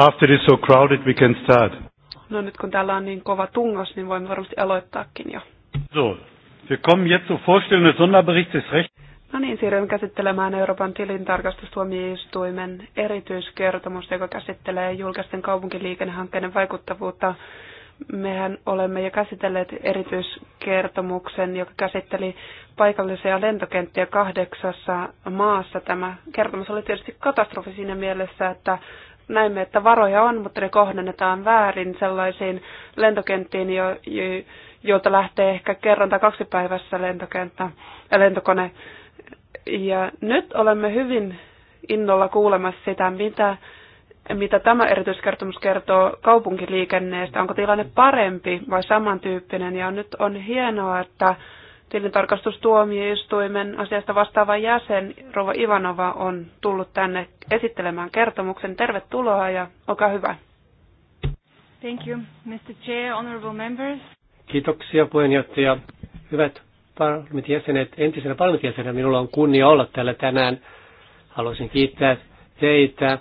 After it's so crowded, we can start. No nyt kun täällä on niin kova tungos, niin voimme varmasti aloittaakin jo. So, wir kommen jetzt zur Vorstellung des Sonderberichts des Rechts. No niin, siirrymme käsittelemään Euroopan tilintarkastustuomioistuimen erityiskertomusta, joka käsittelee julkisten kaupunkiliikennehankkeiden vaikuttavuutta. Mehän olemme jo käsitelleet erityiskertomuksen, joka käsitteli paikallisia lentokenttiä kahdeksassa maassa. Tämä kertomus oli tietysti katastrofi siinä mielessä, että näimme, että varoja on, mutta ne kohdennetaan väärin sellaisiin lentokenttiin, jo, jo, joilta lähtee ehkä kerran tai kaksi päivässä lentokenttä ja lentokone. Ja nyt olemme hyvin innolla kuulemassa sitä, mitä, mitä tämä erityiskertomus kertoo kaupunkiliikenneestä. Onko tilanne parempi vai samantyyppinen? Ja nyt on hienoa, että tilintarkastustuomioistuimen asiasta vastaava jäsen Rova Ivanova on tullut tänne esittelemään kertomuksen. Tervetuloa ja olkaa hyvä. Thank you, Mr. Chair, honorable members. Kiitoksia puheenjohtaja. Hyvät parlamentin jäsenet, entisenä parlamentin minulla on kunnia olla täällä tänään. Haluaisin kiittää teitä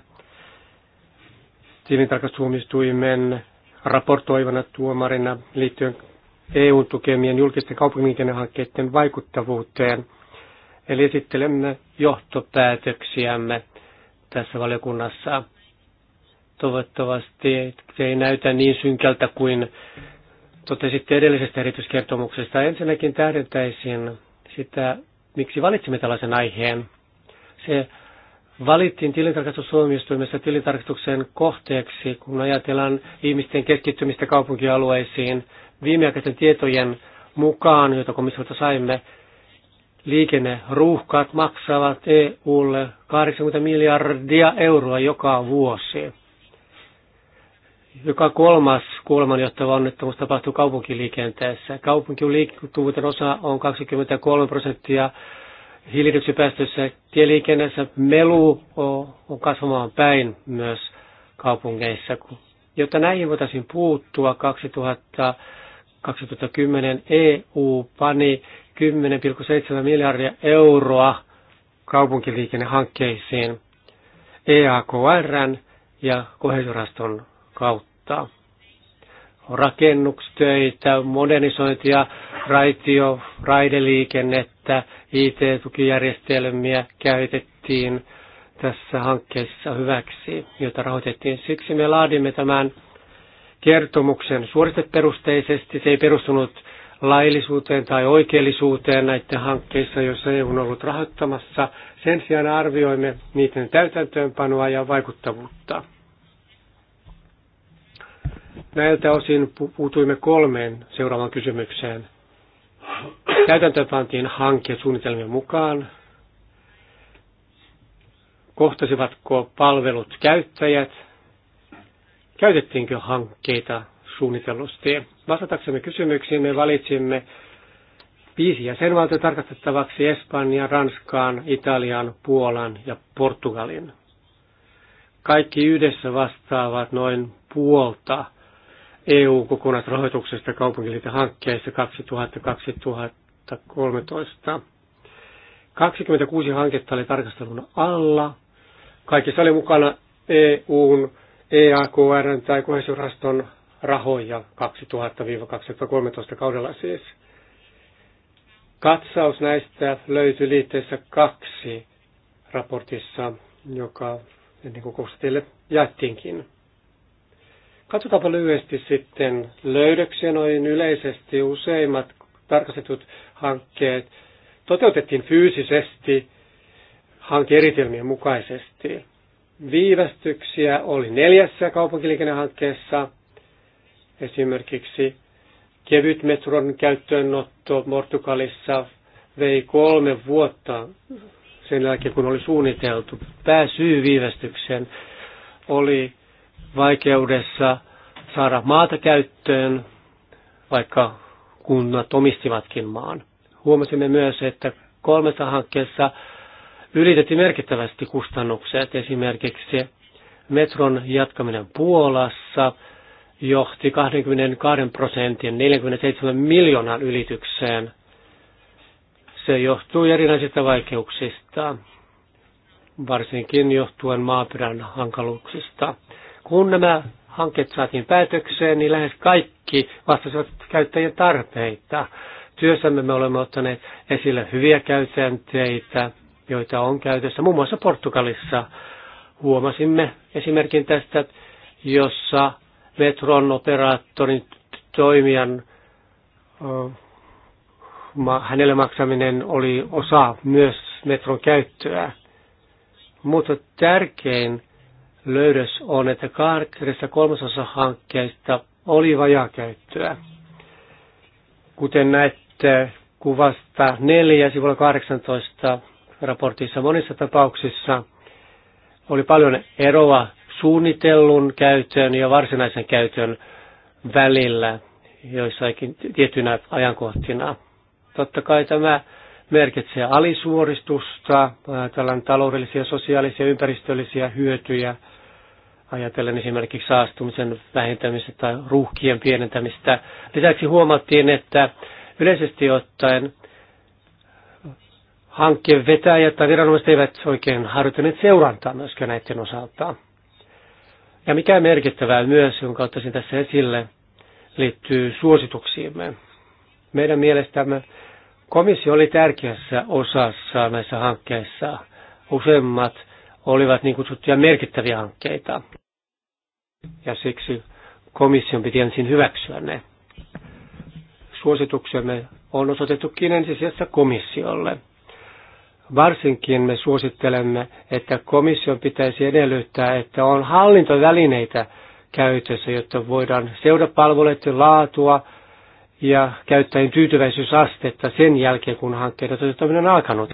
tilintarkastustuomioistuimen raportoivana tuomarina liittyen eu tukemien julkisten kaupunkiliikennehankkeiden vaikuttavuuteen. Eli esittelemme johtopäätöksiämme tässä valiokunnassa. Toivottavasti se ei näytä niin synkältä kuin totesitte edellisestä erityiskertomuksesta. Ensinnäkin tähdentäisin sitä, miksi valitsimme tällaisen aiheen. Se valittiin tilintarkastustuomioistuimessa tilintarkastuksen kohteeksi, kun ajatellaan ihmisten keskittymistä kaupunkialueisiin – viimeaikaisen tietojen mukaan, joita komissiolta saimme, liikenneruuhkat maksavat EUlle 80 miljardia euroa joka vuosi. Joka kolmas kuolemanjohtava onnettomuus tapahtuu kaupunkiliikenteessä. Kaupunkiliikkuvuuden osa on 23 prosenttia hiilidioksipäästöissä tieliikenteessä. Melu on kasvamaan päin myös kaupungeissa. Jotta näihin voitaisiin puuttua 2000 2010 EU pani 10,7 miljardia euroa kaupunkiliikennehankkeisiin EAKRn ja kohesuraston kautta. Rakennustöitä, modernisointia, raitio, raideliikennettä, IT-tukijärjestelmiä käytettiin tässä hankkeessa hyväksi, jota rahoitettiin. Siksi me laadimme tämän kertomuksen suoristeperusteisesti. Se ei perustunut laillisuuteen tai oikeellisuuteen näiden hankkeissa, joissa EU on ollut rahoittamassa. Sen sijaan arvioimme niiden täytäntöönpanoa ja vaikuttavuutta. Näiltä osin puutuimme kolmeen seuraavaan kysymykseen. Täytäntöön hanke suunnitelmien mukaan. Kohtasivatko palvelut käyttäjät Käytettiinkö hankkeita suunnitellusti? Vastataksemme kysymyksiin me valitsimme viisi jäsenvaltio tarkastettavaksi Espanjan, Ranskaan, Italian, Puolan ja Portugalin. Kaikki yhdessä vastaavat noin puolta EU-kokonaisrahoituksesta kaupunkiliiton hankkeissa 2000-2013. 26 hanketta oli tarkastelun alla. Kaikissa oli mukana EUn EAKR tai kohesioraston rahoja 2000-2013 kaudella siis. Katsaus näistä löytyy liitteessä kaksi raportissa, joka ennen kuin teille jättiinkin. Katsotaanpa lyhyesti sitten löydöksiä noin yleisesti. Useimmat tarkastetut hankkeet toteutettiin fyysisesti hankeeritelmien mukaisesti. Viivästyksiä oli neljässä kaupunkiliikennehankkeessa, esimerkiksi kevyt metron käyttöönotto Portugalissa vei kolme vuotta sen jälkeen, kun oli suunniteltu. Pääsyy viivästykseen oli vaikeudessa saada maata käyttöön, vaikka kunnat omistivatkin maan. Huomasimme myös, että kolmessa hankkeessa ylitettiin merkittävästi kustannukset. Esimerkiksi metron jatkaminen Puolassa johti 22 prosentin 47 miljoonan ylitykseen. Se johtuu erinäisistä vaikeuksista, varsinkin johtuen maaperän hankaluuksista. Kun nämä hankkeet saatiin päätökseen, niin lähes kaikki vastasivat käyttäjien tarpeita. Työssämme me olemme ottaneet esille hyviä käytänteitä, joita on käytössä muun muassa Portugalissa. Huomasimme esimerkin tästä, jossa metron operaattorin toimijan hänelle maksaminen oli osa myös metron käyttöä. Mutta tärkein löydös on, että kahdessa kolmasosa hankkeista oli vajakäyttöä. Kuten näette kuvasta 4 sivulla 18 raportissa monissa tapauksissa oli paljon eroa suunnitellun käytön ja varsinaisen käytön välillä joissakin tietynä ajankohtina. Totta kai tämä merkitsee alisuoristusta, ajatellaan taloudellisia, sosiaalisia, ympäristöllisiä hyötyjä, ajatellen esimerkiksi saastumisen vähentämistä tai ruuhkien pienentämistä. Lisäksi huomattiin, että yleisesti ottaen hankkeen vetäjät tai viranomaiset eivät oikein harjoittaneet seurantaa myöskään näiden osalta. Ja mikä merkittävää myös, jonka ottaisin tässä esille, liittyy suosituksiimme. Meidän mielestämme komissio oli tärkeässä osassa näissä hankkeissa. Useimmat olivat niin kutsuttuja merkittäviä hankkeita. Ja siksi komission piti ensin hyväksyä ne. Suosituksemme on osoitettukin ensisijassa komissiolle. Varsinkin me suosittelemme, että komission pitäisi edellyttää, että on hallintovälineitä käytössä, jotta voidaan seurata palveluiden laatua ja käyttäjien tyytyväisyysastetta sen jälkeen, kun hankkeiden toteuttaminen on alkanut.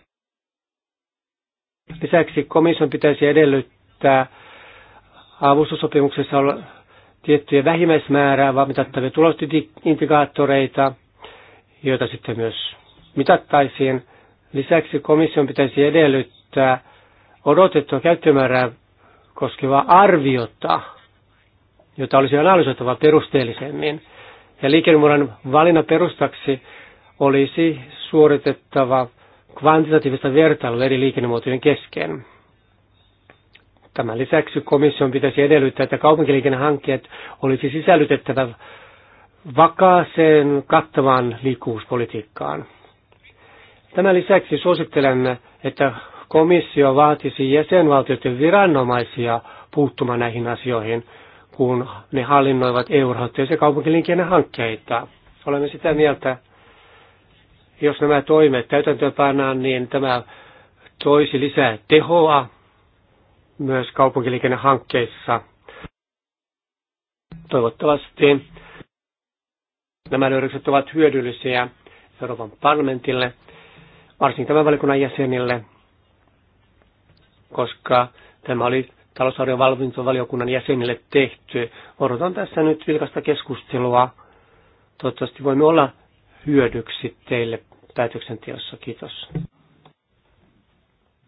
Lisäksi komission pitäisi edellyttää avustusopimuksessa olla tiettyjä vähimmäismäärää, vaan mitattavia joita sitten myös mitattaisiin. Lisäksi komission pitäisi edellyttää odotettua käyttömäärää koskevaa arviota, jota olisi analysoitava perusteellisemmin. Ja liikennemuodon valinnan perustaksi olisi suoritettava kvantitatiivista vertailua eri liikennemuotojen kesken. Tämän lisäksi komission pitäisi edellyttää, että kaupunkiliikennehankkeet olisi sisällytettävä vakaaseen kattavaan liikkuvuuspolitiikkaan. Tämän lisäksi suosittelen, että komissio vaatisi jäsenvaltioiden viranomaisia puuttumaan näihin asioihin, kun ne hallinnoivat EU-rahoitteisia kaupunkilinkien hankkeita. Olemme sitä mieltä, jos nämä toimet täytäntöön niin tämä toisi lisää tehoa myös kaupunkiliikennehankkeissa. Toivottavasti nämä löydökset ovat hyödyllisiä Euroopan parlamentille varsinkin tämän valikunnan jäsenille, koska tämä oli talousarvion valvontavaliokunnan jäsenille tehty. Odotan tässä nyt vilkasta keskustelua. Toivottavasti voimme olla hyödyksi teille päätöksenteossa. Kiitos.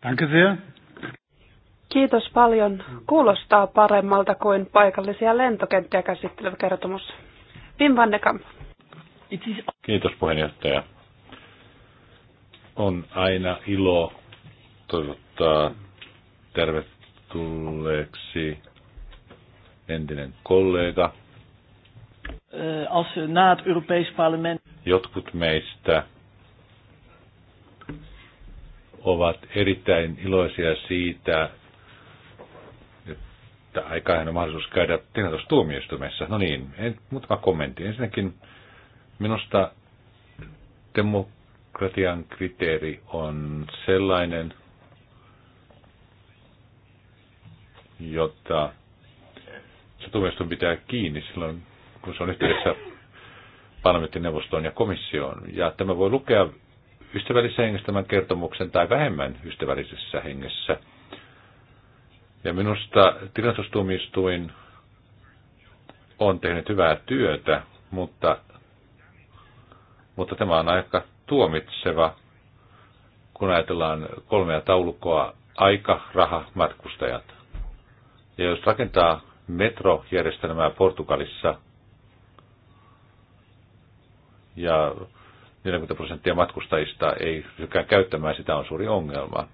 Danke sehr. Kiitos paljon. Kuulostaa paremmalta kuin paikallisia lentokenttiä käsittelevä kertomus. Vim van Kiitos puheenjohtaja. On aina ilo toivottaa tervetulleeksi entinen kollega. Eh, als na het Europees parlement. Jotkut meistä ovat erittäin iloisia siitä, että aikaan on mahdollisuus käydä tilintustuomioistuimessa. No niin, en, muutama kommentti. Ensinnäkin minusta demo, demokratian kriteeri on sellainen, jotta tuomioistuin pitää kiinni silloin, kun se on yhteydessä parlamenttineuvostoon ja komissioon. Ja tämä voi lukea ystävällisessä hengessä tämän kertomuksen tai vähemmän ystävällisessä hengessä. Ja minusta tilastustuomioistuin on tehnyt hyvää työtä, mutta, mutta tämä on aika tuomitseva, kun ajatellaan kolmea taulukkoa, aika, raha, matkustajat. Ja jos rakentaa metrojärjestelmää Portugalissa ja 40 prosenttia matkustajista ei sykää käyttämään, sitä on suuri ongelma.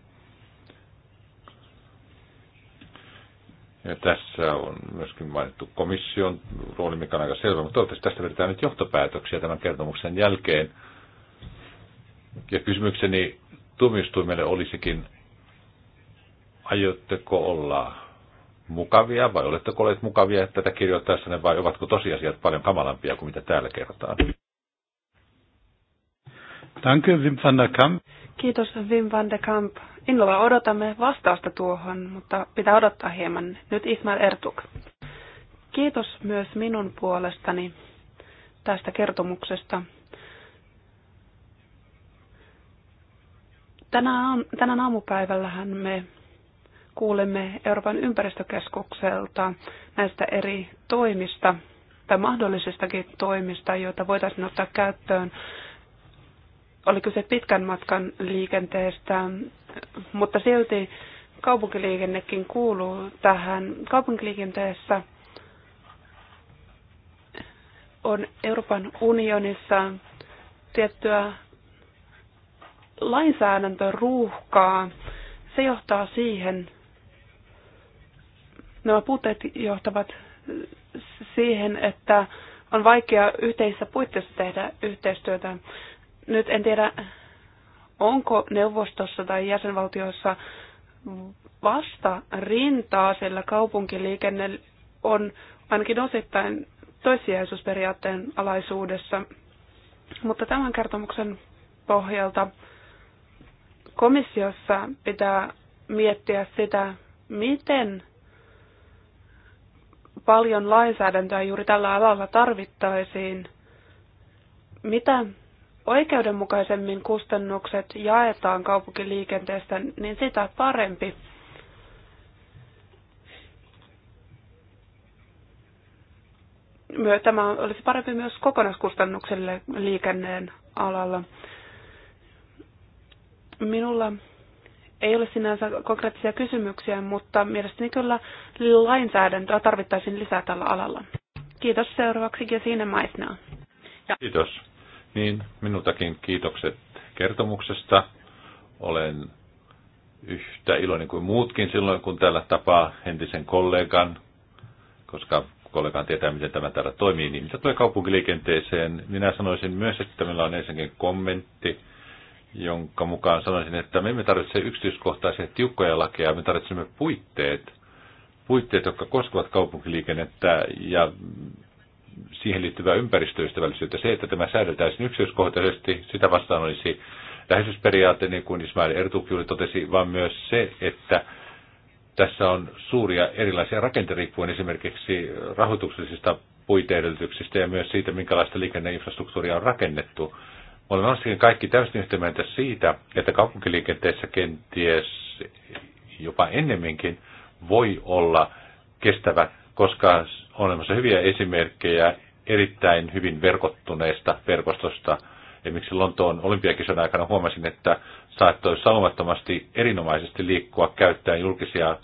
Ja tässä on myöskin mainittu komission rooli, mikä on aika selvä, mutta toivottavasti tästä vedetään nyt johtopäätöksiä tämän kertomuksen jälkeen. Ja kysymykseni tuomioistuimelle olisikin, aiotteko olla mukavia vai oletteko olleet mukavia tätä kirjoittaessanne vai ovatko tosiasiat paljon kamalampia kuin mitä täällä kerrotaan? Danke, Wim van der Kamp. Kiitos, Wim van der Kamp. Innolla odotamme vastausta tuohon, mutta pitää odottaa hieman. Nyt Ismail Ertuk. Kiitos myös minun puolestani tästä kertomuksesta. Tänään, tänään aamupäivällähän me kuulemme Euroopan ympäristökeskukselta näistä eri toimista tai mahdollisistakin toimista, joita voitaisiin ottaa käyttöön. Oli kyse pitkän matkan liikenteestä, mutta silti kaupunkiliikennekin kuuluu tähän. Kaupunkiliikenteessä on Euroopan unionissa tiettyä lainsäädäntöruuhkaa. Se johtaa siihen, nämä puutteet johtavat siihen, että on vaikea yhteisissä puitteissa tehdä yhteistyötä. Nyt en tiedä, onko neuvostossa tai jäsenvaltioissa vasta rintaa, sillä kaupunkiliikenne on ainakin osittain toissijaisuusperiaatteen alaisuudessa. Mutta tämän kertomuksen pohjalta komissiossa pitää miettiä sitä, miten paljon lainsäädäntöä juuri tällä alalla tarvittaisiin, mitä oikeudenmukaisemmin kustannukset jaetaan kaupunkiliikenteestä, niin sitä parempi. Tämä olisi parempi myös kokonaiskustannuksille liikenneen alalla. Minulla ei ole sinänsä konkreettisia kysymyksiä, mutta mielestäni kyllä lainsäädäntöä tarvittaisiin lisää tällä alalla. Kiitos seuraavaksi Gesine Maisnaa. Kiitos. Niin, minultakin kiitokset kertomuksesta. Olen yhtä iloinen kuin muutkin silloin, kun täällä tapaa entisen kollegan, koska kollegan tietää, miten tämä täällä toimii. Niin mitä tulee kaupunkiliikenteeseen, minä sanoisin myös, että meillä on ensinnäkin kommentti – jonka mukaan sanoisin, että me emme tarvitse yksityiskohtaisia tiukkoja lakeja, me tarvitsemme puitteet, puitteet, jotka koskevat kaupunkiliikennettä ja siihen liittyvää ympäristöystävällisyyttä. Se, että tämä säädetään yksityiskohtaisesti, sitä vastaan olisi läheisyysperiaate, niin kuin Ismail Ertukiuli totesi, vaan myös se, että tässä on suuria erilaisia rakenteita riippuen esimerkiksi rahoituksellisista puiteedellytyksistä ja myös siitä, minkälaista liikenneinfrastruktuuria on rakennettu. Olemme varsinkin kaikki täysin yhtä mieltä siitä, että kaupunkiliikenteessä kenties jopa ennemminkin voi olla kestävä, koska on olemassa hyviä esimerkkejä erittäin hyvin verkottuneesta verkostosta. Esimerkiksi Lontoon olympiakisan aikana huomasin, että saattoi saumattomasti erinomaisesti liikkua käyttäen julkisia äh,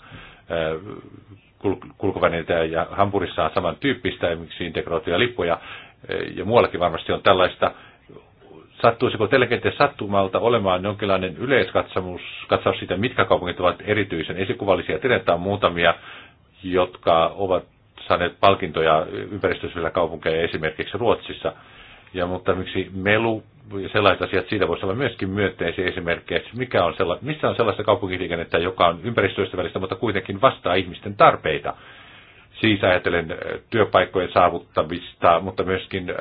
kulkuvälineitä ja Hampurissa on samantyyppistä, esimerkiksi integroituja lippuja, äh, ja muuallakin varmasti on tällaista sattuisiko teillä sattumalta olemaan jonkinlainen yleiskatsaus katsaus siitä, mitkä kaupungit ovat erityisen esikuvallisia. Tiedetään muutamia, jotka ovat saaneet palkintoja ympäristösyillä kaupunkeja esimerkiksi Ruotsissa. Ja, mutta miksi melu ja sellaiset asiat, siitä voisi olla myöskin myönteisiä esimerkkejä, mikä on sella, missä on sellaista kaupunkiliikennettä, joka on ympäristöystävällistä, mutta kuitenkin vastaa ihmisten tarpeita. Siis ajatellen työpaikkojen saavuttamista, mutta myöskin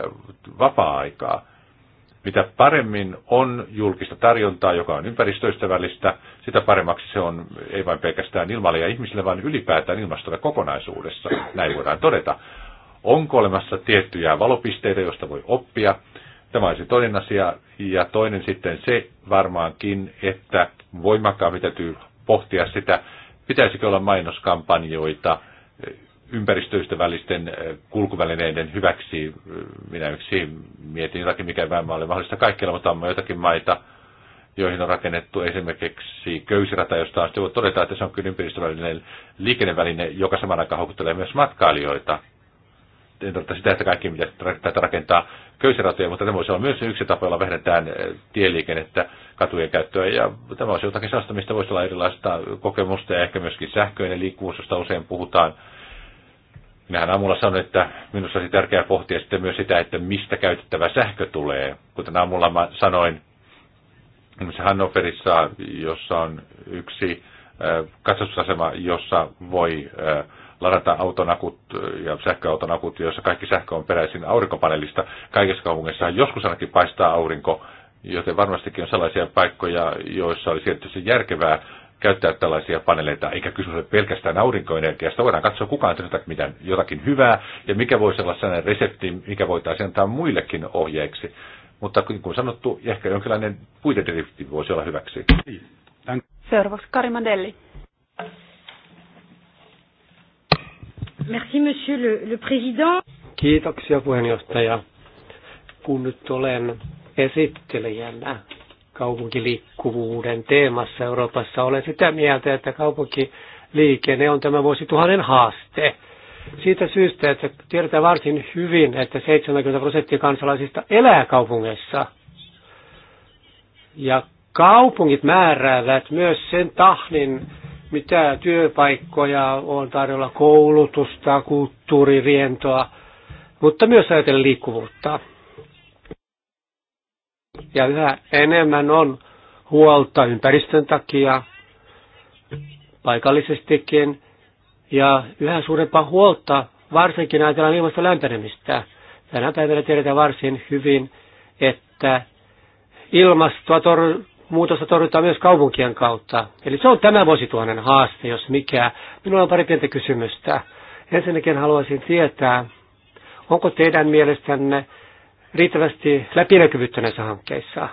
vapaa-aikaa mitä paremmin on julkista tarjontaa, joka on ympäristöystävällistä, sitä paremmaksi se on ei vain pelkästään ilmalle ja ihmisille, vaan ylipäätään ilmastolle kokonaisuudessa. Näin voidaan todeta. Onko olemassa tiettyjä valopisteitä, joista voi oppia? Tämä olisi toinen asia. Ja toinen sitten se varmaankin, että voimakkaammin täytyy pohtia sitä, pitäisikö olla mainoskampanjoita ympäristöystävällisten kulkuvälineiden hyväksi. Minä yksi mietin jotakin, mikä vähän oli mahdollista kaikkialla, mutta on joitakin maita, joihin on rakennettu esimerkiksi köysirata, josta on sitten voi todeta, että se on kyllä ympäristövälinen liikenneväline, joka saman aikaan houkuttelee myös matkailijoita. En tarkoita sitä, että kaikki mitä tätä rakentaa köysiratoja, mutta tämä voisi olla myös yksi tapa, jolla vähennetään tieliikennettä, katujen käyttöä. Ja tämä olisi jotakin sellaista, mistä voisi olla erilaista kokemusta ja ehkä myöskin sähköinen liikkuvuus, josta usein puhutaan Minähän aamulla sanoin, että minusta olisi tärkeää pohtia sitten myös sitä, että mistä käytettävä sähkö tulee. Kuten aamulla mä sanoin, Hannoverissa, jossa on yksi katsastusasema, jossa voi ladata auton akut ja sähköauton akut, joissa kaikki sähkö on peräisin aurinkopaneelista. Kaikessa kaupungissa joskus ainakin paistaa aurinko, joten varmastikin on sellaisia paikkoja, joissa olisi tietysti järkevää käyttää tällaisia paneeleita, eikä kysymys ole pelkästään aurinkoenergiasta. Voidaan katsoa, kuka tehdä mitään jotakin hyvää ja mikä voisi olla sellainen resepti, mikä voitaisiin antaa muillekin ohjeeksi. Mutta niin kuin sanottu, ehkä jonkinlainen puitedirektiivi voisi olla hyväksi. Seuraavaksi Kari Mandelli. Merci, monsieur le, le président. Kiitoksia puheenjohtaja. Kun nyt olen esittelijänä kaupunkiliikkuvuuden teemassa Euroopassa. Olen sitä mieltä, että kaupunkiliikenne on tämä vuosituhannen haaste. Siitä syystä, että tiedetään varsin hyvin, että 70 prosenttia kansalaisista elää kaupungeissa. Ja kaupungit määräävät myös sen tahnin, mitä työpaikkoja on tarjolla, koulutusta, kulttuuririentoa, mutta myös ajatellen liikkuvuutta ja yhä enemmän on huolta ympäristön takia paikallisestikin ja yhä suurempaa huolta varsinkin ajatellaan ilmaston lämpenemistä. Tänä päivänä tiedetään varsin hyvin, että ilmastoa tor- muutosta torjutaan myös kaupunkien kautta. Eli se on tämä vuosituhannen haaste, jos mikä. Minulla on pari pientä kysymystä. Ensinnäkin haluaisin tietää, onko teidän mielestänne riittävästi läpinäkyvyyttä näissä hankkeissa.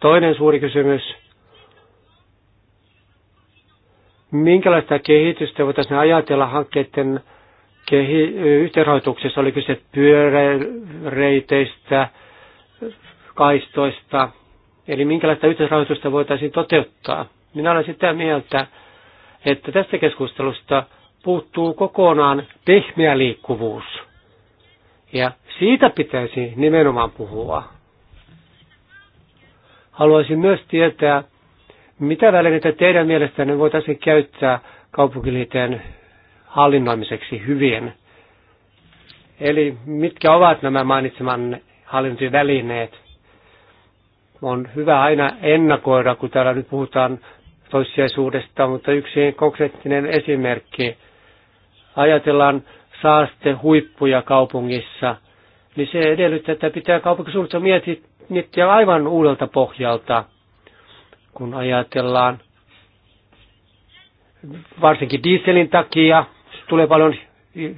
Toinen suuri kysymys. Minkälaista kehitystä voitaisiin ajatella hankkeiden kehi- yhteenrahoituksessa? Oli kyse pyöräreiteistä, kaistoista. Eli minkälaista yhteenrahoitusta voitaisiin toteuttaa? Minä olen sitä mieltä, että tästä keskustelusta puuttuu kokonaan pehmeä liikkuvuus – ja siitä pitäisi nimenomaan puhua. Haluaisin myös tietää, mitä välineitä teidän mielestänne voitaisiin käyttää kaupunkiliiteen hallinnoimiseksi hyvien. Eli mitkä ovat nämä mainitseman hallintovälineet? On hyvä aina ennakoida, kun täällä nyt puhutaan toissijaisuudesta, mutta yksi konkreettinen esimerkki. Ajatellaan saastehuippuja kaupungissa, niin se edellyttää, että pitää kaupunkisuunnitelma miettiä aivan uudelta pohjalta, kun ajatellaan varsinkin dieselin takia tulee paljon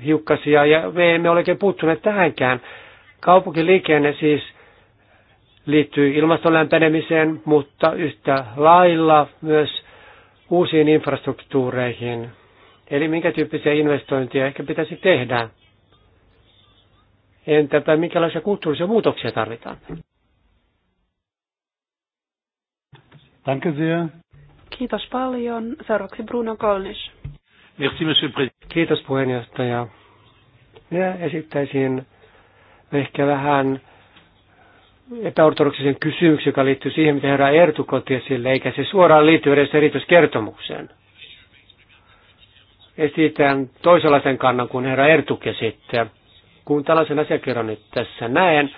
hiukkasia ja me emme ole oikein puuttuneet tähänkään. Kaupunkiliikenne siis liittyy ilmaston lämpenemiseen, mutta yhtä lailla myös uusiin infrastruktuureihin – Eli minkä tyyppisiä investointeja ehkä pitäisi tehdä? Entäpä minkälaisia kulttuurisia muutoksia tarvitaan? Danke sehr. Kiitos paljon. Seuraavaksi Bruno Kolnisch. Merci, monsieur Kiitos puheenjohtaja. Minä esittäisin ehkä vähän epäortodoksisen kysymyksen, joka liittyy siihen, mitä herra Ertu esille, eikä se suoraan liittyy edes erityiskertomukseen esitän toisenlaisen kannan kuin herra Ertuk sitten. Kun tällaisen asiakirjan nyt tässä näen,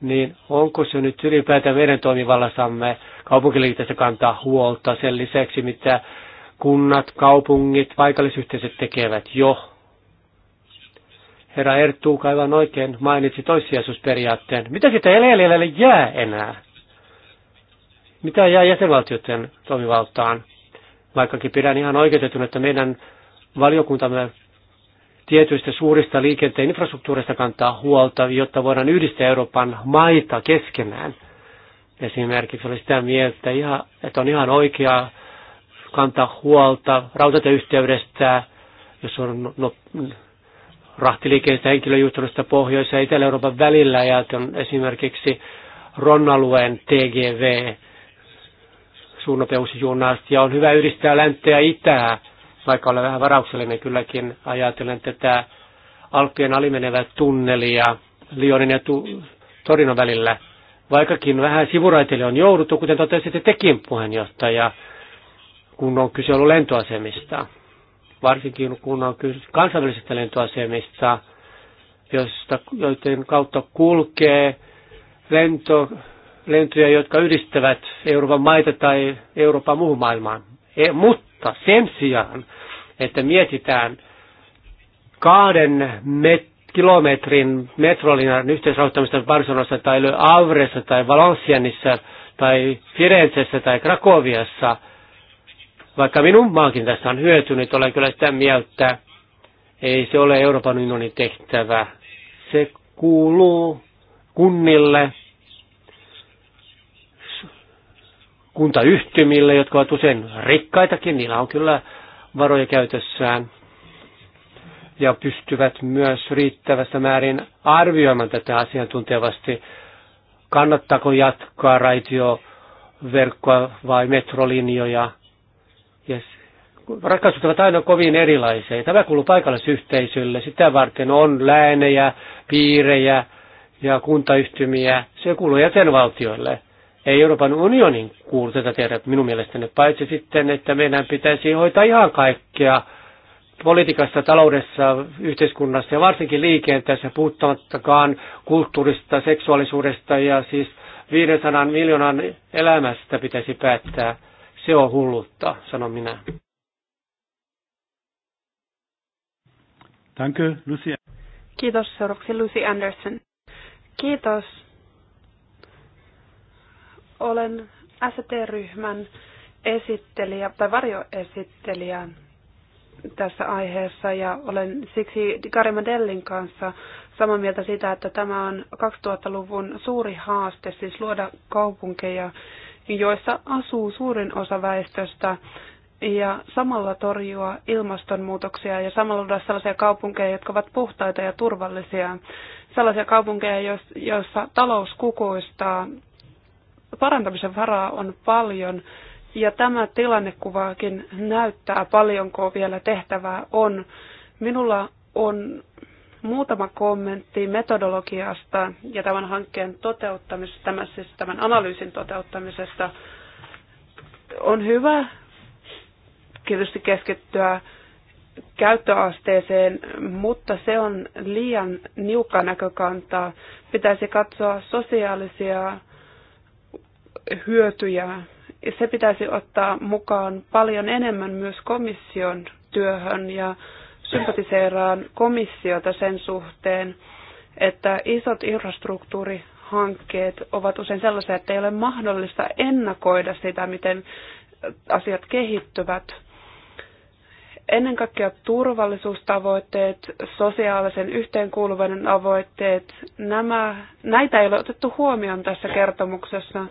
niin onko se nyt ylipäätään meidän toimivallassamme kaupunkiliitossa kantaa huolta sen lisäksi, mitä kunnat, kaupungit, paikallisyhteisöt tekevät jo? Herra Erttu aivan oikein mainitsi toissijaisuusperiaatteen. Mitä sitä eläjäljelle jää enää? Mitä jää jäsenvaltioiden toimivaltaan? Vaikkakin pidän ihan oikeutetun, että meidän valiokuntamme tietyistä suurista liikenteen infrastruktuurista kantaa huolta, jotta voidaan yhdistää Euroopan maita keskenään. Esimerkiksi oli sitä mieltä, että on ihan oikea kantaa huolta rautatieyhteydestä, jos on no, rahtiliikenteestä henkilöjuhtelusta Pohjois- ja Itä-Euroopan välillä, ja on esimerkiksi Ronnalueen TGV, suunnopeusjunnasta, ja on hyvä yhdistää länttä ja itää vaikka olen vähän varauksellinen kylläkin ajatellen tätä Alppien alimenevää tunnelia Lionin ja tu- Torinon välillä. Vaikkakin vähän sivuraiteille on jouduttu, kuten totesitte tekin puheenjohtaja, kun on kyse ollut lentoasemista. Varsinkin kun on kyse kansainvälisistä lentoasemista, josta, joiden kautta kulkee lento, lentoja, jotka yhdistävät Euroopan maita tai Euroopan muuhun maailmaan. E, mutta mutta sen sijaan, että mietitään kahden met- kilometrin metrolinjan yhteisrahoittamista Barcelonassa tai Le Avressa tai Valenciennissa tai Firenzessä tai Krakoviassa, vaikka minun maankin tästä on hyötynyt, olen kyllä sitä mieltä, ei se ole Euroopan unionin tehtävä. Se kuuluu kunnille, kuntayhtymille, jotka ovat usein rikkaitakin, niillä on kyllä varoja käytössään ja pystyvät myös riittävästä määrin arvioimaan tätä asiantuntevasti, kannattaako jatkaa raitioverkkoa vai metrolinjoja. Yes. ratkaisut ovat aina kovin erilaisia. Tämä kuuluu paikallisyhteisölle. Sitä varten on läänejä, piirejä ja kuntayhtymiä. Se kuuluu jäsenvaltioille. Ei Euroopan unionin kuulu tätä tehdä minun mielestäni, paitsi sitten, että meidän pitäisi hoitaa ihan kaikkea politiikassa, taloudessa, yhteiskunnassa ja varsinkin liikenteessä, puhuttamattakaan kulttuurista, seksuaalisuudesta ja siis 500 miljoonan elämästä pitäisi päättää. Se on hullutta, sanon minä. Danke, Lucy. Kiitos. Seuraavaksi Lucy Anderson. Kiitos. Olen ST-ryhmän esittelijä tai varjoesittelijä tässä aiheessa ja olen siksi Karima Dellin kanssa samaa mieltä sitä, että tämä on 2000-luvun suuri haaste, siis luoda kaupunkeja, joissa asuu suurin osa väestöstä ja samalla torjua ilmastonmuutoksia ja samalla luoda sellaisia kaupunkeja, jotka ovat puhtaita ja turvallisia. Sellaisia kaupunkeja, joissa talous kukoistaa parantamisen varaa on paljon ja tämä tilannekuvaakin näyttää paljonko vielä tehtävää on. Minulla on muutama kommentti metodologiasta ja tämän hankkeen toteuttamisesta, tämän, siis tämän analyysin toteuttamisesta. On hyvä tietysti keskittyä käyttöasteeseen, mutta se on liian niukka näkökantaa. Pitäisi katsoa sosiaalisia hyötyjä. Se pitäisi ottaa mukaan paljon enemmän myös komission työhön ja sympatiseeraan komissiota sen suhteen, että isot infrastruktuurihankkeet ovat usein sellaisia, että ei ole mahdollista ennakoida sitä, miten asiat kehittyvät. Ennen kaikkea turvallisuustavoitteet, sosiaalisen yhteenkuuluvuuden tavoitteet, nämä, näitä ei ole otettu huomioon tässä kertomuksessa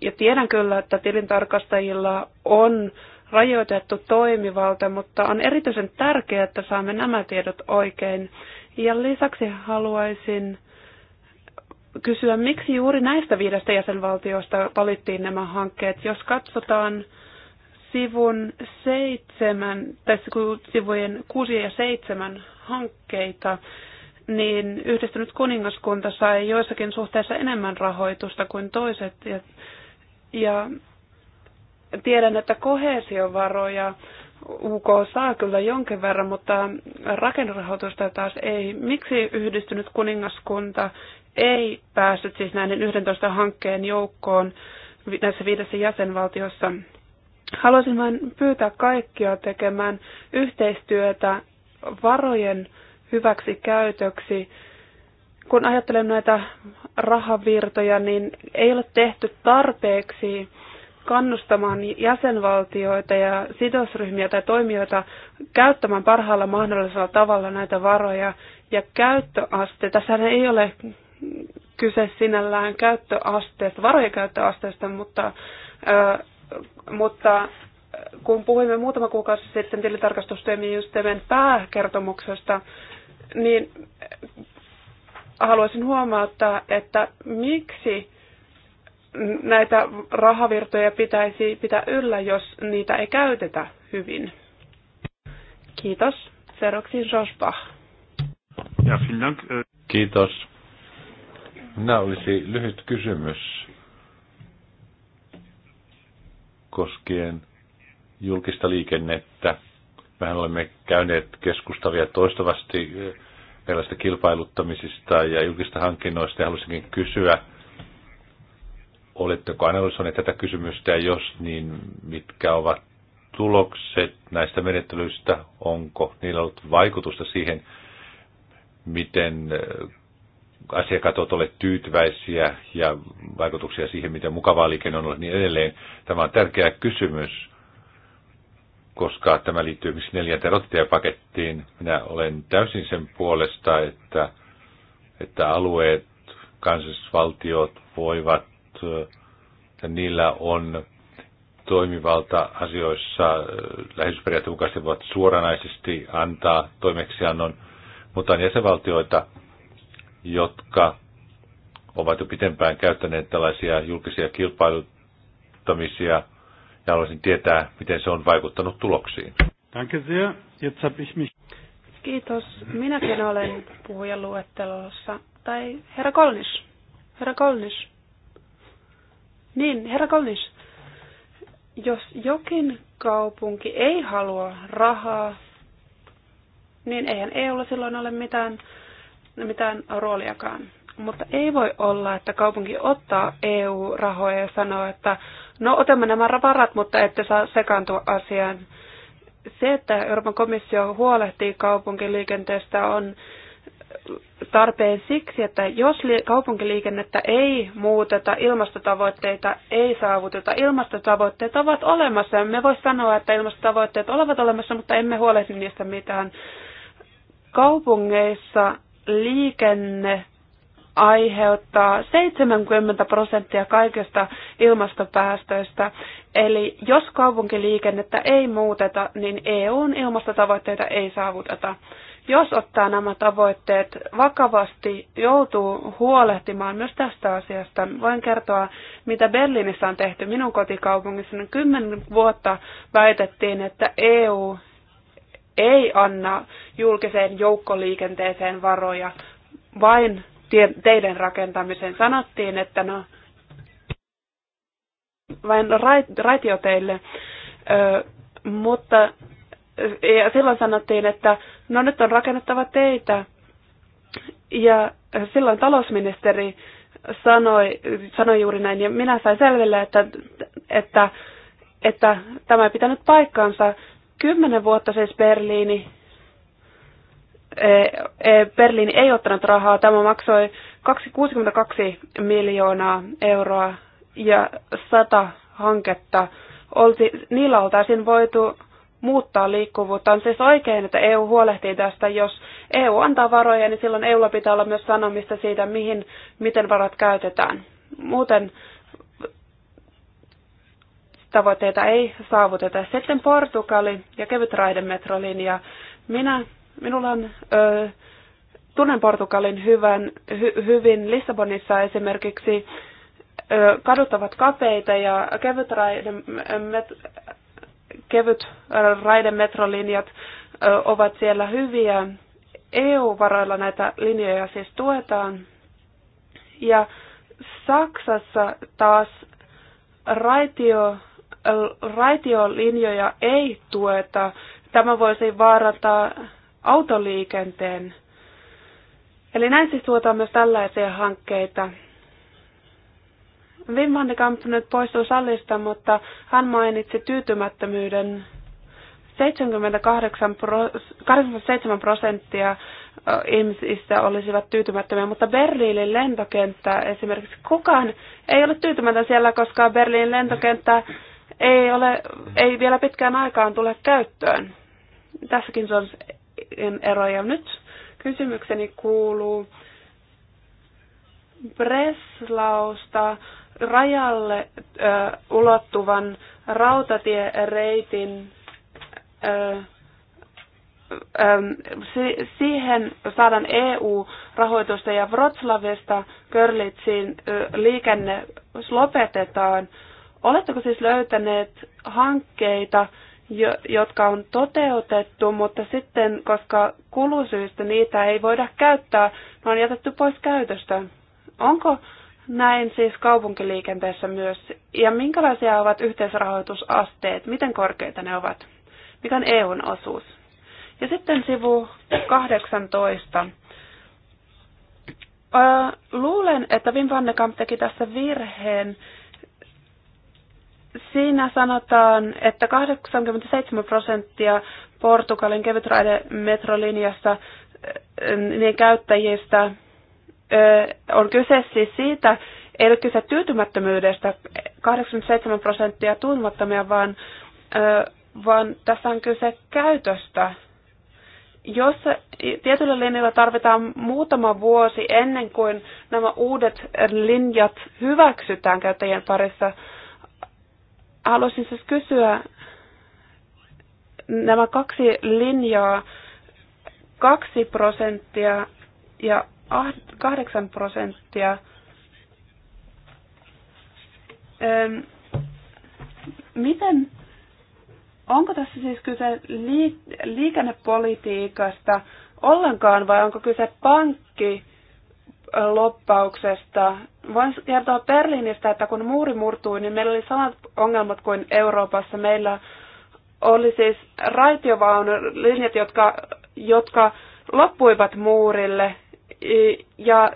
ja tiedän kyllä, että tilintarkastajilla on rajoitettu toimivalta, mutta on erityisen tärkeää, että saamme nämä tiedot oikein. Ja lisäksi haluaisin kysyä, miksi juuri näistä viidestä jäsenvaltiosta valittiin nämä hankkeet. Jos katsotaan sivun seitsemän, tai sivujen kuusi ja seitsemän hankkeita, niin yhdistynyt kuningaskunta sai joissakin suhteessa enemmän rahoitusta kuin toiset. Ja, ja tiedän, että kohesiovaroja UK saa kyllä jonkin verran, mutta rakennerahoitusta taas ei. Miksi yhdistynyt kuningaskunta ei päässyt siis näiden 11 hankkeen joukkoon näissä viidessä jäsenvaltiossa? Haluaisin vain pyytää kaikkia tekemään yhteistyötä varojen hyväksi käytöksi. Kun ajattelen näitä rahavirtoja, niin ei ole tehty tarpeeksi kannustamaan jäsenvaltioita ja sidosryhmiä tai toimijoita käyttämään parhaalla mahdollisella tavalla näitä varoja. Ja käyttöaste, tässä ei ole kyse sinällään käyttöasteesta, varojen käyttöasteesta, mutta, ö, mutta kun puhuimme muutama kuukausi sitten tilintarkastustoimijustemen pääkertomuksesta, niin äh, haluaisin huomauttaa, että miksi näitä rahavirtoja pitäisi pitää yllä, jos niitä ei käytetä hyvin. Kiitos. Seuraavaksi Rosbach. Ja, Dank. Äh, Kiitos. Minä olisi lyhyt kysymys koskien julkista liikennettä Mehän olemme käyneet keskustavia toistavasti eh, erilaisista kilpailuttamisista ja julkista hankinnoista ja haluaisinkin kysyä, oletteko analysoineet tätä kysymystä ja jos niin, mitkä ovat tulokset näistä menettelyistä, onko niillä ollut vaikutusta siihen, miten eh, asiakkaat ovat olleet tyytyväisiä ja vaikutuksia siihen, miten mukavaa liikenne on ollut niin edelleen. Tämä on tärkeä kysymys koska tämä liittyy myös neljänteen rottiepakettiin. Minä olen täysin sen puolesta, että, että alueet, kansallisvaltiot voivat, että niillä on toimivalta asioissa äh, läheisyysperiaatteen mukaisesti voivat suoranaisesti antaa toimeksiannon, mutta on jäsenvaltioita, jotka ovat jo pitempään käyttäneet tällaisia julkisia kilpailuttamisia – ja haluaisin tietää, miten se on vaikuttanut tuloksiin. Danke sehr. Jetzt habe ich mich... Kiitos. Minäkin olen puhujan luettelossa. Tai herra Kolnis. Herra Kolnis. Niin, herra Kolnis. Jos jokin kaupunki ei halua rahaa, niin eihän EUlla silloin ole mitään, mitään rooliakaan. Mutta ei voi olla, että kaupunki ottaa EU-rahoja ja sanoo, että no otamme nämä varat, mutta ette saa sekaantua asiaan. Se, että Euroopan komissio huolehtii kaupunkiliikenteestä on tarpeen siksi, että jos kaupunkiliikennettä ei muuteta, ilmastotavoitteita ei saavuteta, ilmastotavoitteet ovat olemassa. Me voi sanoa, että ilmastotavoitteet ovat olemassa, mutta emme huolehdi niistä mitään. Kaupungeissa liikenne aiheuttaa 70 prosenttia kaikista ilmastopäästöistä. Eli jos kaupunkiliikennettä ei muuteta, niin EUn ilmastotavoitteita ei saavuteta. Jos ottaa nämä tavoitteet vakavasti, joutuu huolehtimaan myös tästä asiasta. Voin kertoa, mitä Berliinissä on tehty minun kotikaupungissani. Kymmenen vuotta väitettiin, että EU ei anna julkiseen joukkoliikenteeseen varoja, vain teiden rakentamiseen. Sanottiin, että no vain raitioteille, ö, mutta ja silloin sanottiin, että no nyt on rakennettava teitä. Ja silloin talousministeri sanoi, sanoi juuri näin, ja minä sain selville, että, että, että tämä ei pitänyt paikkaansa. Kymmenen vuotta siis Berliini E, e, Berliini ei ottanut rahaa. Tämä maksoi 62 miljoonaa euroa ja 100 hanketta. olisi niillä oltaisiin voitu muuttaa liikkuvuutta. On siis oikein, että EU huolehtii tästä. Jos EU antaa varoja, niin silloin EUlla pitää olla myös sanomista siitä, mihin, miten varat käytetään. Muuten tavoitteita ei saavuteta. Sitten Portugali ja kevyt raidemetrolinja. Minä Minulla on, ö, tunnen Portugalin hyvän, hy, hyvin. Lissabonissa esimerkiksi ö, kaduttavat kafeita ja kevyt raide, met, kevyt raidemetrolinjat ö, ovat siellä hyviä. EU-varoilla näitä linjoja siis tuetaan. Ja Saksassa taas raitio, raitiolinjoja ei tueta. Tämä voisi vaarantaa autoliikenteen. Eli näin siis tuotaan myös tällaisia hankkeita. Wim van de Kamp nyt poistuu salista, mutta hän mainitsi tyytymättömyyden 78 pro, 87 prosenttia ihmisistä olisivat tyytymättömiä, mutta Berliinin lentokenttä esimerkiksi kukaan ei ole tyytymätön siellä, koska Berliinin lentokenttä ei, ole, ei vielä pitkään aikaan tule käyttöön. Tässäkin se on en Ja Nyt kysymykseni kuuluu Breslausta rajalle ö, ulottuvan rautatiereitin ö, siihen saadaan EU-rahoitusta ja Wroclawista Körlitsiin liikenne lopetetaan. Oletteko siis löytäneet hankkeita, jotka on toteutettu, mutta sitten, koska kulusyistä niitä ei voida käyttää, ne on jätetty pois käytöstä. Onko näin siis kaupunkiliikenteessä myös? Ja minkälaisia ovat yhteisrahoitusasteet? Miten korkeita ne ovat? Mikä on EUn osuus? Ja sitten sivu 18. Öö, luulen, että Wim Vannekamp teki tässä virheen. Siinä sanotaan, että 87 prosenttia Portugalin kevytraidemetrolinjassa metrolinjassa eh, niin käyttäjistä eh, on kyse siis siitä, ei ole kyse tyytymättömyydestä, 87 prosenttia tunmattomia, vaan, eh, vaan tässä on kyse käytöstä. Jos tietyllä linjalla tarvitaan muutama vuosi ennen kuin nämä uudet linjat hyväksytään käyttäjien parissa, haluaisin siis kysyä nämä kaksi linjaa, kaksi prosenttia ja ah- kahdeksan prosenttia. Miten, onko tässä siis kyse liikennepolitiikasta ollenkaan vai onko kyse pankki? loppauksesta Voin kertoa Berliinistä, että kun muuri murtui, niin meillä oli samat ongelmat kuin Euroopassa. Meillä oli siis raitiovaunun linjat, jotka, jotka loppuivat muurille ja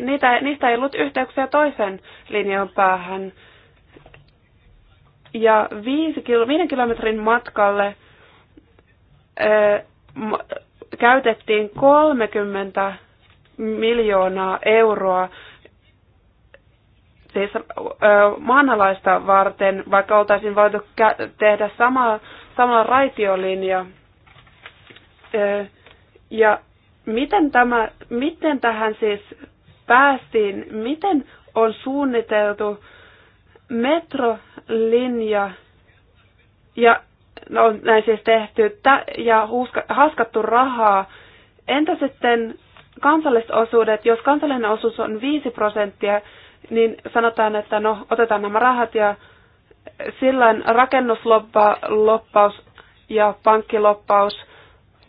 niitä, niistä ei ollut yhteyksiä toisen linjan päähän. Ja viisi, viiden kilometrin matkalle ää, käytettiin 30 miljoonaa euroa siis maanalaista varten, vaikka oltaisiin voitu tehdä sama, sama raitiolinja. Ja miten, tämä, miten tähän siis päästiin, miten on suunniteltu metrolinja ja on no, näin siis tehty ja haskattu rahaa. Entä sitten kansallisosuudet, jos kansallinen osuus on 5 prosenttia, niin sanotaan, että no otetaan nämä rahat ja silloin rakennusloppaus ja pankkiloppaus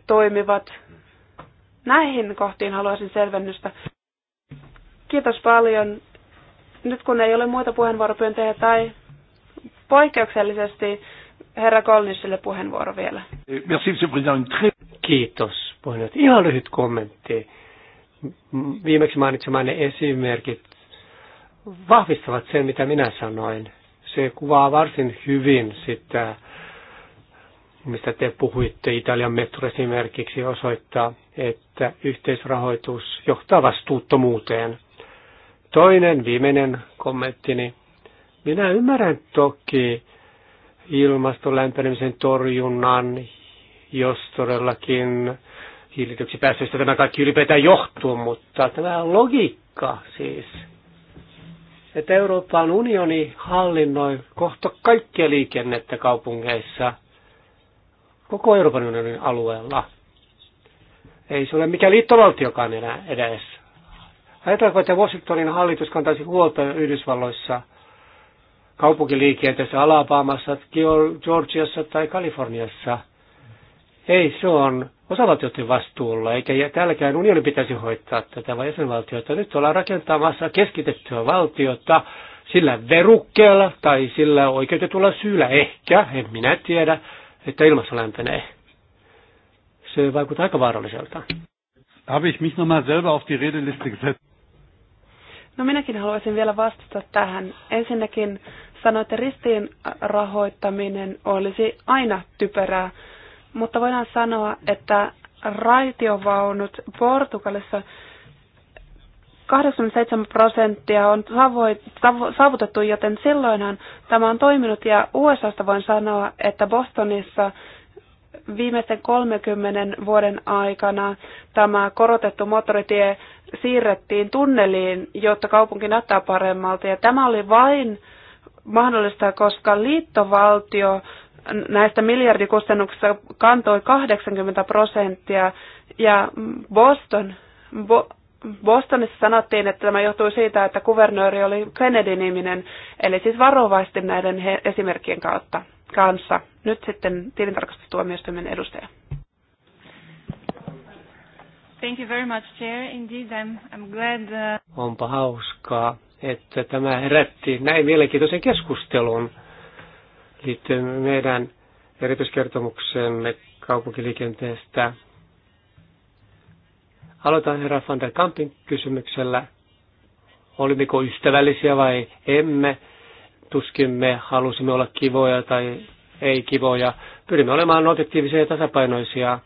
toimivat. Näihin kohtiin haluaisin selvennystä. Kiitos paljon. Nyt kun ei ole muita puheenvuoropyyntöjä tai poikkeuksellisesti herra Kolnissille puheenvuoro vielä. Kiitos Ihan lyhyt kommentti. Viimeksi mainitsemainen esimerkit vahvistavat sen, mitä minä sanoin. Se kuvaa varsin hyvin sitä, mistä te puhuitte, Italian metro esimerkiksi osoittaa, että yhteisrahoitus johtaa vastuuttomuuteen. Toinen viimeinen kommenttini. Minä ymmärrän toki ilmaston lämpenemisen torjunnan, jos todellakin hiilityksipäästöistä tämä kaikki ylipäätään johtuu, mutta tämä logiikka siis – että Euroopan unioni hallinnoi kohta kaikkia liikennettä kaupungeissa koko Euroopan unionin alueella. Ei se ole mikään liittovaltiokaan enää edes. Ajatellaanko, että Washingtonin hallitus kantaisi huolta Yhdysvalloissa kaupunkiliikenteessä Alabamassa, Georgiassa tai Kaliforniassa – ei, se on osavaltioiden vastuulla, eikä tälläkään unioni pitäisi hoitaa tätä, vaan jäsenvaltiota. Nyt ollaan rakentamassa keskitettyä valtiota sillä verukkeella tai sillä oikeutetulla syyllä ehkä, en minä tiedä, että ilmassa lämpenee. Se vaikuttaa aika vaaralliselta. Habe ich mich nochmal selber auf die Redeliste gesetzt? No minäkin haluaisin vielä vastata tähän. Ensinnäkin sanoitte ristiin rahoittaminen olisi aina typerää mutta voidaan sanoa, että raitiovaunut Portugalissa 87 prosenttia on saavutettu, joten silloinhan tämä on toiminut. Ja USAsta voin sanoa, että Bostonissa viimeisten 30 vuoden aikana tämä korotettu moottoritie siirrettiin tunneliin, jotta kaupunki näyttää paremmalta. Ja tämä oli vain mahdollista, koska liittovaltio näistä miljardikustannuksista kantoi 80 prosenttia ja Boston, Bo, Bostonissa sanottiin, että tämä johtui siitä, että kuvernööri oli Kennedy-niminen, eli siis varovaisesti näiden he, esimerkkien kautta kanssa. Nyt sitten tilintarkastustuomioistuimen edustaja. Thank you very much, Chair. Indeed, I'm, I'm glad. Uh... Onpa hauskaa, että tämä herätti näin mielenkiintoisen keskustelun liittyen meidän erityiskertomuksemme kaupunkiliikenteestä. Aloitan herra van der Kampin kysymyksellä. Olimmeko ystävällisiä vai emme? Tuskin me halusimme olla kivoja tai ei kivoja. Pyrimme olemaan objektiivisia ja tasapainoisia.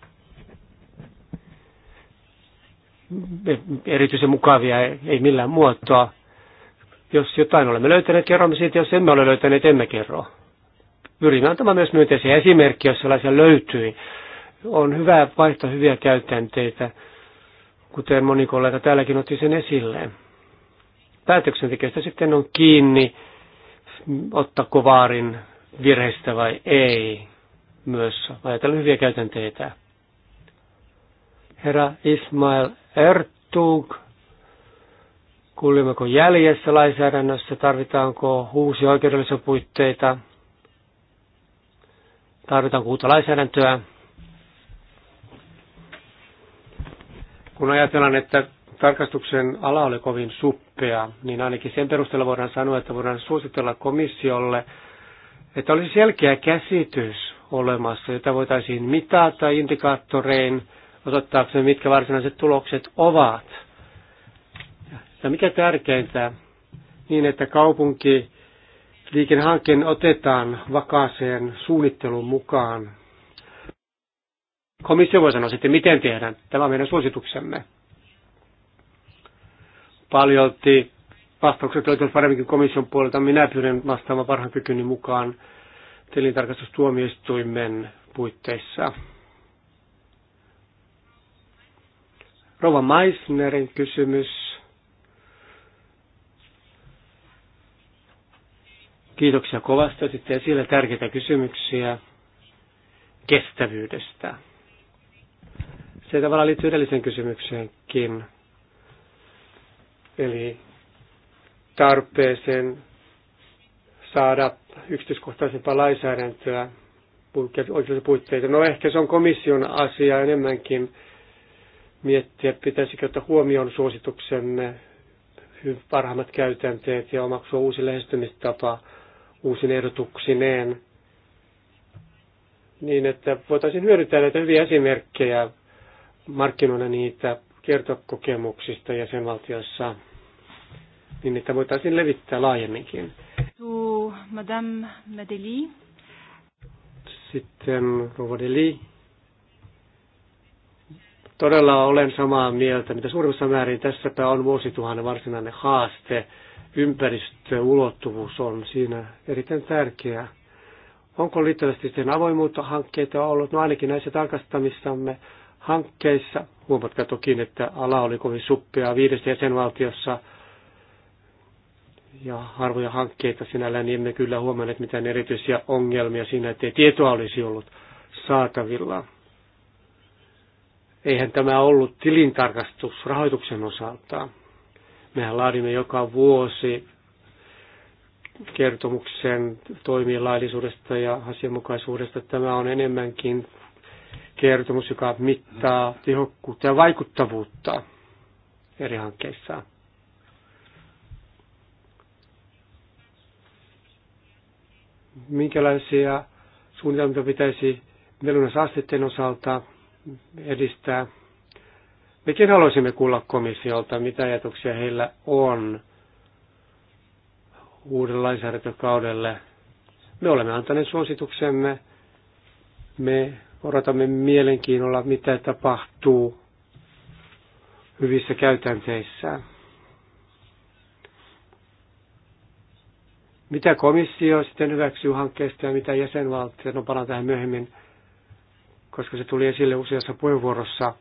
Erityisen mukavia, ei millään muotoa. Jos jotain olemme löytäneet, kerromme siitä. Jos emme ole löytäneet, emme kerro pyrimme antamaan myös myönteisiä esimerkkejä, jos sellaisia löytyy. On hyvä vaihtaa hyviä käytänteitä, kuten moni kollega täälläkin otti sen esille. Päätöksentekijöistä sitten on kiinni, ottako vaarin virheistä vai ei. Myös ajatella hyviä käytänteitä. Herra Ismail Ertug, kuljemmeko jäljessä lainsäädännössä, tarvitaanko uusia oikeudellisia puitteita – Tarvitaan uutta lainsäädäntöä. Kun ajatellaan, että tarkastuksen ala oli kovin suppea, niin ainakin sen perusteella voidaan sanoa, että voidaan suositella komissiolle, että olisi selkeä käsitys olemassa, jota voitaisiin mitata indikaattorein, osoittaaksemme, mitkä varsinaiset tulokset ovat. Ja mikä tärkeintä, niin että kaupunki liikennehankkeen otetaan vakaaseen suunnittelun mukaan. Komissio voi sanoa sitten, miten tehdään. Tämä on meidän suosituksemme. Paljolti vastaukset löytyvät paremminkin komission puolelta. Minä pyydän vastaamaan parhaan kykyni mukaan tilintarkastustuomioistuimen puitteissa. Rova Meissnerin kysymys Kiitoksia kovasti. Otitte esille tärkeitä kysymyksiä kestävyydestä. Se tavallaan liittyy edelliseen kysymykseenkin. Eli tarpeeseen saada yksityiskohtaisempaa lainsäädäntöä oikeudellisia puitteita. No ehkä se on komission asia enemmänkin miettiä, pitäisikö ottaa huomioon suosituksemme parhaimmat käytänteet ja omaksua uusi lähestymistapa uusin ehdotuksineen, niin että voitaisiin hyödyntää näitä hyviä esimerkkejä markkinoida niitä ja sen jäsenvaltiossa, niin että voitaisiin levittää laajemminkin. Madame Madeli. Sitten Rouva Deli. Todella olen samaa mieltä, mitä suurimmassa määrin tässäpä on vuosituhannen varsinainen haaste – ympäristöulottuvuus on siinä erittäin tärkeää. Onko liittyvästi sen avoimuutta hankkeita ollut? No ainakin näissä tarkastamissamme hankkeissa. Huomatkaa toki, että ala oli kovin suppea viidessä jäsenvaltiossa ja harvoja hankkeita sinällään, niin emme kyllä huomanneet mitään erityisiä ongelmia siinä, ettei tietoa olisi ollut saatavilla. Eihän tämä ollut tilintarkastus rahoituksen osalta. Mehän laadimme joka vuosi kertomuksen toimien laillisuudesta ja asianmukaisuudesta. Tämä on enemmänkin kertomus, joka mittaa tehokkuutta ja vaikuttavuutta eri hankkeissa. Minkälaisia suunnitelmia pitäisi melunasasteten osalta edistää Mekin haluaisimme kuulla komissiolta, mitä ajatuksia heillä on uuden lainsäädäntökaudelle. Me olemme antaneet suosituksemme. Me odotamme mielenkiinnolla, mitä tapahtuu hyvissä käytänteissä. Mitä komissio sitten hyväksyy hankkeesta ja mitä jäsenvaltiot, no palaan tähän myöhemmin, koska se tuli esille useassa puheenvuorossa –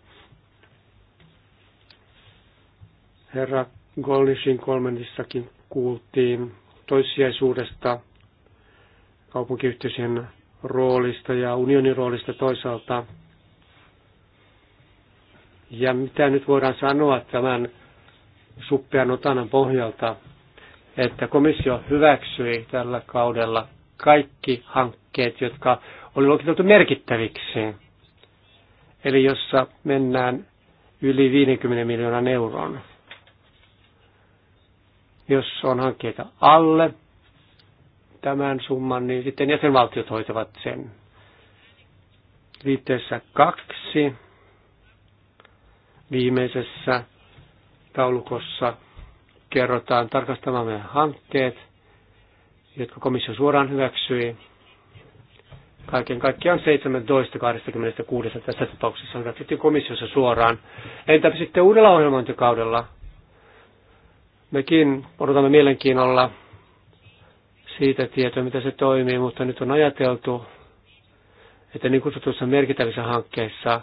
Herra Golnishin kolmannissakin kuultiin toissijaisuudesta, kaupunkiyhteisön roolista ja unionin roolista toisaalta. Ja mitä nyt voidaan sanoa tämän suppean otanan pohjalta, että komissio hyväksyi tällä kaudella kaikki hankkeet, jotka oli luokiteltu merkittäviksi, eli jossa mennään yli 50 miljoonan euron. Jos on hankkeita alle tämän summan, niin sitten jäsenvaltiot hoitavat sen. Liitteessä kaksi viimeisessä taulukossa kerrotaan tarkastamamme hankkeet, jotka komissio suoraan hyväksyi. Kaiken kaikkiaan 17.26. tässä tapauksessa hyväksyttiin komissiossa suoraan. Entäpä sitten uudella ohjelmointikaudella Mekin odotamme mielenkiinnolla siitä tietoa, mitä se toimii, mutta nyt on ajateltu, että niin kutsutuissa merkittävissä hankkeissa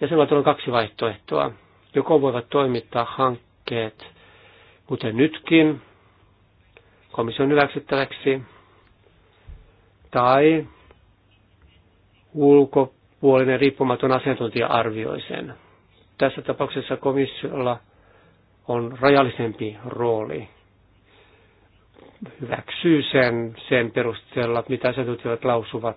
jäsenvaltioilla on kaksi vaihtoehtoa. Joko voivat toimittaa hankkeet, kuten nytkin, komission hyväksyttäväksi, tai ulkopuolinen riippumaton asiantuntija arvioi sen. Tässä tapauksessa komissiolla – on rajallisempi rooli. Hyväksyy sen, sen perusteella, mitä asiantuntijat lausuvat.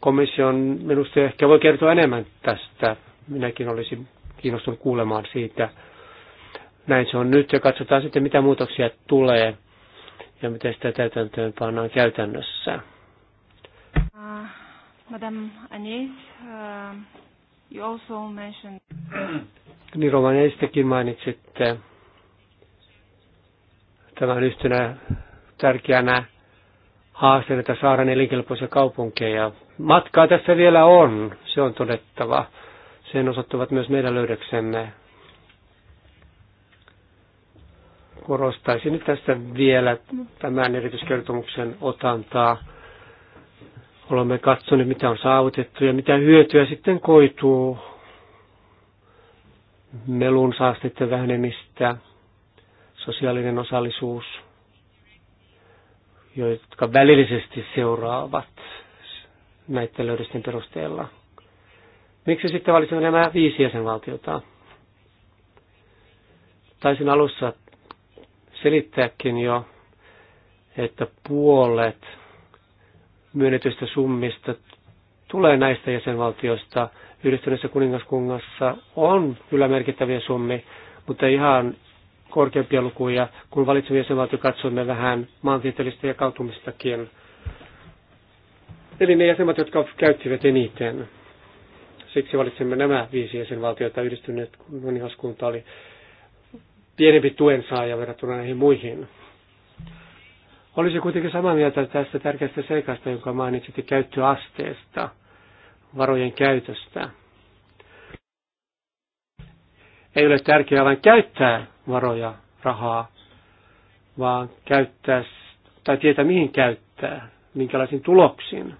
Komission minusta ehkä voi kertoa enemmän tästä. Minäkin olisin kiinnostunut kuulemaan siitä. Näin se on nyt ja katsotaan sitten, mitä muutoksia tulee ja miten sitä täytäntöön pannaan käytännössä. Uh, Madame Anis, uh, you also mentioned... niin romaneistakin mainitsitte tämän yhtenä tärkeänä haasteena, että saadaan elinkelpoisia kaupunkeja. Matkaa tässä vielä on, se on todettava. Sen osoittavat myös meidän löydöksemme. Korostaisin nyt tästä vielä tämän erityiskertomuksen otantaa. Olemme katsoneet, mitä on saavutettu ja mitä hyötyä sitten koituu melun saasteiden vähenemistä, sosiaalinen osallisuus, jotka välillisesti seuraavat näiden löydösten perusteella. Miksi sitten valitsimme nämä viisi jäsenvaltiota? Taisin alussa selittääkin jo, että puolet myönnetyistä summista tulee näistä jäsenvaltioista – yhdistyneessä kuningaskunnassa on kyllä merkittäviä summi, mutta ihan korkeampia lukuja, kun valitsemme jäsenvaltio katsomme vähän maantieteellistä ja kautumistakin. Eli ne jäsenvaltiot, jotka käyttivät eniten. Siksi valitsimme nämä viisi jäsenvaltiota. Yhdistyneet kuningaskunta oli pienempi tuen saaja verrattuna näihin muihin. Olisi kuitenkin samaa mieltä tästä tärkeästä seikasta, jonka mainitsitte käyttöasteesta – varojen käytöstä. Ei ole tärkeää vain käyttää varoja, rahaa, vaan käyttää tai tietää mihin käyttää, minkälaisiin tuloksiin.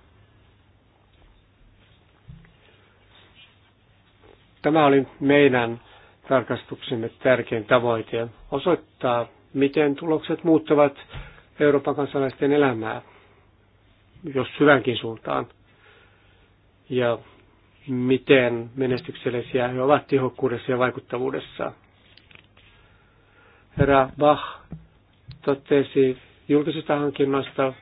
Tämä oli meidän tarkastuksemme tärkein tavoite, osoittaa, miten tulokset muuttavat Euroopan kansalaisten elämää, jos syvänkin suuntaan ja miten menestyksellisiä he ovat tehokkuudessa ja vaikuttavuudessa. Herra Bach totesi julkisista hankinnoista,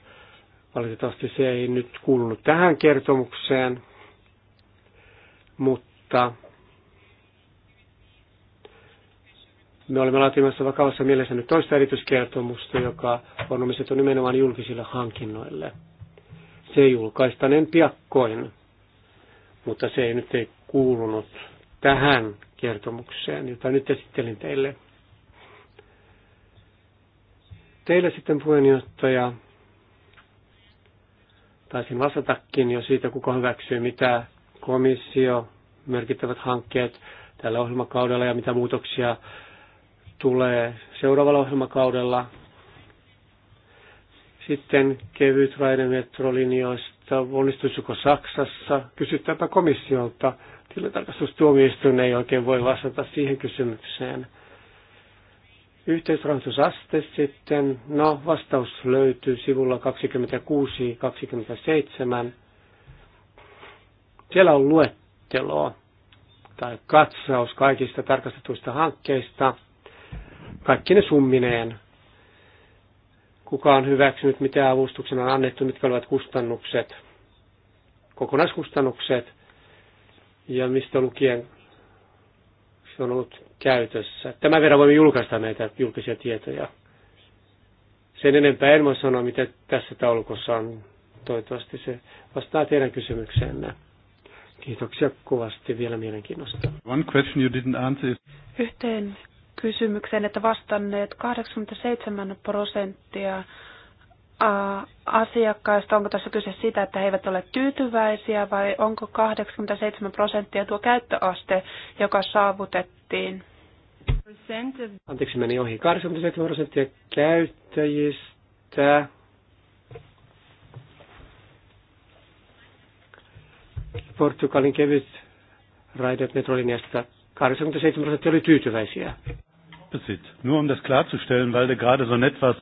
valitettavasti se ei nyt kuulunut tähän kertomukseen, mutta me olemme laatimassa vakavassa mielessä nyt toista erityiskertomusta, joka on omistettu nimenomaan julkisille hankinnoille. Se julkaistaan en piakkoin mutta se ei nyt ei kuulunut tähän kertomukseen, jota nyt esittelin teille. Teille sitten puheenjohtaja, taisin vastatakin jo siitä, kuka hyväksyy mitä komissio, merkittävät hankkeet tällä ohjelmakaudella ja mitä muutoksia tulee seuraavalla ohjelmakaudella sitten kevyt raidemetrolinjoista, onnistuisiko Saksassa? Kysytäänpä komissiolta. Tilintarkastustuomioistuin ei oikein voi vastata siihen kysymykseen. Yhteisrahoitusaste sitten, no vastaus löytyy sivulla 26-27. Siellä on luetteloa tai katsaus kaikista tarkastetuista hankkeista, kaikki ne summineen kuka on hyväksynyt, mitä avustuksena on annettu, mitkä olivat kustannukset, kokonaiskustannukset ja mistä lukien se on ollut käytössä. Tämän verran voimme julkaista näitä julkisia tietoja. Sen enempää en voi sanoa, mitä tässä taulukossa on. Toivottavasti se vastaa teidän kysymykseenne. Kiitoksia kovasti vielä mielenkiinnosta. One question you didn't answer. Yhteen kysymykseen, että vastanneet 87 prosenttia asiakkaista, onko tässä kyse sitä, että he eivät ole tyytyväisiä vai onko 87 prosenttia tuo käyttöaste, joka saavutettiin? Anteeksi, meni ohi. 87 prosenttia käyttäjistä. Portugalin kevyt raidet metrolinjasta 87 prosenttia oli tyytyväisiä opposite. nur um das klarzustellen, weil du gerade so nett warst.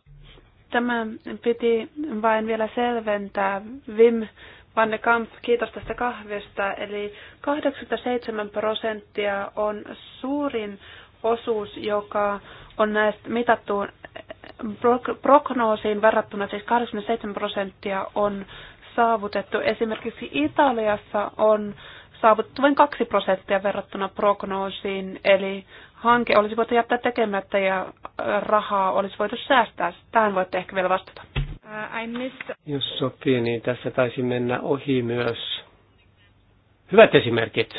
Tämä piti vain vielä selventää. Wim van de Kamp, kiitos tästä kahvesta. Eli 87 prosenttia on suurin osuus, joka on näistä mitattu prognoosiin verrattuna, siis 87 prosenttia on saavutettu. Esimerkiksi Italiassa on saavutettu vain 2 prosenttia verrattuna prognoosiin, eli hanke olisi voitu jättää tekemättä ja äh, rahaa olisi voitu säästää. Tähän voitte ehkä vielä vastata. Uh, Jos sopii, niin tässä taisi mennä ohi myös hyvät esimerkit.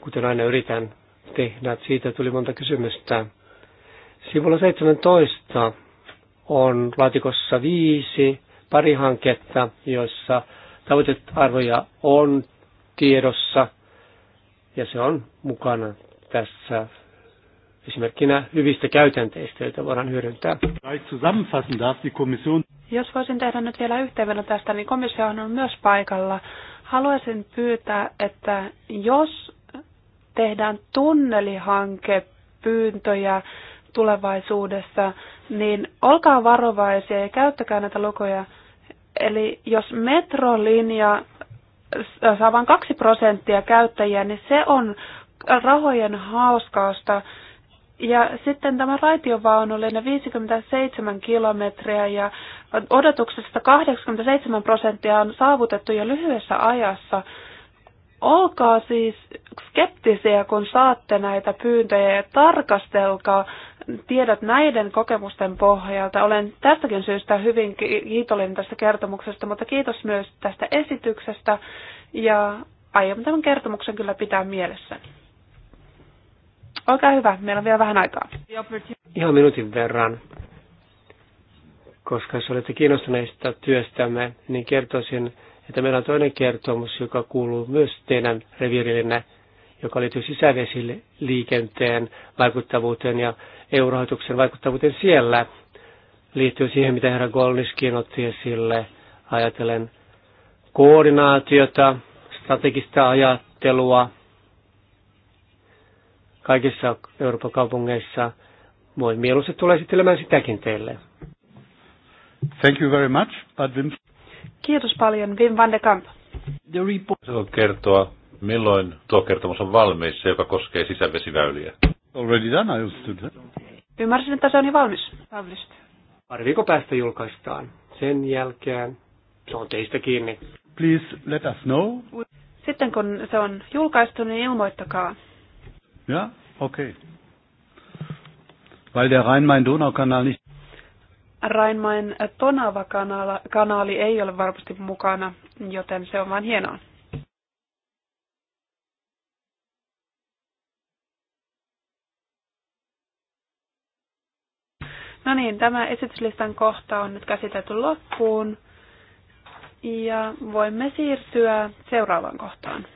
Kuten aina yritän tehdä, siitä tuli monta kysymystä. Sivulla 17 on laatikossa viisi pari hanketta, joissa tavoitearvoja on tiedossa ja se on mukana tässä esimerkkinä hyvistä käytänteistä, joita voidaan hyödyntää. Jos voisin tehdä nyt vielä yhteenvedon tästä, niin komissio on myös paikalla. Haluaisin pyytää, että jos tehdään tunnelihankepyyntöjä tulevaisuudessa, niin olkaa varovaisia ja käyttäkää näitä lukuja. Eli jos metrolinja saa vain 2 prosenttia käyttäjiä, niin se on rahojen hauskausta. Ja sitten tämä raitiovaunullinen 57 kilometriä ja odotuksesta 87 prosenttia on saavutettu jo lyhyessä ajassa. Olkaa siis skeptisiä, kun saatte näitä pyyntöjä ja tarkastelkaa tiedot näiden kokemusten pohjalta. Olen tästäkin syystä hyvin kiitollinen tästä kertomuksesta, mutta kiitos myös tästä esityksestä ja aion tämän kertomuksen kyllä pitää mielessä. Olkaa hyvä, meillä on vielä vähän aikaa. Ihan minuutin verran. Koska jos olette kiinnostuneista työstämme, niin kertoisin, että meillä on toinen kertomus, joka kuuluu myös teidän reviirillenne, joka liittyy sisävesille liikenteen vaikuttavuuteen ja EU-rahoituksen vaikuttavuuteen siellä. Liittyy siihen, mitä herra Golniskin otti esille, ajatellen koordinaatiota, strategista ajattelua, kaikissa Euroopan kaupungeissa. Voin mieluusti tulla esittelemään sitäkin teille. Thank you very much, Advim. Kiitos paljon, Wim van de Kamp. The report. Se on kertoa, milloin tuo kertomus on valmis, se joka koskee sisävesiväyliä. Already done, I understood that. Ymmärsin, että se on jo valmis. Published. Pari viikon päästä julkaistaan. Sen jälkeen se on teistä kiinni. Please let us know. Sitten kun se on julkaistu, niin ilmoittakaa. Ja, okay. Weil der Rhein-Main-Donau-Kanal nicht main tonava kanali ei ole varmasti mukana, joten se on vain hienoa. No niin, tämä esityslistan kohta on nyt käsitelty loppuun ja voimme siirtyä seuraavaan kohtaan.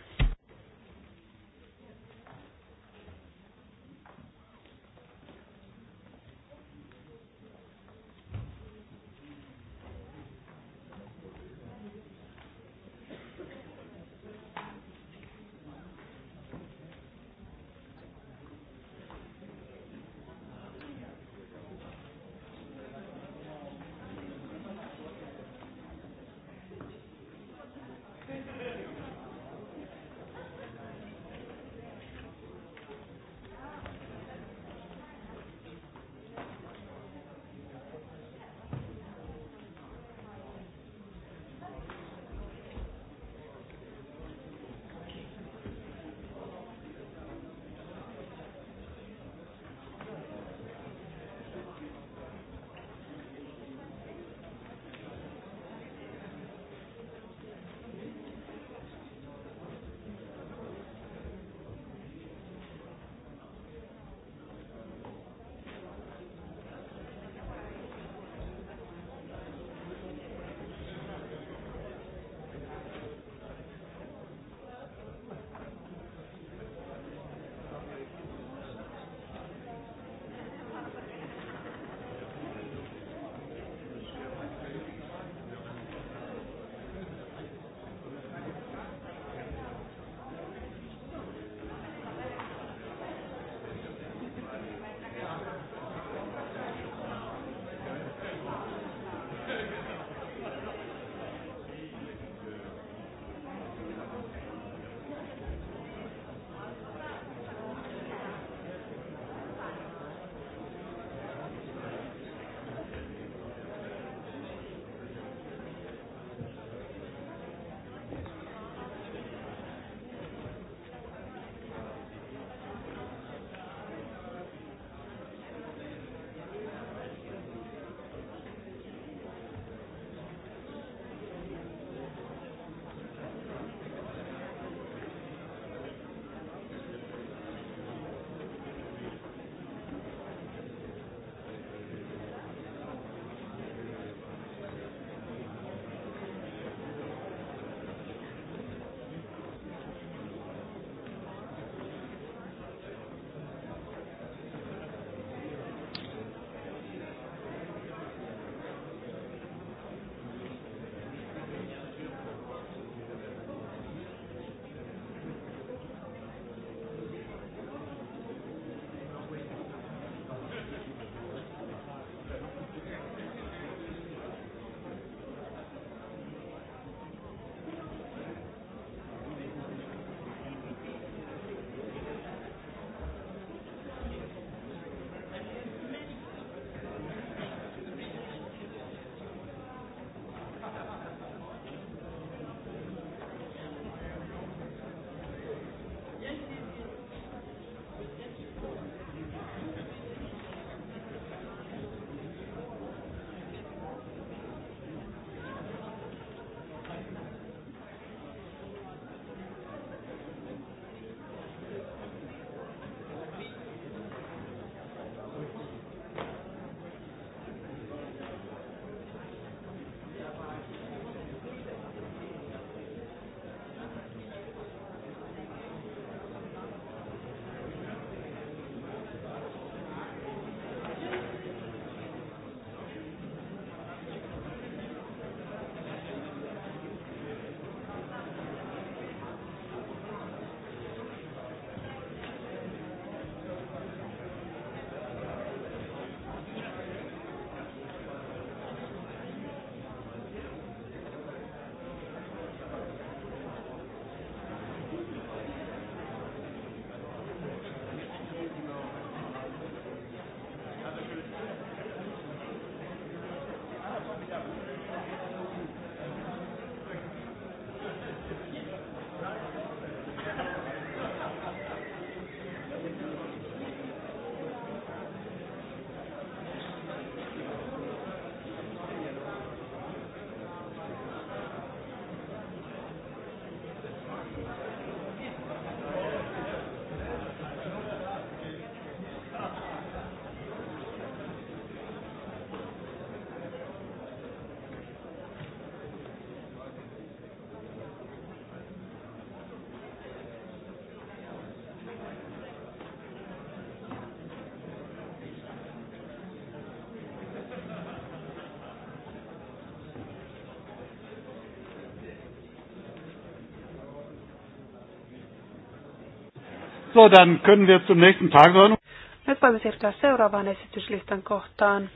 So, dann können wir zum nächsten Tagesordnung. Nyt voimme siirtyä seuraavaan esityslistan kohtaan.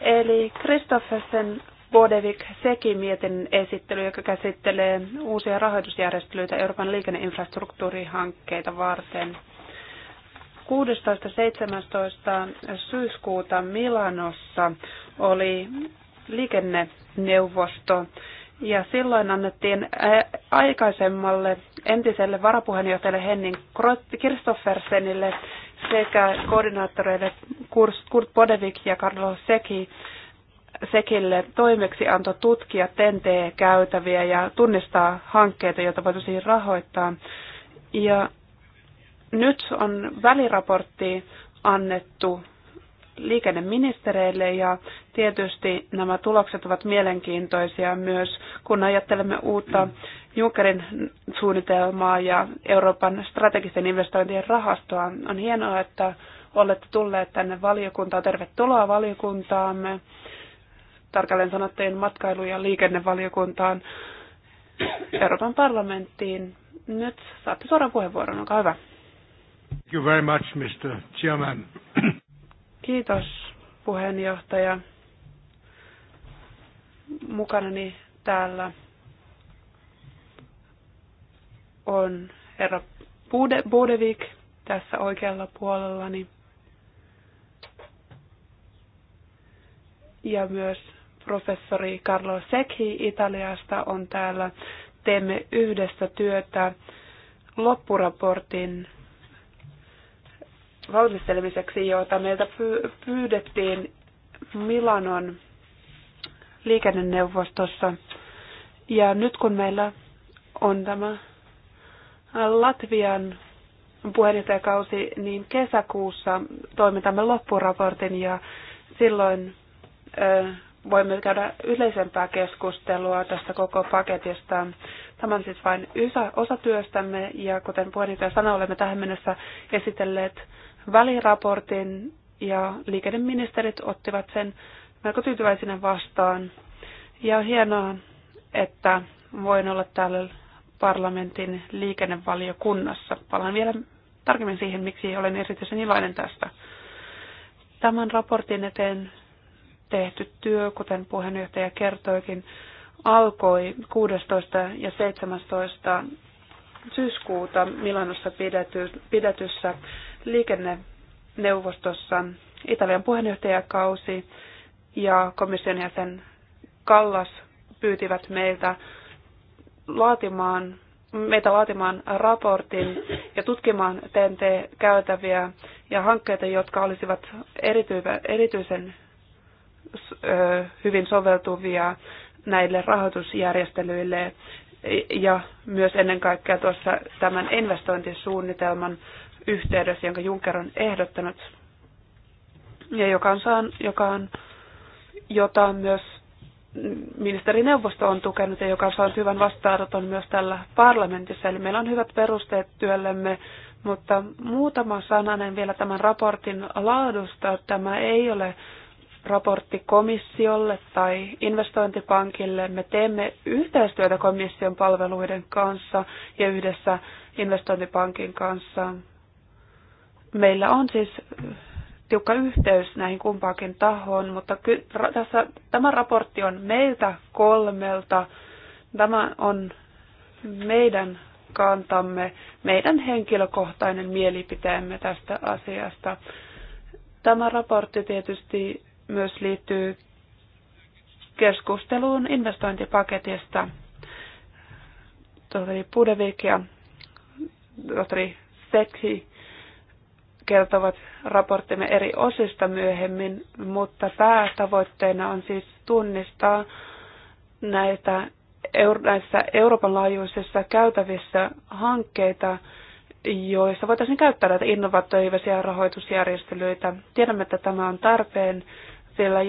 Eli Kristoffersen Bodevik Seki mietin esittely, joka käsittelee uusia rahoitusjärjestelyitä Euroopan liikenneinfrastruktuurihankkeita varten. 16.17. syyskuuta Milanossa oli liikenneneuvosto ja silloin annettiin aikaisemmalle entiselle varapuheenjohtajalle Henning Kristoffersenille sekä koordinaattoreille Kurt Podevik ja Carlo Seki Sekille toimeksianto tutkia TNT-käytäviä ja tunnistaa hankkeita, joita voitaisiin rahoittaa. Ja nyt on väliraportti annettu liikenneministereille ja tietysti nämä tulokset ovat mielenkiintoisia myös, kun ajattelemme uutta Junckerin suunnitelmaa ja Euroopan strategisten investointien rahastoa. On hienoa, että olette tulleet tänne valiokuntaan. Tervetuloa valiokuntaamme, tarkalleen sanottujen matkailu- ja liikennevaliokuntaan, Euroopan parlamenttiin. Nyt saatte suoran puheenvuoron, olkaa hyvä. Thank you very much, Mr. Chairman. Kiitos, puheenjohtaja. Mukanani täällä on herra Bude, Budevik tässä oikealla puolellani. Ja myös professori Carlo Secchi Italiasta on täällä. Teemme yhdessä työtä loppuraportin valmistelemiseksi, jota meiltä pyydettiin Milanon liikenneneuvostossa. Ja nyt kun meillä on tämä Latvian puheenjohtajakausi, niin kesäkuussa toimitamme loppuraportin ja silloin voimme käydä yleisempää keskustelua tästä koko paketista. Tämä on siis vain osa työstämme ja kuten puheenjohtaja sanoi, olemme tähän mennessä esitelleet väliraportin ja liikenneministerit ottivat sen melko tyytyväisinä vastaan. Ja on hienoa, että voin olla täällä parlamentin liikennevaliokunnassa. Palaan vielä tarkemmin siihen, miksi olen erityisen iloinen tästä. Tämän raportin eteen tehty työ, kuten puheenjohtaja kertoikin, alkoi 16. ja 17. syyskuuta Milanossa pidety, pidetyssä liikenneneuvostossa Italian puheenjohtajakausi ja komission jäsen Kallas pyytivät meiltä laatimaan, meitä laatimaan raportin ja tutkimaan TNT-käytäviä ja hankkeita, jotka olisivat erityisen hyvin soveltuvia näille rahoitusjärjestelyille ja myös ennen kaikkea tuossa tämän investointisuunnitelman yhteydessä, jonka Juncker on ehdottanut ja joka on, saan, joka on jota myös ministerineuvosto on tukenut ja joka on saanut hyvän vastaanoton myös tällä parlamentissa. Eli meillä on hyvät perusteet työllemme, mutta muutama sananen vielä tämän raportin laadusta. Tämä ei ole raportti komissiolle tai investointipankille. Me teemme yhteistyötä komission palveluiden kanssa ja yhdessä investointipankin kanssa. Meillä on siis tiukka yhteys näihin kumpaakin tahoon, mutta ky- tässä, tämä raportti on meiltä kolmelta. Tämä on meidän kantamme, meidän henkilökohtainen mielipiteemme tästä asiasta. Tämä raportti tietysti myös liittyy keskusteluun investointipaketista. Tohtori Pudevik ja tohtori Seksi kertovat raporttimme eri osista myöhemmin, mutta päätavoitteena on siis tunnistaa näitä näissä Euroopan laajuisissa käytävissä hankkeita, joissa voitaisiin käyttää näitä innovatiivisia rahoitusjärjestelyitä. Tiedämme, että tämä on tarpeen, sillä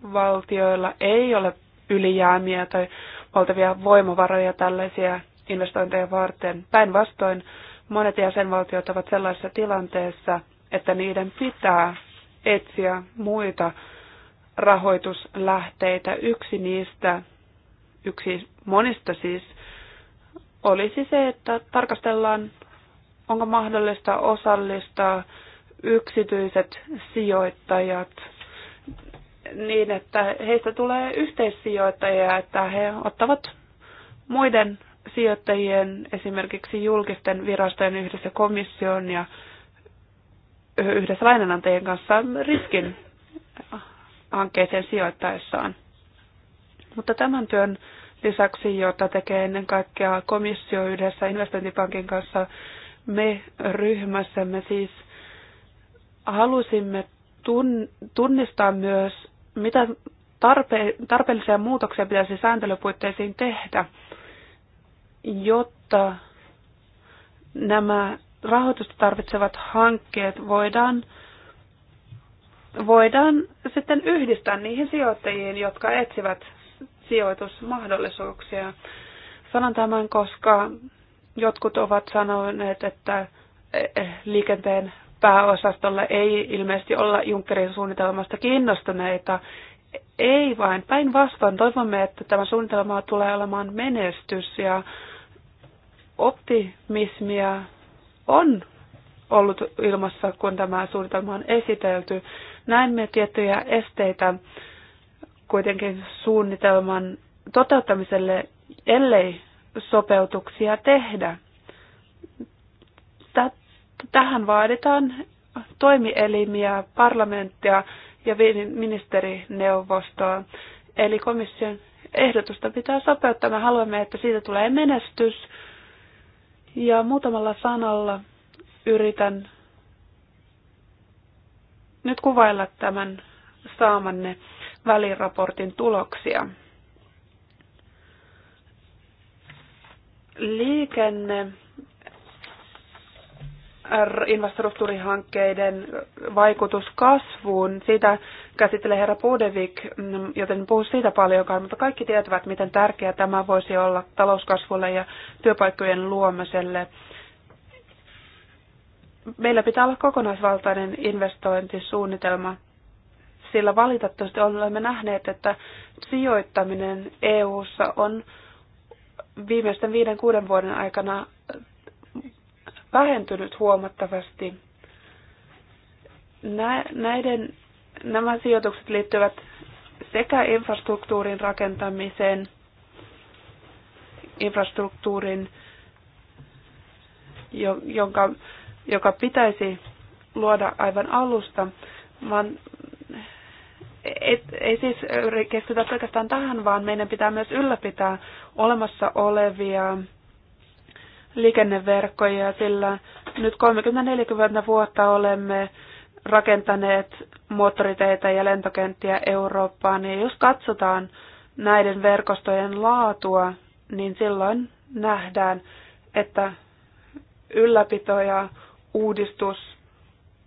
jäsenvaltioilla ei ole ylijäämiä tai valtavia voimavaroja tällaisia investointeja varten. Päinvastoin Monet jäsenvaltiot ovat sellaisessa tilanteessa, että niiden pitää etsiä muita rahoituslähteitä. Yksi niistä, yksi monista siis, olisi se, että tarkastellaan, onko mahdollista osallistaa yksityiset sijoittajat niin, että heistä tulee yhteissijoittajia, että he ottavat muiden sijoittajien, esimerkiksi julkisten virastojen yhdessä komission ja yhdessä lainanantajien kanssa riskin hankkeeseen sijoittaessaan. Mutta tämän työn lisäksi, jota tekee ennen kaikkea komissio yhdessä investointipankin kanssa, me ryhmässämme siis halusimme tunnistaa myös, mitä tarpe- tarpeellisia muutoksia pitäisi sääntelypuitteisiin tehdä – jotta nämä rahoitusta tarvitsevat hankkeet voidaan, voidaan sitten yhdistää niihin sijoittajiin, jotka etsivät sijoitusmahdollisuuksia. Sanon tämän, koska jotkut ovat sanoneet, että eh, liikenteen pääosastolla ei ilmeisesti olla Junckerin suunnitelmasta kiinnostuneita, ei vain, päinvastoin toivomme, että tämä suunnitelma tulee olemaan menestys ja optimismia on ollut ilmassa, kun tämä suunnitelma on esitelty. näemme tiettyjä esteitä kuitenkin suunnitelman toteuttamiselle, ellei sopeutuksia tehdä. Tähän vaaditaan toimielimiä, parlamenttia, ja ministerineuvostoa. Eli komission ehdotusta pitää sopeuttaa. Me haluamme, että siitä tulee menestys. Ja muutamalla sanalla yritän nyt kuvailla tämän saamanne väliraportin tuloksia. Liikenne infrastruktuurihankkeiden vaikutus kasvuun. Siitä käsittelee herra Pudevik, mm, joten puhu siitä paljonkaan, mutta kaikki tietävät, miten tärkeää tämä voisi olla talouskasvulle ja työpaikkojen luomiselle. Meillä pitää olla kokonaisvaltainen investointisuunnitelma, sillä valitettavasti olemme nähneet, että sijoittaminen EU:ssa on viimeisten viiden kuuden vuoden aikana vähentynyt huomattavasti. Näiden, nämä sijoitukset liittyvät sekä infrastruktuurin rakentamiseen, infrastruktuurin, jonka, joka pitäisi luoda aivan alusta, vaan et, ei siis keskitytä pelkästään tähän, vaan meidän pitää myös ylläpitää olemassa olevia liikenneverkkoja, sillä nyt 30-40 vuotta olemme rakentaneet moottoriteitä ja lentokenttiä Eurooppaan. Ja jos katsotaan näiden verkostojen laatua, niin silloin nähdään, että ylläpito ja uudistus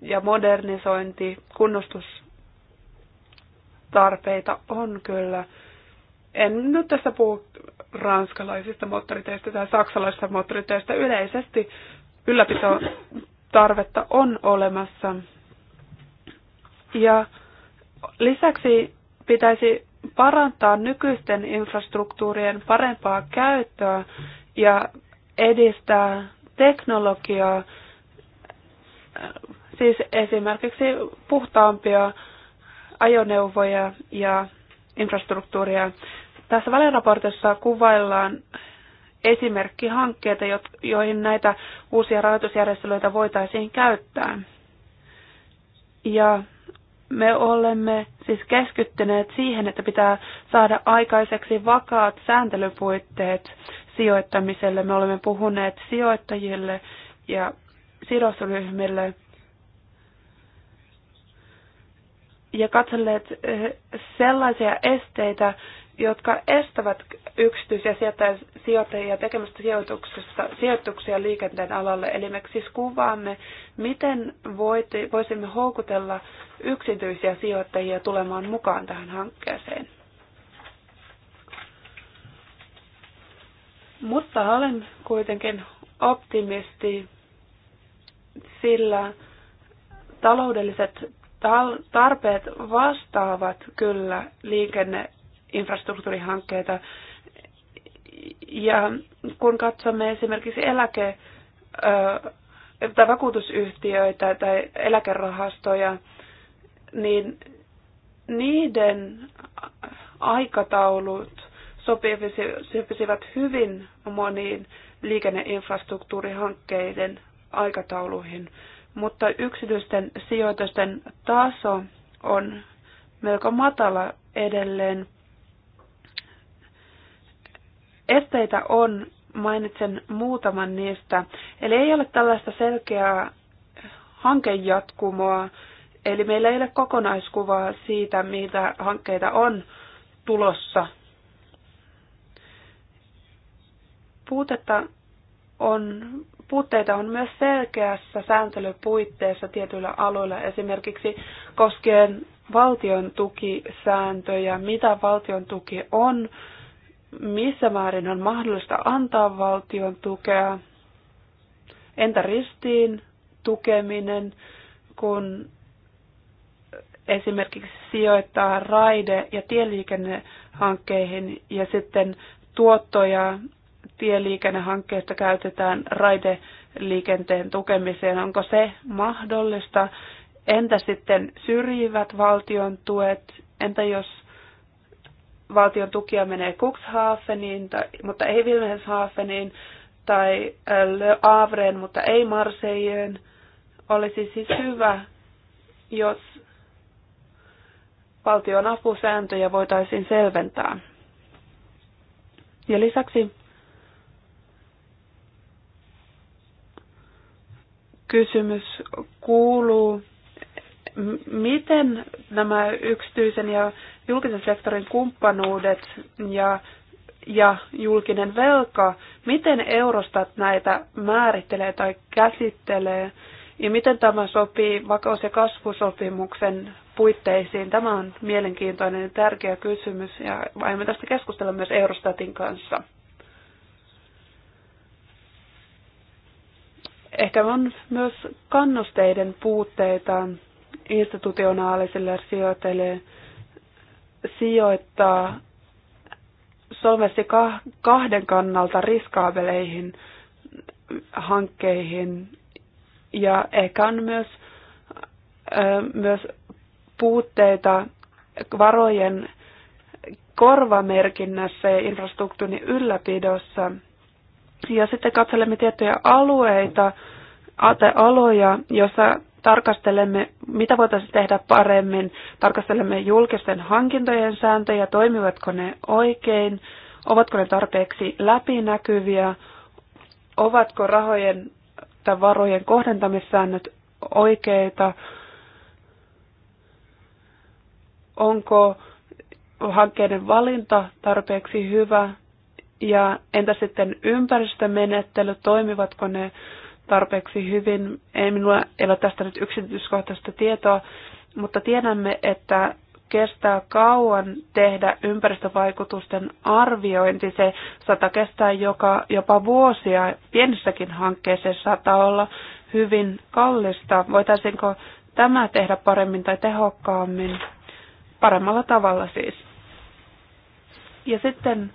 ja modernisointi, kunnostustarpeita on kyllä. En nyt tässä puhu ranskalaisista moottoriteistä tai saksalaisista moottoriteistä yleisesti ylläpito tarvetta on olemassa. Ja lisäksi pitäisi parantaa nykyisten infrastruktuurien parempaa käyttöä ja edistää teknologiaa, siis esimerkiksi puhtaampia ajoneuvoja ja infrastruktuuria. Tässä väliraportissa kuvaillaan esimerkkihankkeita, joihin näitä uusia rahoitusjärjestelyitä voitaisiin käyttää. Ja me olemme siis keskittyneet siihen, että pitää saada aikaiseksi vakaat sääntelypuitteet sijoittamiselle. Me olemme puhuneet sijoittajille ja sidosryhmille ja katselleet eh, sellaisia esteitä, jotka estävät yksityisiä sijoittajia tekemästä sijoituksista, sijoituksia liikenteen alalle. Eli me siis kuvaamme, miten voit voisimme houkutella yksityisiä sijoittajia tulemaan mukaan tähän hankkeeseen. Mutta olen kuitenkin optimisti, sillä taloudelliset tarpeet vastaavat kyllä liikenne infrastruktuurihankkeita. Ja kun katsomme esimerkiksi eläke- tai vakuutusyhtiöitä tai eläkerahastoja, niin niiden aikataulut sopisivat hyvin moniin liikenneinfrastruktuurihankkeiden aikatauluihin, mutta yksityisten sijoitusten taso on melko matala edelleen. Esteitä on, mainitsen muutaman niistä. Eli ei ole tällaista selkeää hankejatkumoa, eli meillä ei ole kokonaiskuvaa siitä, mitä hankkeita on tulossa. Puutetta on, puutteita on myös selkeässä sääntelypuitteessa tietyillä aloilla, esimerkiksi koskien valtion tukisääntöjä, mitä valtion tuki on, missä määrin on mahdollista antaa valtion tukea? Entä ristiin tukeminen, kun esimerkiksi sijoittaa raide- ja tieliikennehankkeihin ja sitten tuottoja tieliikennehankkeista käytetään raideliikenteen tukemiseen. Onko se mahdollista? Entä sitten syrjivät valtion tuet? Entä jos valtion tukia menee Cuxhaveniin, tai, mutta ei Wilhelmshaveniin, tai äh, Le Havreen, mutta ei Marseilleen. Olisi siis hyvä, jos valtion apusääntöjä voitaisiin selventää. Ja lisäksi kysymys kuuluu, miten nämä yksityisen ja julkisen sektorin kumppanuudet ja, ja julkinen velka, miten Eurostat näitä määrittelee tai käsittelee ja miten tämä sopii vakaus- ja kasvusopimuksen puitteisiin? Tämä on mielenkiintoinen ja tärkeä kysymys ja aiemme tästä keskustella myös Eurostatin kanssa. Ehkä on myös kannusteiden puutteita institutionaalisille sijoittajille sijoittaa solvessi kahden kannalta riskaabeleihin hankkeihin ja ehkä on myös, myös puutteita varojen korvamerkinnässä ja infrastruktuurin ylläpidossa. Ja sitten katselemme tiettyjä alueita, aloja, joissa tarkastelemme, mitä voitaisiin tehdä paremmin, tarkastelemme julkisten hankintojen sääntöjä, toimivatko ne oikein, ovatko ne tarpeeksi läpinäkyviä, ovatko rahojen tai varojen kohdentamissäännöt oikeita, onko hankkeiden valinta tarpeeksi hyvä ja entä sitten ympäristömenettelyt, toimivatko ne tarpeeksi hyvin. Ei minulla ei ole tästä nyt yksityiskohtaista tietoa, mutta tiedämme, että kestää kauan tehdä ympäristövaikutusten arviointi. Se saattaa kestää joka, jopa vuosia. Pienissäkin hankkeissa saattaa olla hyvin kallista. Voitaisinko tämä tehdä paremmin tai tehokkaammin? Paremmalla tavalla siis. Ja sitten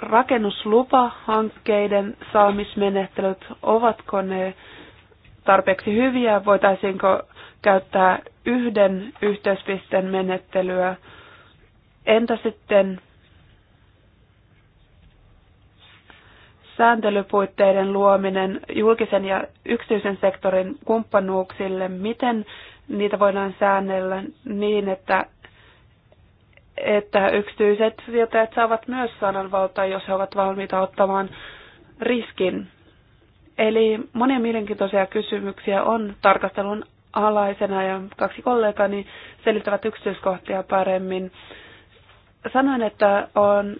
rakennuslupahankkeiden saamismenettelyt, ovatko ne tarpeeksi hyviä, voitaisiinko käyttää yhden yhteispisten menettelyä, entä sitten sääntelypuitteiden luominen julkisen ja yksityisen sektorin kumppanuuksille, miten niitä voidaan säännellä niin, että että yksityiset sijoittajat saavat myös sananvaltaa, jos he ovat valmiita ottamaan riskin. Eli monia mielenkiintoisia kysymyksiä on tarkastelun alaisena ja kaksi kollegani selittävät yksityiskohtia paremmin. Sanoin, että on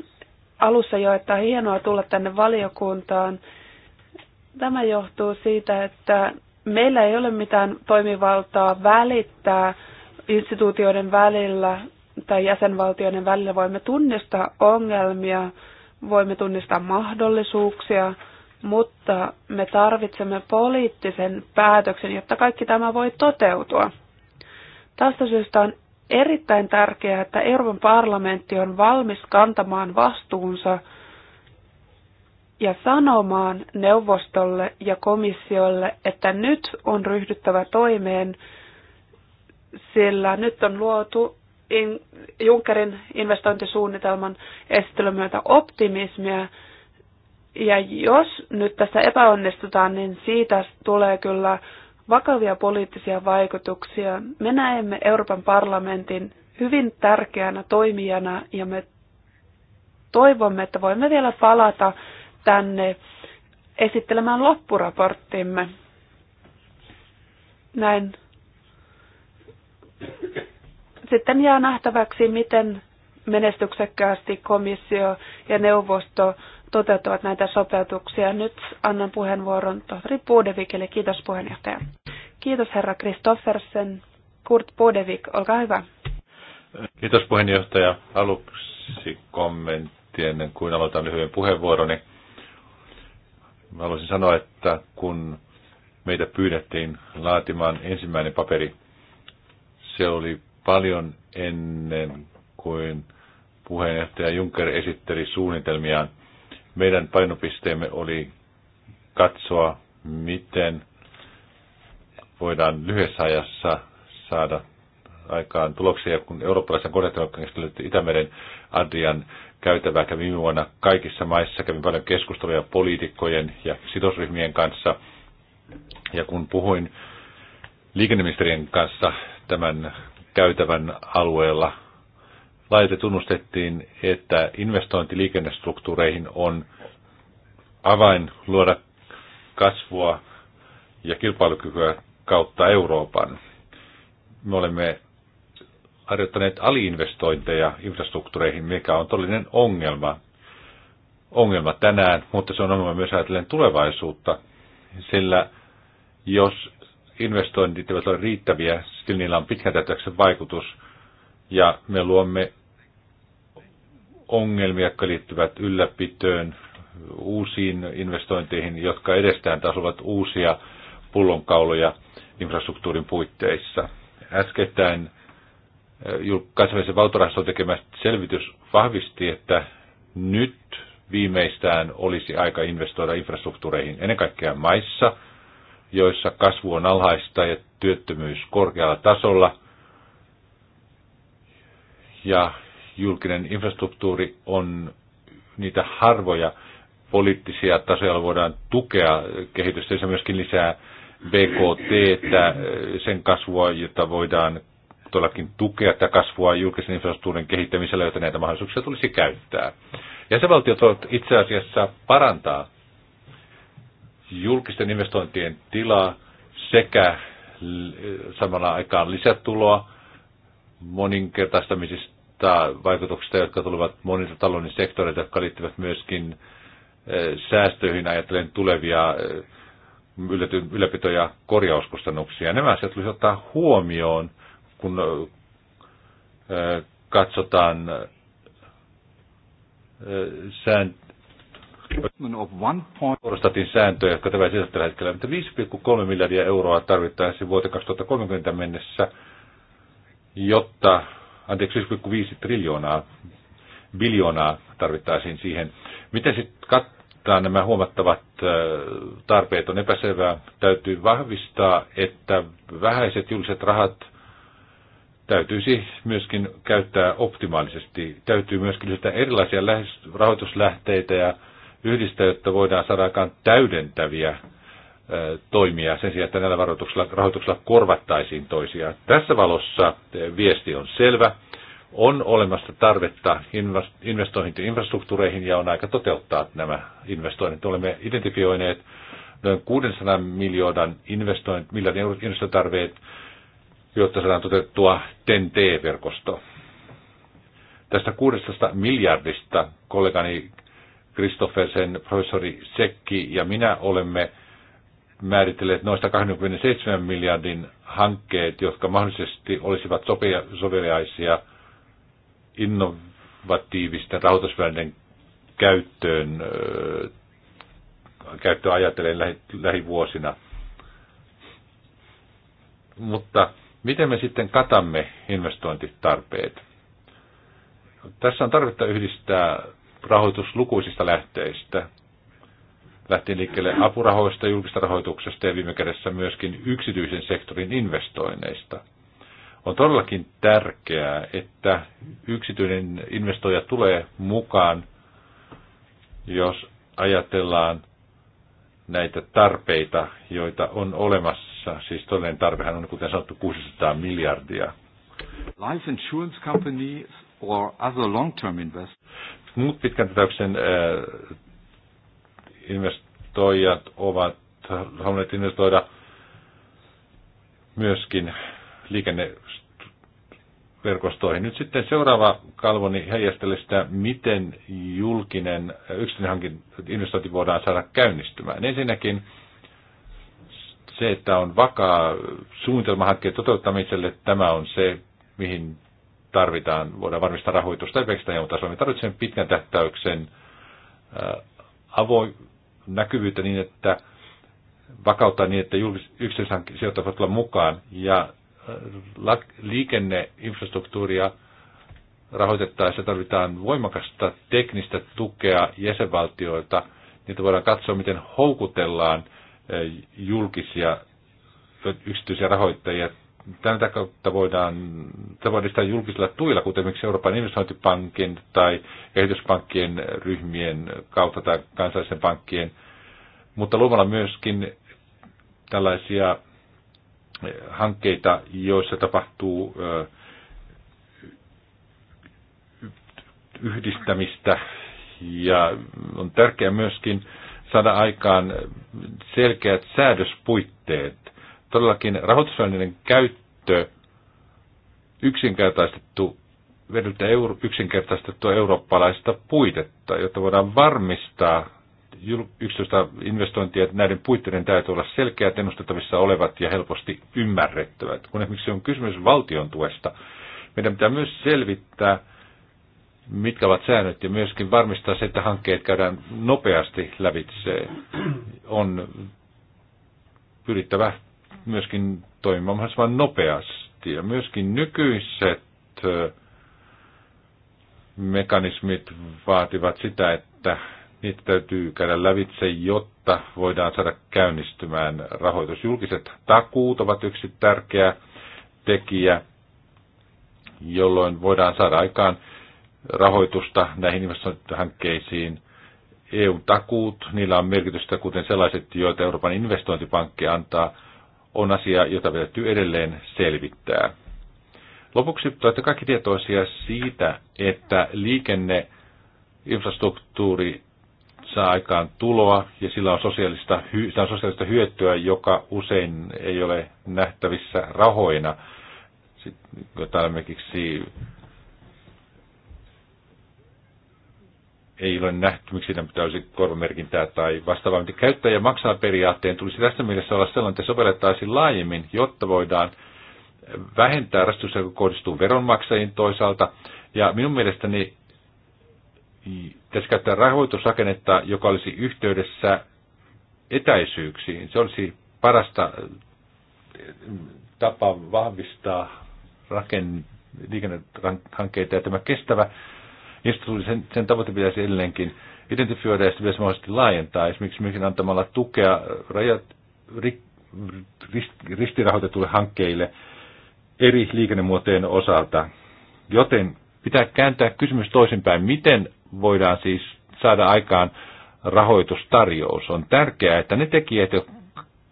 alussa jo, että on hienoa tulla tänne valiokuntaan. Tämä johtuu siitä, että meillä ei ole mitään toimivaltaa välittää instituutioiden välillä tai jäsenvaltioiden välillä voimme tunnistaa ongelmia, voimme tunnistaa mahdollisuuksia, mutta me tarvitsemme poliittisen päätöksen, jotta kaikki tämä voi toteutua. Tästä syystä on erittäin tärkeää, että Euroopan parlamentti on valmis kantamaan vastuunsa ja sanomaan neuvostolle ja komissiolle, että nyt on ryhdyttävä toimeen, sillä nyt on luotu Junckerin investointisuunnitelman esittelyn myötä optimismia. Ja jos nyt tässä epäonnistutaan, niin siitä tulee kyllä vakavia poliittisia vaikutuksia. Me näemme Euroopan parlamentin hyvin tärkeänä toimijana ja me toivomme, että voimme vielä palata tänne esittelemään loppuraporttimme. Näin sitten jää nähtäväksi, miten menestyksekkäästi komissio ja neuvosto toteuttavat näitä sopeutuksia. Nyt annan puheenvuoron tohtori Puudevikille. Kiitos puheenjohtaja. Kiitos herra Kristoffersen. Kurt Puudevik, olkaa hyvä. Kiitos puheenjohtaja. Aluksi kommentti ennen kuin aloitan lyhyen puheenvuoroni. Mä haluaisin sanoa, että kun meitä pyydettiin laatimaan ensimmäinen paperi, se oli paljon ennen kuin puheenjohtaja Juncker esitteli suunnitelmiaan. Meidän painopisteemme oli katsoa, miten voidaan lyhyessä ajassa saada aikaan tuloksia, kun eurooppalaisen koordinaation Itämeren Adrian käytävää kävi viime vuonna kaikissa maissa, kävin paljon keskusteluja poliitikkojen ja sidosryhmien kanssa. Ja kun puhuin liikenneministerien kanssa tämän käytävän alueella. Laite tunnustettiin, että investointi liikennestruktuureihin on avain luoda kasvua ja kilpailukykyä kautta Euroopan. Me olemme harjoittaneet aliinvestointeja infrastruktuureihin, mikä on todellinen ongelma. Ongelma tänään, mutta se on ongelma myös ajatellen tulevaisuutta, sillä jos investoinnit eivät ole riittäviä, sillä niillä on pitkän tähtäyksen vaikutus, ja me luomme ongelmia, jotka liittyvät ylläpitöön, uusiin investointeihin, jotka edestään taas ovat uusia pullonkauloja infrastruktuurin puitteissa. Äskettäin eh, kansainvälisen valtorahaston tekemä selvitys vahvisti, että nyt viimeistään olisi aika investoida infrastruktuureihin ennen kaikkea maissa – joissa kasvu on alhaista ja työttömyys korkealla tasolla. Ja julkinen infrastruktuuri on niitä harvoja poliittisia tasoja, voidaan tukea kehitystä. Se myöskin lisää BKT, että äh, sen kasvua, jota voidaan todellakin tukea tätä kasvua julkisen infrastruktuurin kehittämisellä, jotta näitä mahdollisuuksia tulisi käyttää. Ja se valtio itse asiassa parantaa julkisten investointien tilaa sekä samalla aikaan lisätuloa moninkertaistamisista vaikutuksista, jotka tulevat monilta talouden sektoreilta, jotka liittyvät myöskin eh, säästöihin ajatellen tulevia eh, ylläpito- ja korjauskustannuksia. Nämä asiat tulisi ottaa huomioon, kun eh, katsotaan sään, Eurostatin sääntöjä, jotka tämä sisällä tällä hetkellä, että 5,3 miljardia euroa tarvittaisiin vuoteen 2030 mennessä, jotta, anteeksi, 5,5 triljoonaa, biljoonaa tarvittaisiin siihen. Miten sitten kattaa nämä huomattavat tarpeet on epäselvää. Täytyy vahvistaa, että vähäiset julkiset rahat – täytyisi myöskin käyttää optimaalisesti. Täytyy myöskin lisätä erilaisia rahoituslähteitä ja yhdistä, jotta voidaan saada aikaan täydentäviä toimia sen sijaan, että näillä varoituksilla, rahoituksilla korvattaisiin toisiaan. Tässä valossa viesti on selvä. On olemassa tarvetta investointi infrastruktuureihin ja on aika toteuttaa nämä investoinnit. Olemme identifioineet noin 600 miljoonan investoinnit, miljardin investointitarveet, jotta saadaan toteutettua TEN-T-verkosto. Tästä 600 miljardista kollegani Kristoffersen, professori Sekki ja minä olemme määritelleet noista 27 miljardin hankkeet, jotka mahdollisesti olisivat soveliaisia innovatiivisten rahoitusvälineiden käyttöön, käyttöä ajatellen lähi, lähivuosina. Mutta miten me sitten katamme investointitarpeet? Tässä on tarvetta yhdistää rahoitus lukuisista lähteistä. Lähtien liikkeelle apurahoista, julkista rahoituksesta ja viime kädessä myöskin yksityisen sektorin investoinneista. On todellakin tärkeää, että yksityinen investoija tulee mukaan, jos ajatellaan näitä tarpeita, joita on olemassa. Siis todellinen tarvehan on, kuten sanottu, 600 miljardia. Life insurance companies or other long-term investors. Muut pitkän tätäyksen investoijat ovat halunneet investoida myöskin liikenneverkostoihin. Nyt sitten seuraava kalvoni heijastelee sitä, miten julkinen yksityinen investointi voidaan saada käynnistymään. Ensinnäkin se, että on vakaa suunnitelma hankkeen toteuttamiselle, tämä on se, mihin tarvitaan, voidaan varmistaa rahoitusta esimerkiksi EU-tasolla. Me tarvitsemme pitkän tähtäyksen avoin näkyvyyttä niin, että vakautta niin, että yksityiset sijoittajat voivat tulla mukaan ja liikenneinfrastruktuuria rahoitettaessa tarvitaan voimakasta teknistä tukea jäsenvaltioilta, niitä voidaan katsoa, miten houkutellaan julkisia yksityisiä rahoittajia Tätä kautta voidaan, tätä voidaan edistää julkisilla tuilla, kuten esimerkiksi Euroopan investointipankin tai kehityspankkien ryhmien kautta tai kansallisen pankkien, mutta luomalla myöskin tällaisia eh, hankkeita, joissa tapahtuu eh, yhdistämistä ja on tärkeää myöskin saada aikaan selkeät säädöspuitteet – Todellakin rahoitusvälineiden käyttö yksinkertaistettu vedyltä euro, yksinkertaistettua eurooppalaista puitetta, jotta voidaan varmistaa yksityistä investointia, että näiden puitteiden täytyy olla selkeät, ennustettavissa olevat ja helposti ymmärrettävät. Kun esimerkiksi on kysymys valtion tuesta, meidän pitää myös selvittää, mitkä ovat säännöt ja myöskin varmistaa se, että hankkeet käydään nopeasti lävitse. On pyrittävä myöskin toimimaan mahdollisimman nopeasti. Ja myöskin nykyiset mekanismit vaativat sitä, että niitä täytyy käydä lävitse, jotta voidaan saada käynnistymään rahoitus. Julkiset takuut ovat yksi tärkeä tekijä, jolloin voidaan saada aikaan rahoitusta näihin investointihankkeisiin. EU-takuut, niillä on merkitystä, kuten sellaiset, joita Euroopan investointipankki antaa – on asia, jota täytyy edelleen selvittää. Lopuksi olette kaikki tietoisia siitä, että liikenneinfrastruktuuri saa aikaan tuloa ja sillä on sosiaalista, sillä on sosiaalista hyötyä, joka usein ei ole nähtävissä rahoina. Sitten, esimerkiksi ei ole nähty, miksi siinä pitäisi korvamerkintää tai vastaavaa. Mutta käyttäjä maksaa periaatteen tulisi tässä mielessä olla sellainen, että sovellettaisiin laajemmin, jotta voidaan vähentää rastusta, joka kohdistuu veronmaksajiin toisaalta. Ja minun mielestäni tässä käyttää rahoitusrakennetta, joka olisi yhteydessä etäisyyksiin. Se olisi parasta eh, tapa vahvistaa raken, liikennehankkeita ja tämä kestävä tuli sen, sen tavoite pitäisi edelleenkin identifioida ja sitä pitäisi mahdollisesti laajentaa, esimerkiksi myöskin antamalla tukea rajat, ri, rist, ristirahoitetulle hankkeille eri liikennemuotojen osalta. Joten pitää kääntää kysymys toisinpäin, miten voidaan siis saada aikaan rahoitustarjous. On tärkeää, että ne tekijät,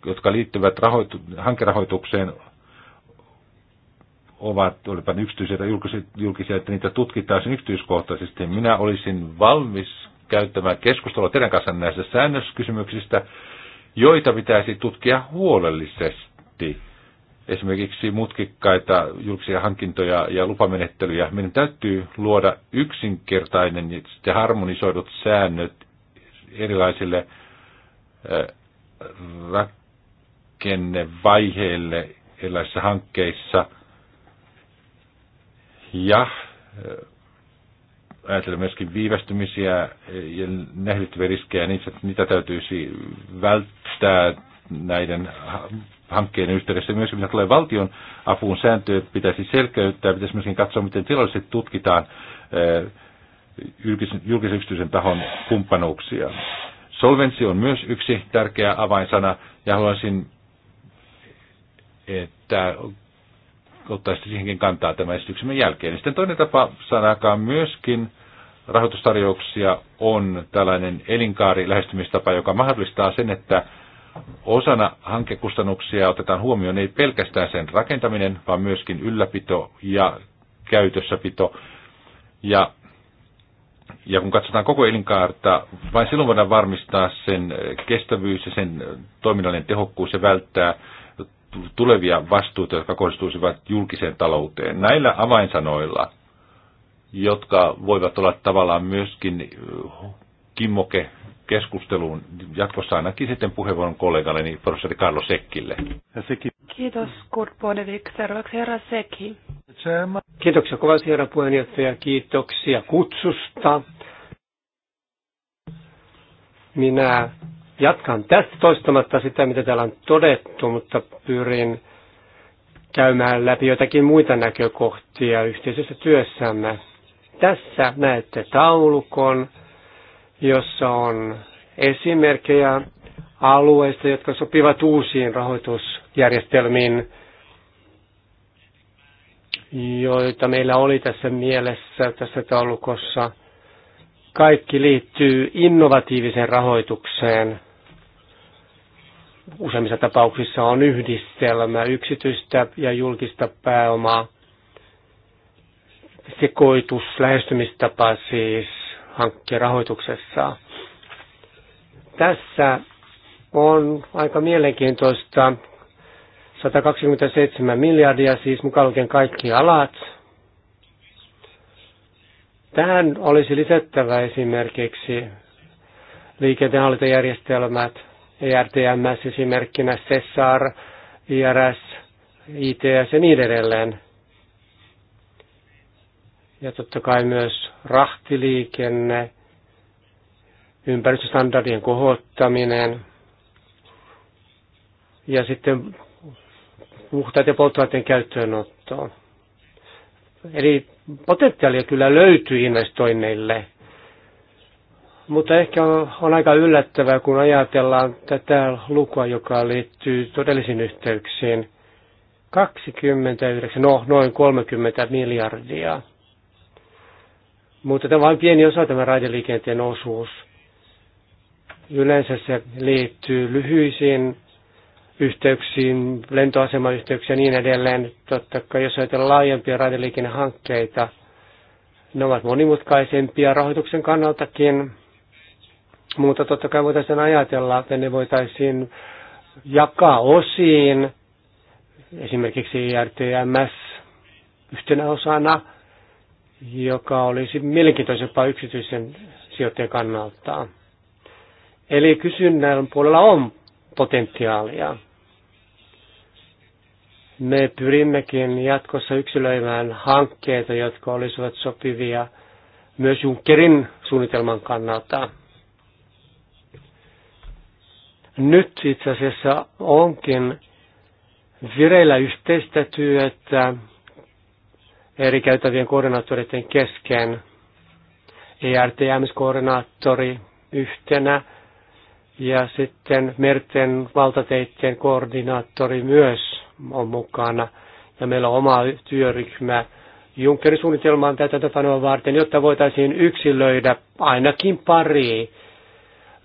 jotka liittyvät rahoitu- hankerahoitukseen, ovat, olipa yksityisiä tai julkisia, että niitä tutkittaisiin yksityiskohtaisesti. Minä olisin valmis käyttämään keskustelua teidän kanssa näistä säännöskysymyksistä, joita pitäisi tutkia huolellisesti. Esimerkiksi mutkikkaita julkisia hankintoja ja lupamenettelyjä. Meidän täytyy luoda yksinkertainen ja harmonisoidut säännöt erilaisille rakennevaiheille erilaisissa hankkeissa – ja eh, ajatellen myöskin viivästymisiä eh, ja nähdyttäviä riskejä, niin niitä täytyisi välttää näiden hankkeiden yhteydessä. myös, mitä tulee valtion apuun, sääntöjä pitäisi selkeyttää, pitäisi myöskin katsoa, miten tilallisesti tutkitaan eh, julkisen yksityisen tahon kumppanuuksia. Solvenssi on myös yksi tärkeä avainsana, ja haluaisin, että ottaisitte siihenkin kantaa tämän esityksemme jälkeen. Ja sitten toinen tapa saada aikaan myöskin rahoitustarjouksia on tällainen elinkaari lähestymistapa, joka mahdollistaa sen, että osana hankekustannuksia otetaan huomioon ei pelkästään sen rakentaminen, vaan myöskin ylläpito ja käytössäpito. Ja, ja kun katsotaan koko elinkaarta, vain silloin voidaan varmistaa sen kestävyys ja sen toiminnallinen tehokkuus ja välttää tulevia vastuuta, jotka kohdistuisivat julkiseen talouteen. Näillä avainsanoilla, jotka voivat olla tavallaan myöskin eh, kimmoke keskusteluun jatkossa ainakin sitten puheenvuoron niin professori Karlo Sekkille. Kiitos Kurt Bodevik. Seuraavaksi herra Sekki. Kiitoksia kovasti herra puheenjohtaja. Kiitoksia kutsusta. Minä Jatkan tästä toistamatta sitä, mitä täällä on todettu, mutta pyrin käymään läpi jotakin muita näkökohtia yhteisessä työssämme. Tässä näette taulukon, jossa on esimerkkejä alueista, jotka sopivat uusiin rahoitusjärjestelmiin, joita meillä oli tässä mielessä tässä taulukossa – kaikki liittyy innovatiiviseen rahoitukseen. Useimmissa tapauksissa on yhdistelmä yksityistä ja julkista pääomaa. Sekoitus, lähestymistapa siis hankkeen rahoituksessa. Tässä on aika mielenkiintoista 127 miljardia, siis mukaan lukien kaikki alat, Tähän olisi lisättävä esimerkiksi liikenteenhallintajärjestelmät, ERTMS esimerkkinä, SESAR, IRS, ITS ja niin edelleen. Ja totta kai myös rahtiliikenne, ympäristöstandardien kohottaminen ja sitten puhtaiden polttoaineiden käyttöönottoon. Eli potentiaalia kyllä löytyy investoinneille, mutta ehkä on, on aika yllättävää, kun ajatellaan tätä lukua, joka liittyy todellisiin yhteyksiin. 29, no noin 30 miljardia. Mutta tämä on vain pieni osa tämä raideliikenteen osuus. Yleensä se liittyy lyhyisiin yhteyksiin, lentoasemayhteyksiä ja niin edelleen. Totta kai jos ajatellaan laajempia raideliikennehankkeita, ne ovat monimutkaisempia rahoituksen kannaltakin, mutta totta kai voitaisiin ajatella, että ne voitaisiin jakaa osiin, esimerkiksi RTMS yhtenä osana, joka olisi mielenkiintoisempaa yksityisen sijoittajan kannalta. Eli kysynnän puolella on potentiaalia. Me pyrimmekin jatkossa yksilöimään hankkeita, jotka olisivat sopivia myös Junckerin suunnitelman kannalta. Nyt itse asiassa onkin vireillä yhteistä työtä eri käytävien koordinaattoreiden kesken. ERTMS-koordinaattori yhtenä ja sitten merten valtateiden koordinaattori myös on mukana. Ja meillä on oma työryhmä Junckerin suunnitelmaan tätä tapanoa varten, jotta voitaisiin yksilöidä ainakin pari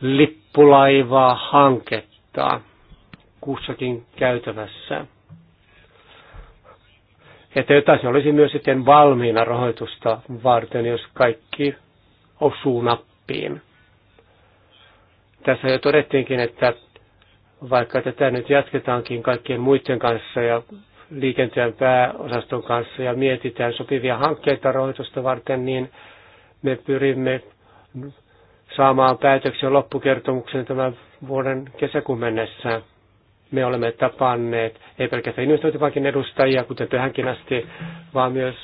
lippulaivaa hanketta kussakin käytävässä. Että jotain olisi myös sitten valmiina rahoitusta varten, jos kaikki osuu nappiin. Tässä jo todettiinkin, että vaikka tätä nyt jatketaankin kaikkien muiden kanssa ja liikenteen pääosaston kanssa ja mietitään sopivia hankkeita rahoitusta varten, niin me pyrimme saamaan päätöksen loppukertomuksen tämän vuoden kesäkuun mennessä. Me olemme tapanneet ei pelkästään investointipankin edustajia, kuten tähänkin asti, vaan myös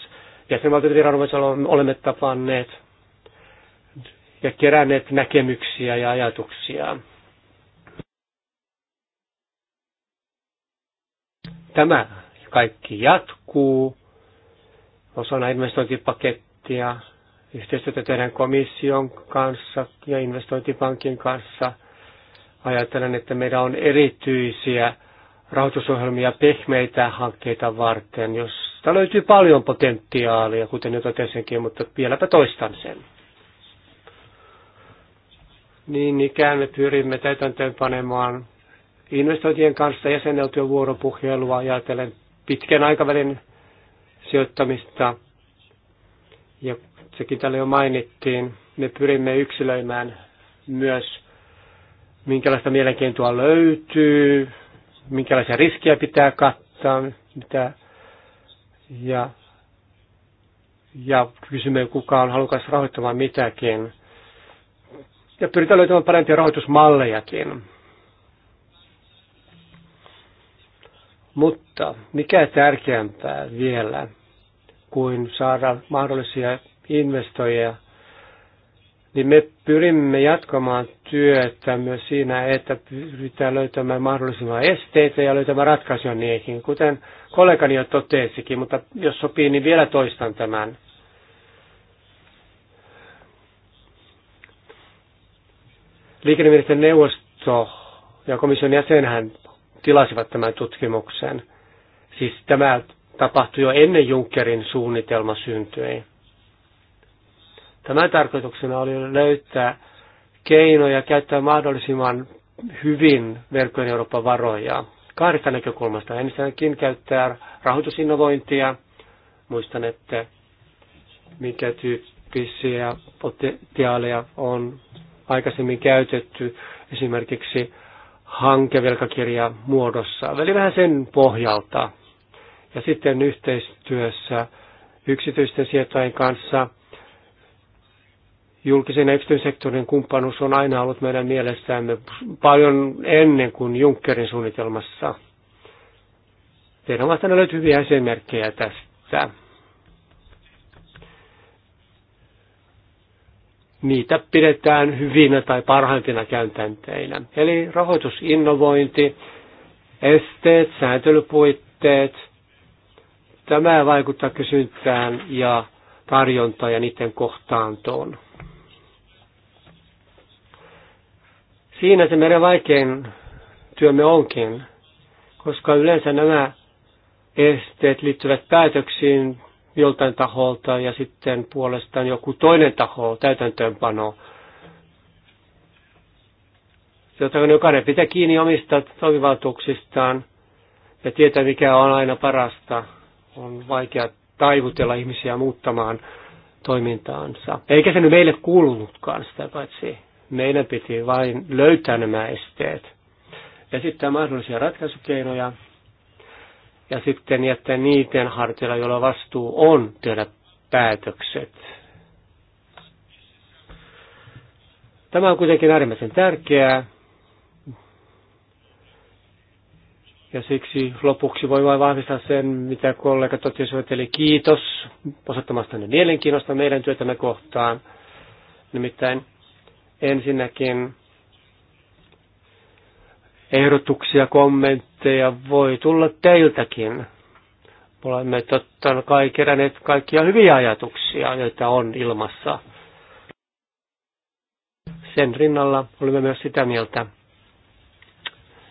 jäsenvaltioiden viranomaisilla olemme tapanneet ja keränneet näkemyksiä ja ajatuksia. Tämä kaikki jatkuu osana investointipakettia. Yhteistyötä tehdään komission kanssa ja investointipankin kanssa. Ajattelen, että meillä on erityisiä rahoitusohjelmia pehmeitä hankkeita varten, josta löytyy paljon potentiaalia, kuten jo totesinkin, mutta vieläpä toistan sen. Niin ikään me pyrimme täytäntöönpanemaan investointien kanssa jäsenneltyä vuoropuhelua ajatellen pitkän aikavälin sijoittamista. Ja sekin täällä jo mainittiin, me pyrimme yksilöimään myös, minkälaista mielenkiintoa löytyy, minkälaisia riskejä pitää kattaa, mitä, ja, ja kysymme, kuka on halukas rahoittamaan mitäkin ja pyritään löytämään parempia rahoitusmallejakin. Mutta mikä tärkeämpää vielä kuin saada mahdollisia investoijia, niin me pyrimme jatkamaan työtä myös siinä, että pyritään löytämään mahdollisimman esteitä ja löytämään ratkaisuja niihin, kuten kollegani jo totesikin, mutta jos sopii, niin vielä toistan tämän. Liikenneministeriön neuvosto ja komission jäsenhän tilasivat tämän tutkimuksen. Siis tämä tapahtui jo ennen Junckerin suunnitelma syntyi. Tämän tarkoituksena oli löytää keinoja käyttää mahdollisimman hyvin verkkojen Euroopan varoja kahdesta näkökulmasta. Ensinnäkin käyttää rahoitusinnovointia. Muistan, että minkä tyyppisiä potentiaaleja on aikaisemmin käytetty esimerkiksi hankevelkakirja muodossa. Eli vähän sen pohjalta. Ja sitten yhteistyössä yksityisten sijoittajien kanssa julkisen ja yksityisen sektorin kumppanuus on aina ollut meidän mielestämme paljon ennen kuin Junckerin suunnitelmassa. Teidän mastanne löytyy hyviä esimerkkejä tästä. niitä pidetään hyvinä tai parhaimpina käytänteinä. Eli rahoitusinnovointi, esteet, sääntelypuitteet, tämä vaikuttaa kysyntään ja tarjontaan ja niiden kohtaantoon. Siinä se meidän vaikein työmme onkin, koska yleensä nämä esteet liittyvät päätöksiin joltain taholta ja sitten puolestaan joku toinen taho, täytäntöönpano. Jotta jokainen pitää kiinni omista toimivaltuuksistaan ja tietää, mikä on aina parasta. On vaikea taivutella ihmisiä muuttamaan toimintaansa. Eikä se nyt meille kuulunutkaan sitä paitsi. Meidän piti vain löytää nämä esteet, ja sitten mahdollisia ratkaisukeinoja ja sitten jättää niiden hartilla, joilla vastuu on tehdä päätökset. Tämä on kuitenkin äärimmäisen tärkeää. Ja siksi lopuksi voi vain vahvistaa sen, mitä kollega totesivat, eli kiitos ne mielenkiinnosta meidän työtämme kohtaan. Nimittäin ensinnäkin ehdotuksia, kommentteja, viestejä voi tulla teiltäkin. Olemme totta kai keränneet kaikkia hyviä ajatuksia, joita on ilmassa. Sen rinnalla olemme myös sitä mieltä,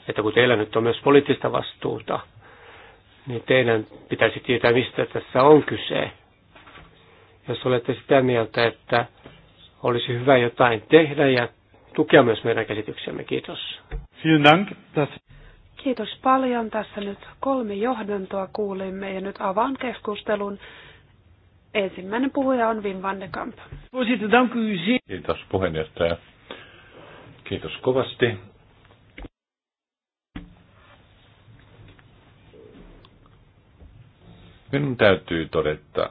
että kun teillä nyt on myös poliittista vastuuta, niin teidän pitäisi tietää, mistä tässä on kyse. Jos olette sitä mieltä, että olisi hyvä jotain tehdä ja tukea myös meidän käsityksemme. Kiitos. Vielen Dank. Kiitos paljon. Tässä nyt kolme johdantoa kuulimme ja nyt avaan keskustelun. Ensimmäinen puhuja on Wim van de Kamp. Kiitos puheenjohtaja. Kiitos kovasti. Minun täytyy todeta,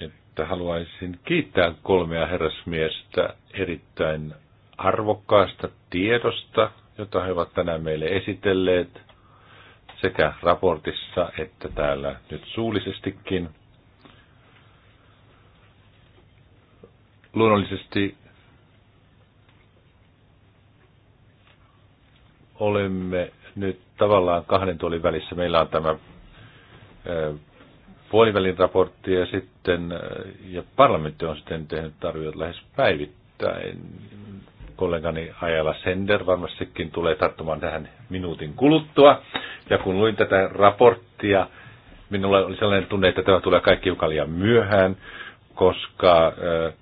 että haluaisin kiittää kolmea herrasmiestä erittäin arvokkaasta tiedosta, jota he ovat tänään meille esitelleet sekä raportissa että täällä nyt suullisestikin. Luonnollisesti olemme nyt tavallaan kahden tuolin välissä. Meillä on tämä puolivälin raportti ja sitten ja parlamentti on sitten tehnyt arviot lähes päivittäin kollegani Ajala Sender varmastikin tulee tarttumaan tähän minuutin kuluttua. Ja kun luin tätä raporttia, minulla oli sellainen tunne, että tämä tulee kaikki joka liian myöhään, koska... Ö,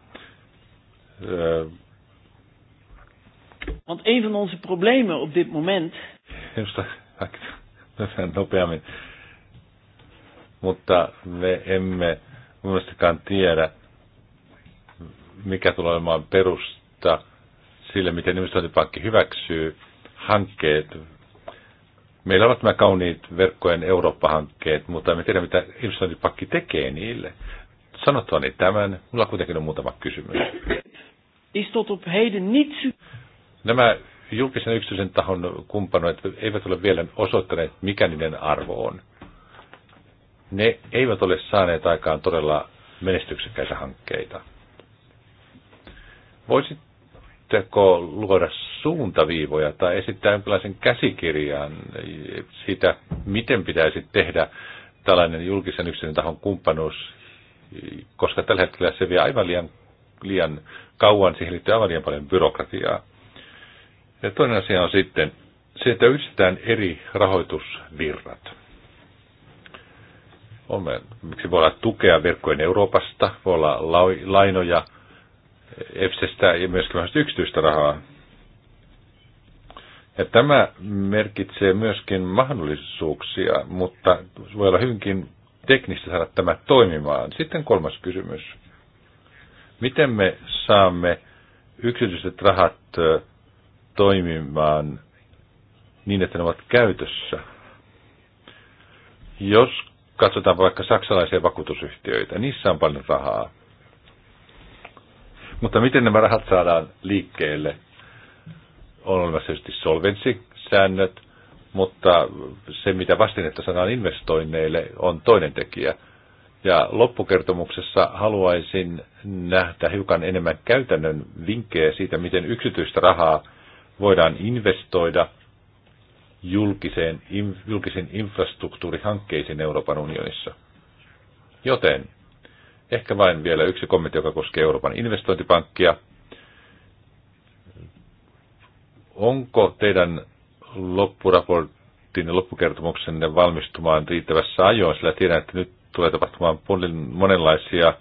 ö, Want een van onze problemen op dit moment... nopeammin. Mutta me emme mielestäkään tiedä, mikä tulee olemaan perusta sille, miten investointipankki hyväksyy hankkeet. Meillä ovat nämä kauniit verkkojen Eurooppa-hankkeet, mutta emme tiedä, mitä investointipankki tekee niille. Sanottuani tämän, mulla kuitenkin on muutama kysymys. Nämä julkisen yksityisen tahon kumppanoit eivät ole vielä osoittaneet, mikä niiden arvo on. Ne eivät ole saaneet aikaan todella menestyksekkäitä hankkeita. Voisit voisitteko luoda suuntaviivoja tai esittää jonkinlaisen käsikirjan siitä, miten pitäisi tehdä tällainen julkisen yksityisen tahon kumppanuus, koska tällä hetkellä se vie aivan liian, liian kauan, siihen liittyy aivan liian paljon byrokratiaa. Ja toinen asia on sitten se, että yhdistetään eri rahoitusvirrat. On, miksi voi olla tukea verkkojen Euroopasta, voi olla lainoja – EPSestä ja myöskin vähän yksityistä rahaa. Ja tämä merkitsee myöskin mahdollisuuksia, mutta voi olla hyvinkin teknistä saada tämä toimimaan. Sitten kolmas kysymys. Miten me saamme yksityiset rahat toimimaan niin, että ne ovat käytössä? Jos katsotaan vaikka saksalaisia vakuutusyhtiöitä, niissä on paljon rahaa. Mutta miten nämä rahat saadaan liikkeelle? On olemassa tietysti solvenssisäännöt, mutta se, mitä vastinetta saadaan investoinneille, on toinen tekijä. Ja loppukertomuksessa haluaisin nähdä hiukan enemmän käytännön vinkkejä siitä, miten yksityistä rahaa voidaan investoida julkiseen, julkisiin infrastruktuurihankkeisiin Euroopan unionissa. Joten Ehkä vain vielä yksi kommentti, joka koskee Euroopan investointipankkia. Onko teidän ja loppukertomuksenne valmistumaan riittävässä ajoin, sillä tiedän, että nyt tulee tapahtumaan monenlaisia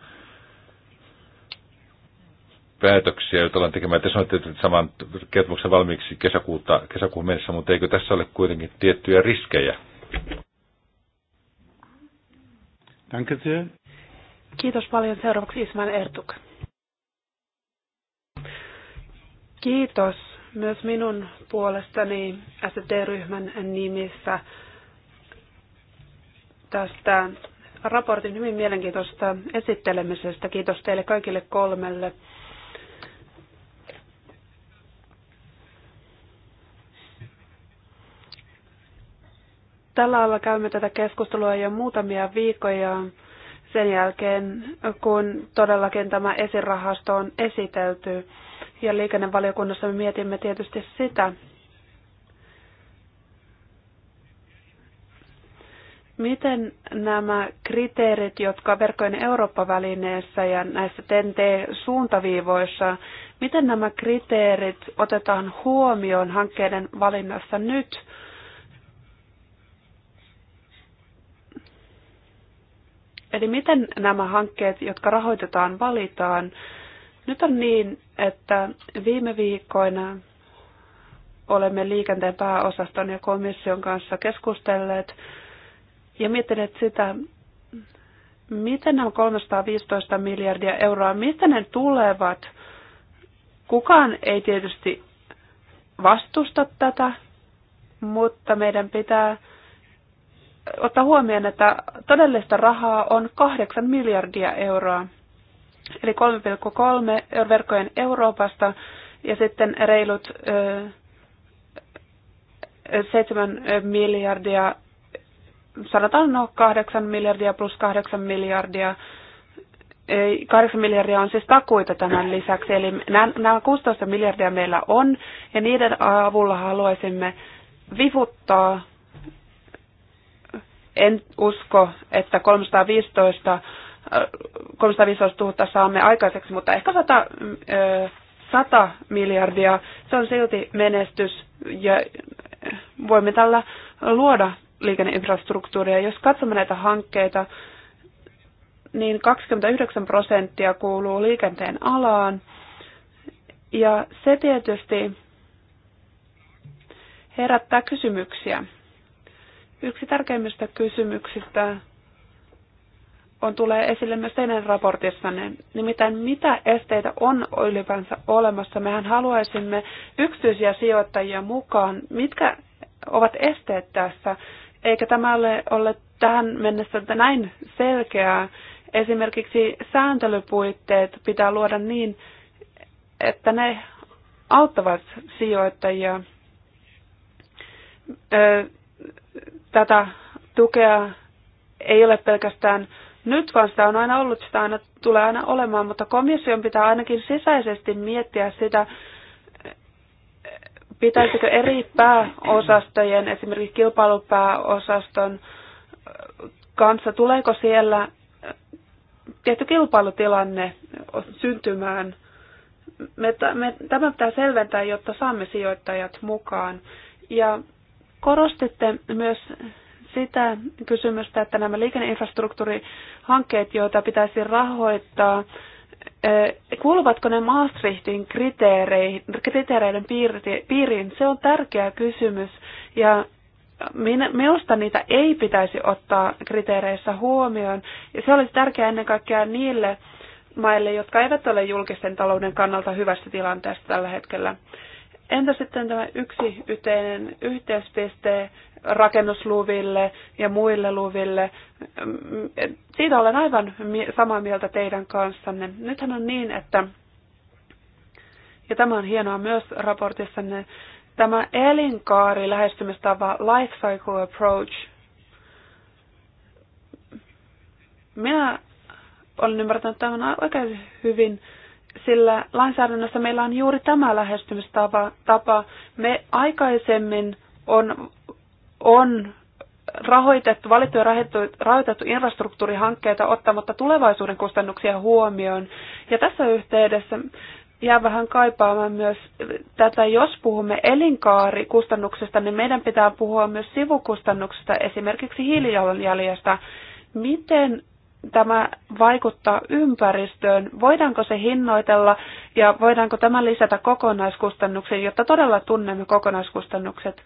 päätöksiä, joita ollaan tekemään. Te sanoitte että saman kertomuksen valmiiksi kesäkuuta, kesäkuun mennessä, mutta eikö tässä ole kuitenkin tiettyjä riskejä? Danke sehr. Kiitos paljon. Seuraavaksi Ismail Ertuk. Kiitos myös minun puolestani ST-ryhmän nimissä tästä raportin hyvin mielenkiintoista esittelemisestä. Kiitos teille kaikille kolmelle. Tällä alla käymme tätä keskustelua jo muutamia viikkoja sen jälkeen, kun todellakin tämä esirahasto on esitelty. Ja liikennevaliokunnassa me mietimme tietysti sitä, miten nämä kriteerit, jotka verkkojen Eurooppa-välineessä ja näissä TNT-suuntaviivoissa, miten nämä kriteerit otetaan huomioon hankkeiden valinnassa nyt – Eli miten nämä hankkeet, jotka rahoitetaan, valitaan? Nyt on niin, että viime viikkoina olemme liikenteen pääosaston ja komission kanssa keskustelleet ja miettineet sitä, miten nämä 315 miljardia euroa, mistä ne tulevat? Kukaan ei tietysti vastusta tätä, mutta meidän pitää ottaa huomioon, että todellista rahaa on 8 miljardia euroa, eli 3,3 verkkojen Euroopasta ja sitten reilut 7 miljardia, sanotaan no 8 miljardia plus 8 miljardia, 8 miljardia on siis takuita tämän lisäksi, eli nämä 16 miljardia meillä on, ja niiden avulla haluaisimme vivuttaa en usko, että 315 315 000 saamme aikaiseksi, mutta ehkä 100, 100 äh, miljardia. Se on silti menestys ja voimme tällä luoda liikenneinfrastruktuuria. Jos katsomme näitä hankkeita, niin 29 prosenttia kuuluu liikenteen alaan. Ja se tietysti herättää kysymyksiä. Yksi tärkeimmistä kysymyksistä on tulee esille myös teidän raportissanne. Nimittäin mitä esteitä on ylipäänsä olemassa? Mehän haluaisimme yksityisiä sijoittajia mukaan. Mitkä ovat esteet tässä? Eikä tämä ole, ole tähän mennessä näin selkeää. Esimerkiksi sääntelypuitteet pitää luoda niin, että ne auttavat sijoittajia tätä tukea ei ole pelkästään nyt, vaan sitä on aina ollut, sitä aina tulee aina olemaan, mutta komission pitää ainakin sisäisesti miettiä sitä, pitäisikö eri pääosastojen, esimerkiksi kilpailupääosaston kanssa, tuleeko siellä tietty kilpailutilanne syntymään. Me, me, tämä pitää selventää, jotta saamme sijoittajat mukaan. Ja Korostitte myös sitä kysymystä, että nämä liikenneinfrastruktuurihankkeet, joita pitäisi rahoittaa, eh, kuuluvatko ne Maastrichtin kriteereiden piiriin? Se on tärkeä kysymys ja minusta niitä ei pitäisi ottaa kriteereissä huomioon. Ja se olisi tärkeää ennen kaikkea niille maille, jotka eivät ole julkisten talouden kannalta hyvässä tilanteessa tällä hetkellä. Entä sitten tämä yksi yhteinen yhteispiste rakennusluville ja muille luville? Mm, siitä olen aivan samaa mieltä teidän kanssanne. Nythän on niin, että, ja tämä on hienoa myös raportissanne, tämä elinkaari lähestymistapa, life cycle approach, minä olen ymmärtänyt tämän oikein hyvin sillä lainsäädännössä meillä on juuri tämä lähestymistapa. Me aikaisemmin on, on rahoitettu, valittu ja rahoitettu, rahoitettu infrastruktuurihankkeita ottamatta tulevaisuuden kustannuksia huomioon. Ja tässä yhteydessä jää vähän kaipaamaan myös tätä, jos puhumme elinkaarikustannuksesta, niin meidän pitää puhua myös sivukustannuksista, esimerkiksi hiilijalanjäljestä. Miten tämä vaikuttaa ympäristöön? Voidaanko se hinnoitella ja voidaanko tämä lisätä kokonaiskustannuksiin, jotta todella tunnemme kokonaiskustannukset?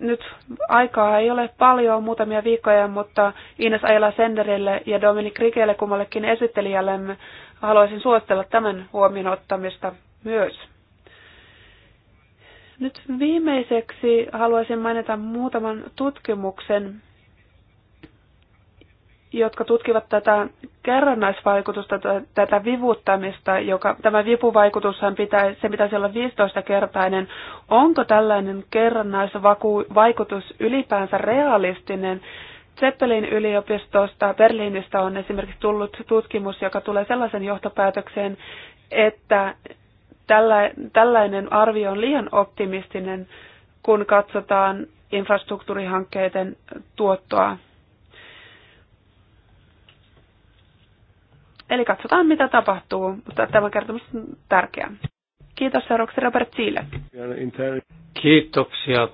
Nyt aikaa ei ole paljon, muutamia viikkoja, mutta Ines Aila Senderille ja Dominik Rikelle kummallekin esittelijällemme haluaisin suostella tämän huomion ottamista myös. Nyt viimeiseksi haluaisin mainita muutaman tutkimuksen, jotka tutkivat tätä kerrannaisvaikutusta, tätä vivuttamista, joka, tämä vipuvaikutushan pitää, se pitäisi olla 15-kertainen. Onko tällainen kerrannaisvaikutus ylipäänsä realistinen? Zeppelin yliopistosta Berliinistä on esimerkiksi tullut tutkimus, joka tulee sellaisen johtopäätökseen, että tällä, tällainen arvio on liian optimistinen, kun katsotaan infrastruktuurihankkeiden tuottoa Eli katsotaan, mitä tapahtuu, mutta tämä kertomus on tärkeä. Kiitos seuraavaksi Robert Siile. Kiitoksia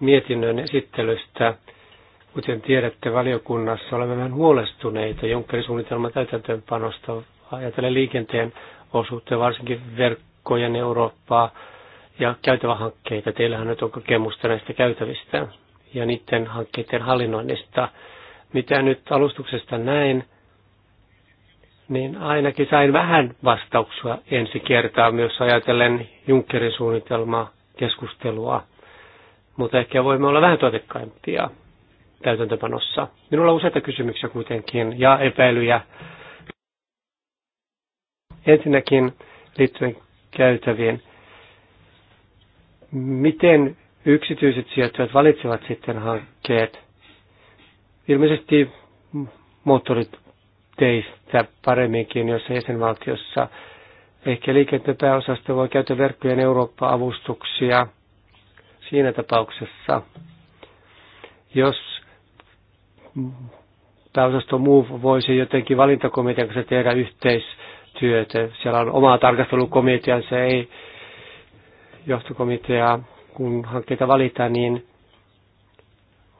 mietinnön esittelystä. Kuten tiedätte, valiokunnassa olemme vähän huolestuneita Junckerin suunnitelman täytäntöönpanosta ajatellen liikenteen osuutta, varsinkin verkkojen Eurooppaa ja käytävähankkeita. Teillähän nyt on kokemusta näistä käytävistä ja niiden hankkeiden hallinnoinnista. Mitä nyt alustuksesta näin, niin ainakin sain vähän vastauksia ensi kertaa myös ajatellen Junckerin suunnitelmaa keskustelua. Mutta ehkä voimme olla vähän tuotekkaimpia täytäntöpanossa. Minulla on useita kysymyksiä kuitenkin ja epäilyjä. Ensinnäkin liittyen käytäviin. Miten yksityiset sijoittajat valitsevat sitten hankkeet? Ilmeisesti moottorit teistä paremminkin, jos jäsenvaltiossa ehkä liikenteen pääosasta voi käyttää verkkojen Eurooppa-avustuksia siinä tapauksessa, jos pääosasto muu voisi jotenkin valintakomitean kanssa tehdä yhteistyötä. Siellä on oma se ei johtokomitea, kun hankkeita valitaan, niin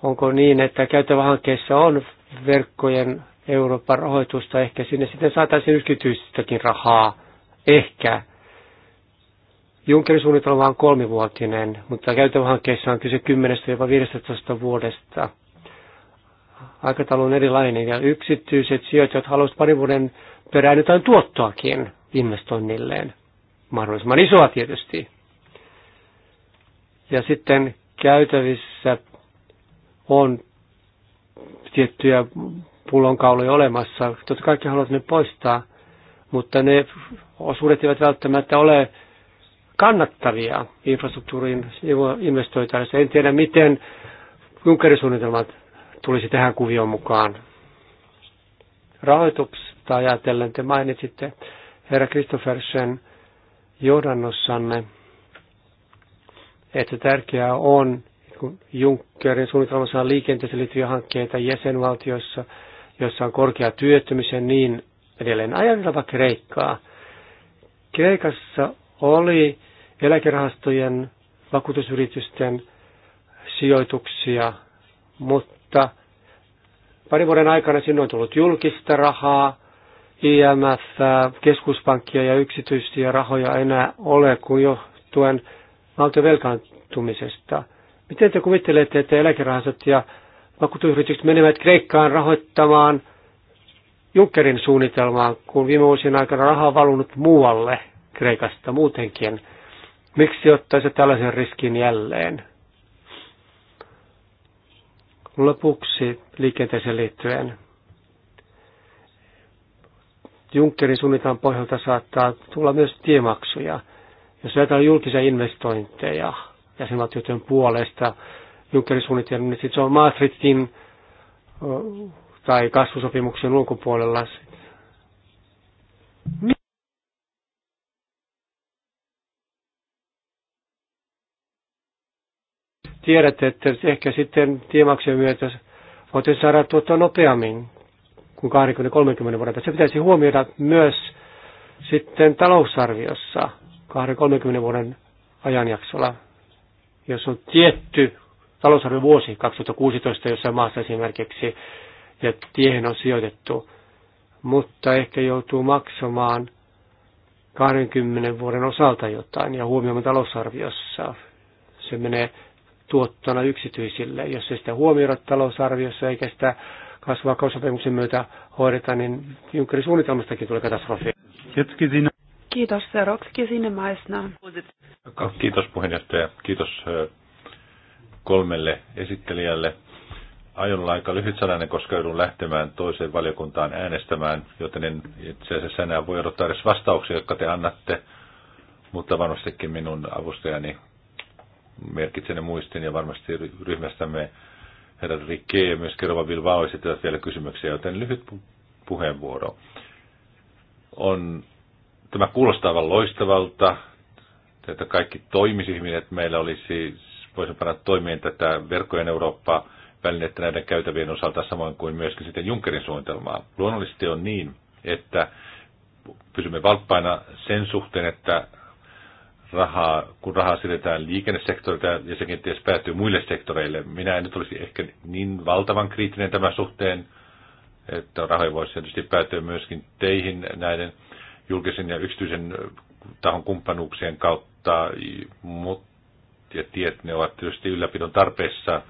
onko niin, että käytävä hankkeessa on verkkojen Euroopan rahoitusta. Ehkä sinne sitten saataisiin yksityistäkin rahaa. Ehkä. Junckerin suunnitelma on kolmivuotinen, mutta käytävähankkeessa on kyse 10 15 vuodesta. Aikataulu on erilainen ja yksityiset sijoittajat haluaisivat parin vuoden perään jotain tuottoakin investoinnilleen. Mahdollisimman isoa tietysti. Ja sitten käytävissä on tiettyjä pullonkauloja olemassa. Totta kaikki haluat ne poistaa, mutta ne osuudet eivät välttämättä ole kannattavia infrastruktuurin investoitaessa. En tiedä, miten Junckerin suunnitelmat tulisi tähän kuvioon mukaan. Rahoituksesta ajatellen te mainitsitte herra Kristoffersen johdannossanne, että tärkeää on, kun Junckerin suunnitelmassa on liikenteeseen liittyviä hankkeita jäsenvaltioissa – jossa on korkea työttömyys ja niin edelleen. vaikka Kreikkaa. Kreikassa oli eläkerahastojen vakuutusyritysten sijoituksia, mutta parin vuoden aikana sinne on tullut julkista rahaa, IMF, keskuspankkia ja yksityisiä rahoja enää ole, kuin johtuen valtion velkaantumisesta. Miten te kuvittelette, että eläkerahastot ja vakuutusyritykset menevät Kreikkaan rahoittamaan Junckerin suunnitelmaa, kun viime vuosien aikana rahaa on valunut muualle Kreikasta muutenkin. Miksi ottaisi tällaisen riskin jälleen? Lopuksi liikenteeseen liittyen. Junckerin suunnitelman pohjalta saattaa tulla myös tiemaksuja. Jos ajatellaan julkisia investointeja jäsenvaltioiden puolesta, Junckerin niin sitten se on Maastrichtin tai kasvusopimuksen ulkopuolella. Tiedätte, että ehkä sitten tiemaksujen myötä voitaisiin saada tuottaa nopeammin kuin 20-30 vuoden päästä. Se pitäisi huomioida myös sitten talousarviossa 20-30 vuoden ajanjaksolla, jos on tietty vuosi 2016 jossain maassa esimerkiksi, ja tiehen on sijoitettu, mutta ehkä joutuu maksamaan 20 vuoden osalta jotain ja huomioimaan talousarviossa. Se menee tuottona yksityisille. Jos ei sitä huomioida talousarviossa eikä sitä kaussopimuksen myötä hoideta, niin Junckerin suunnitelmastakin tulee katastrofi. Kiitos Seroks. Kisinemäisnä. Kiitos puheenjohtaja. Kiitos kolmelle esittelijälle. Aion olla aika lyhyt sananen, koska joudun lähtemään toiseen valiokuntaan äänestämään, joten en itse asiassa enää voi odottaa edes vastauksia, jotka te annatte, mutta varmastikin minun avustajani merkitsee ne muistin ja varmasti ryhmästämme herra Rikke ja myös Kerova Vilvao esittävät vielä kysymyksiä, joten lyhyt puheenvuoro. On, tämä kuulostaa aivan loistavalta, että kaikki toimisi hyvin, että meillä olisi voisi panna toimeen tätä verkkojen Eurooppaa välinettä näiden käytävien osalta, samoin kuin myöskin sitten Junckerin suunnitelmaa. Luonnollisesti on niin, että pysymme valppaina sen suhteen, että rahaa, kun rahaa siirretään liikennesektorilta ja se kenties päätyy muille sektoreille. Minä en nyt olisi ehkä niin valtavan kriittinen tämän suhteen, että rahoja voisi tietysti päätyä myöskin teihin näiden julkisen ja yksityisen tahon kumppanuuksien kautta, mutta ja tiet, ne ovat tietysti ylläpidon tarpeessa.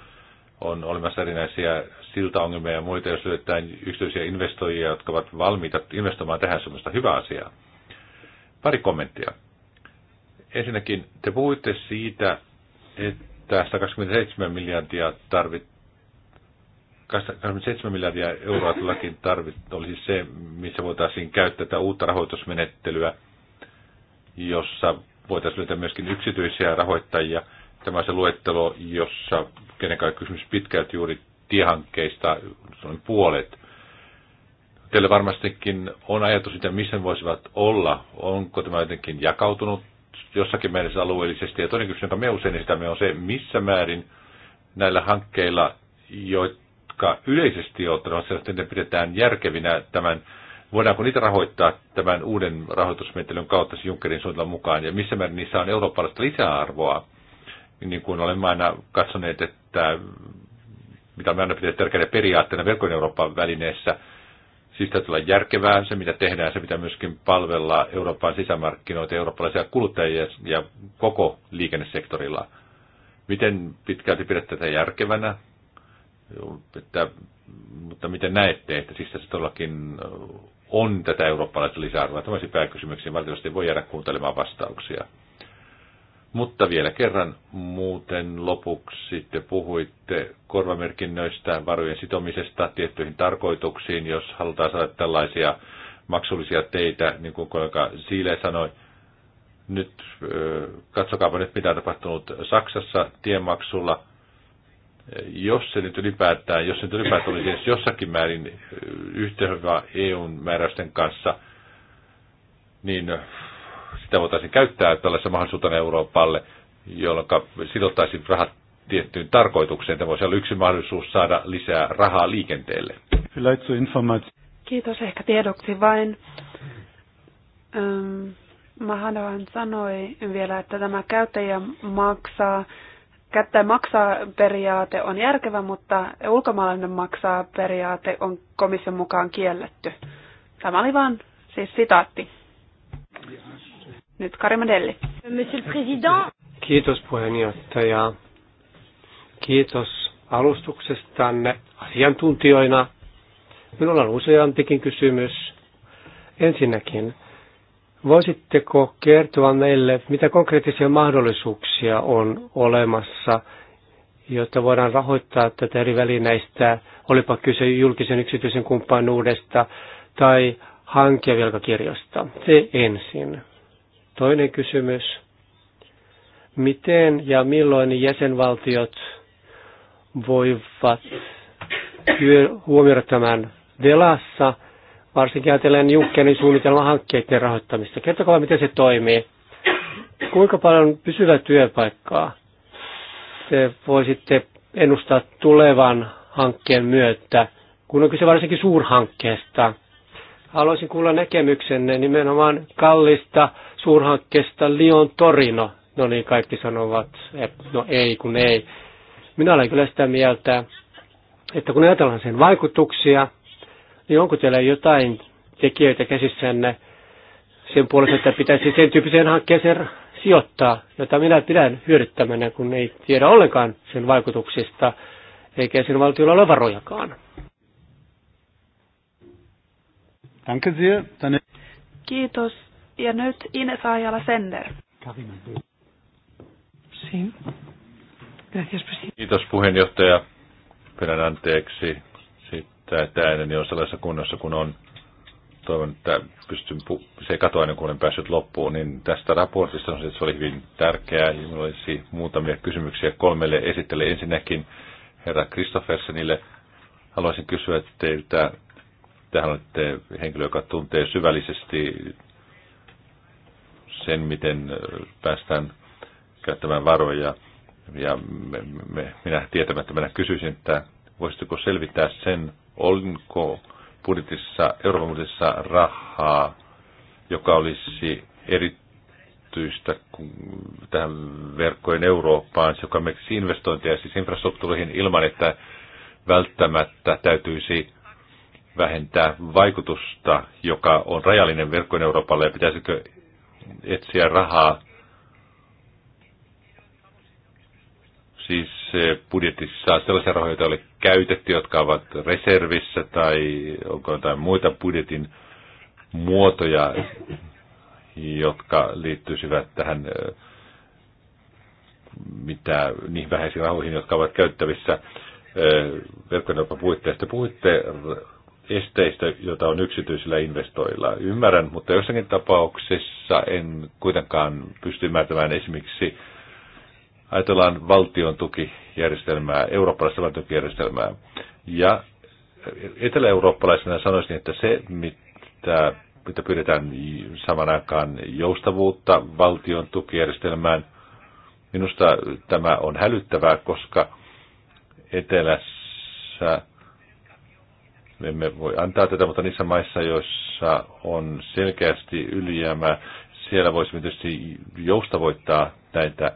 On olemassa erinäisiä siltaongelmia ja muita, jos löydetään yksityisiä investoijia, jotka ovat valmiita investoimaan tähän sellaista hyvää asiaa. Pari kommenttia. Ensinnäkin te puhuitte siitä, että 127 miljardia tarvit 27 miljardia euroa tullakin tarvit, olisi se, missä voitaisiin käyttää tätä uutta rahoitusmenettelyä, jossa voitaisiin löytää myöskin yksityisiä rahoittajia. Tämä on se luettelo, jossa kenen kai kysymys pitkälti juuri tiehankkeista, noin puolet. teille varmastikin on ajatus siitä, missä voisivat olla. Onko tämä jotenkin jakautunut jossakin määrin alueellisesti? Ja toinen kysymys, jonka me usein esitämme, on se, missä määrin näillä hankkeilla, jotka yleisesti ottaen, että ne pidetään järkevinä tämän Voidaanko niitä rahoittaa tämän uuden rahoitusmenettelyn kautta siis Junckerin suunnitelman mukaan, ja missä määrin niissä on eurooppalaista lisäarvoa? Niin kuin olemme aina katsoneet, että mitä me aina pitäisi tärkeänä periaatteena verkon Euroopan välineessä, siis täytyy olla järkevää se, mitä tehdään, se mitä myöskin palvella Euroopan sisämarkkinoita, eurooppalaisia kuluttajia ja koko liikennesektorilla. Miten pitkälti pidät tätä järkevänä? Että, mutta miten näette, että siis tässä todellakin on tätä eurooppalaista lisäarvoa. Tämä pääkysymyksiin Valitettavasti voi jäädä kuuntelemaan vastauksia. Mutta vielä kerran muuten lopuksi te puhuitte korvamerkinnöistä, varojen sitomisesta tiettyihin tarkoituksiin, jos halutaan saada tällaisia maksullisia teitä, niin kuin kollega Siile sanoi. Nyt katsokaapa nyt, mitä on tapahtunut Saksassa tiemaksulla – jos se nyt ylipäätään, jos se nyt ylipäätään olisi edes jossakin määrin yhteydessä EUn määräysten kanssa, niin sitä voitaisiin käyttää tällaisen mahdollisuutena Euroopalle, jolloin sidottaisiin rahat tiettyyn tarkoitukseen. Tämä voisi olla yksi mahdollisuus saada lisää rahaa liikenteelle. Kiitos ehkä tiedoksi vain. Ähm, Mahanohan sanoi vielä, että tämä käyttäjä maksaa kättäin maksaa periaate on järkevä, mutta ulkomaalainen maksaa periaate on komission mukaan kielletty. Tämä oli vain siis sitaatti. Nyt Karimadelli. Monsieur le Président. Kiitos puheenjohtaja. Kiitos alustuksestanne asiantuntijoina. Minulla on useampikin kysymys. Ensinnäkin, Voisitteko kertoa meille, mitä konkreettisia mahdollisuuksia on olemassa, jotta voidaan rahoittaa tätä eri välineistä, olipa kyse julkisen yksityisen kumppanuudesta tai hankevelkakirjasta? Se ensin. Toinen kysymys. Miten ja milloin jäsenvaltiot voivat huomioida tämän velassa varsinkin ajatellen Junckerin suunnitelman hankkeiden rahoittamista. Kertokaa, miten se toimii. Kuinka paljon pysyvää työpaikkaa te voisitte ennustaa tulevan hankkeen myötä, kun on kyse varsinkin suurhankkeesta? Haluaisin kuulla näkemyksenne nimenomaan kallista suurhankkeesta Lion Torino. No niin, kaikki sanovat, että no ei kun ei. Minä olen kyllä sitä mieltä, että kun ajatellaan sen vaikutuksia, niin onko teillä jotain tekijöitä käsissänne sen puolesta, että pitäisi sen tyyppiseen hankkeeseen sijoittaa, jota minä pidän hyödyttämänä, kun ei tiedä ollenkaan sen vaikutuksista, eikä sen valtiolla ole varojakaan. Kiitos. Ja nyt Ines Ajala Sender. Kiitos puheenjohtaja. Pyydän anteeksi että ääneni on sellaisessa kunnossa kun on. Toivon, että pystyn, se ei katoa ennen kuin olen päässyt loppuun, niin tästä raportista on että se oli hyvin tärkeää. Ja minulla olisi muutamia kysymyksiä kolmelle esittele. Ensinnäkin herra Kristoffersenille haluaisin kysyä teiltä, tähän olette henkilö, joka tuntee syvällisesti sen, miten päästään käyttämään varoja. Ja me, me, minä minä kysyisin, että voisitteko selvittää sen, onko budjetissa, Euroopan budjetissa rahaa, joka olisi erityistä tähän verkkojen Eurooppaan, siis joka merkitsisi investointeja siis infrastruktuuriin ilman, että välttämättä täytyisi vähentää vaikutusta, joka on rajallinen verkkojen Euroopalle, ja pitäisikö etsiä rahaa siis se budjetti saa sellaisia rahoja, joita ole käytetty, jotka ovat reservissä tai onko jotain muita budjetin muotoja, jotka liittyisivät tähän mitä niihin vähäisiin rahoihin, jotka ovat käyttävissä verkkoneuvon puitteista. Puhuitte esteistä, joita on yksityisillä investoilla. Ymmärrän, mutta jossakin tapauksessa en kuitenkaan pysty ymmärtämään esimerkiksi Ajatellaan valtion tukijärjestelmää, eurooppalaista valtion tukijärjestelmää. Ja etelä-eurooppalaisena sanoisin, että se, mitä, mitä pyydetään saman aikaan joustavuutta valtion tukijärjestelmään, minusta tämä on hälyttävää, koska etelässä me emme voi antaa tätä, mutta niissä maissa, joissa on selkeästi ylijäämää, siellä voisimme tietysti joustavoittaa näitä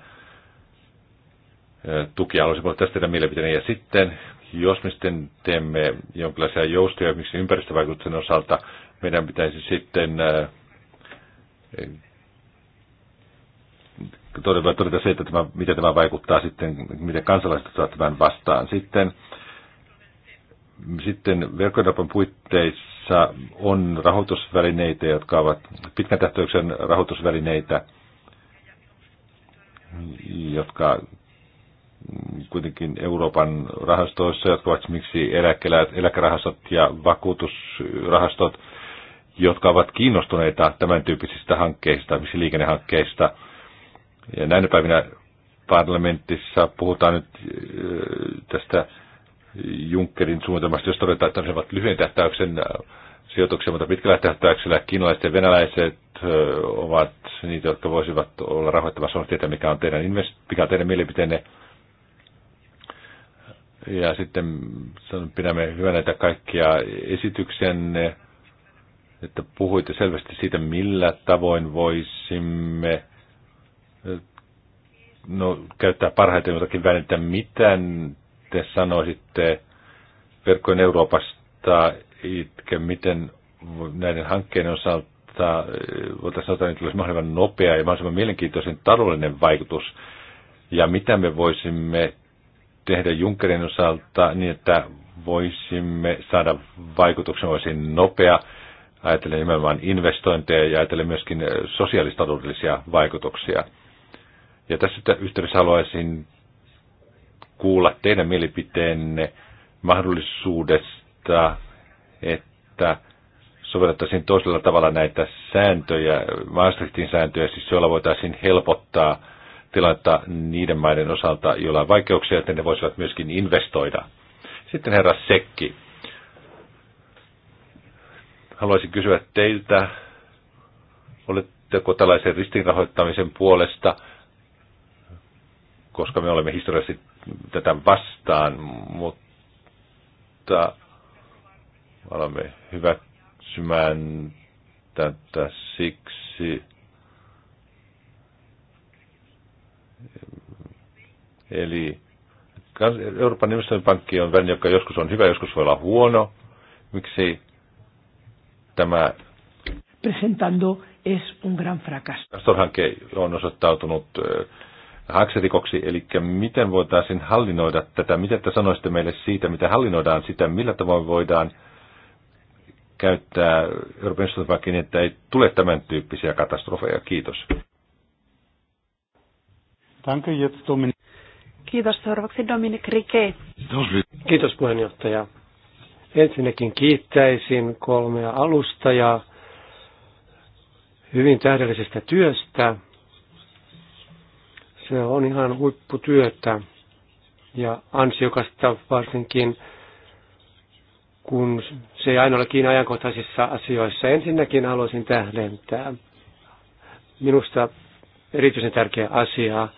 tukia. olisi voinut tästä tehdä mielipiteen. Ja sitten, jos me sitten teemme jonkinlaisia joustoja, miksi ympäristövaikutusten osalta, meidän pitäisi sitten äh, todeta, todeta se, että tämä, miten tämä vaikuttaa sitten, miten kansalaiset ottavat tämän vastaan. Sitten, sitten verkkokaupan puitteissa on rahoitusvälineitä, jotka ovat pitkän tähtäyksen rahoitusvälineitä, jotka kuitenkin Euroopan rahastoissa, jotka ovat esimerkiksi eläkerahastot ja vakuutusrahastot, jotka ovat kiinnostuneita tämän tyyppisistä hankkeista, missä liikennehankkeista. Ja näinä päivinä parlamentissa puhutaan nyt äh, tästä Junckerin suunnitelmasta, jos todetaan, että ne ovat lyhyen tähtäyksen äh, sijoituksia, mutta pitkällä tähtäyksellä kiinalaiset ja venäläiset äh, ovat niitä, jotka voisivat olla rahoittamassa on tietää, mikä on teidän, invest- mikä on teidän mielipiteenne. Ja sitten pidämme hyvänä näitä kaikkia esityksenne, että puhuitte selvästi siitä, millä tavoin voisimme no, käyttää parhaiten jotakin välinettä. Miten te sanoisitte verkkojen Euroopasta, itke, miten näiden hankkeiden osalta eh, voitaisiin sanoa, että olisi mahdollisimman nopea ja mahdollisimman mielenkiintoisen taloudellinen vaikutus, ja mitä me voisimme tehdä Junckerin osalta niin, että voisimme saada vaikutuksen olisi nopea, ajatellen nimenomaan investointeja ja ajatellen myöskin sosiaalistaloudellisia vaikutuksia. Ja tässä yhteydessä haluaisin kuulla teidän mielipiteenne mahdollisuudesta, että sovellettaisiin toisella tavalla näitä sääntöjä, Maastrichtin sääntöjä, siis joilla voitaisiin helpottaa tilannetta niiden maiden osalta, joilla on vaikeuksia, että ne voisivat myöskin investoida. Sitten herra Sekki. Haluaisin kysyä teiltä, oletteko tällaisen ristinrahoittamisen puolesta, koska me olemme historiallisesti tätä vastaan, mutta olemme hyväksymään tätä siksi, Eli Euroopan investointipankki on väline, joka joskus on hyvä, joskus voi olla huono. Miksi tämä presentando es un gran fracaso. hanke on osoittautunut hakserikoksi, eli miten voitaisiin hallinnoida tätä, mitä te sanoisitte meille siitä, mitä hallinnoidaan sitä, millä tavoin voidaan käyttää Euroopan instituutiopankkiin, niin, että ei tule tämän tyyppisiä katastrofeja. Kiitos. Danke, jetzt Dominik. Kiitos. Seuraavaksi Dominik Rike. Kiitos puheenjohtaja. Ensinnäkin kiittäisin kolmea alustajaa hyvin täydellisestä työstä. Se on ihan huipputyötä ja ansiokasta varsinkin, kun se ei aina ole kiinni ajankohtaisissa asioissa. Ensinnäkin haluaisin tähdentää minusta erityisen tärkeä asia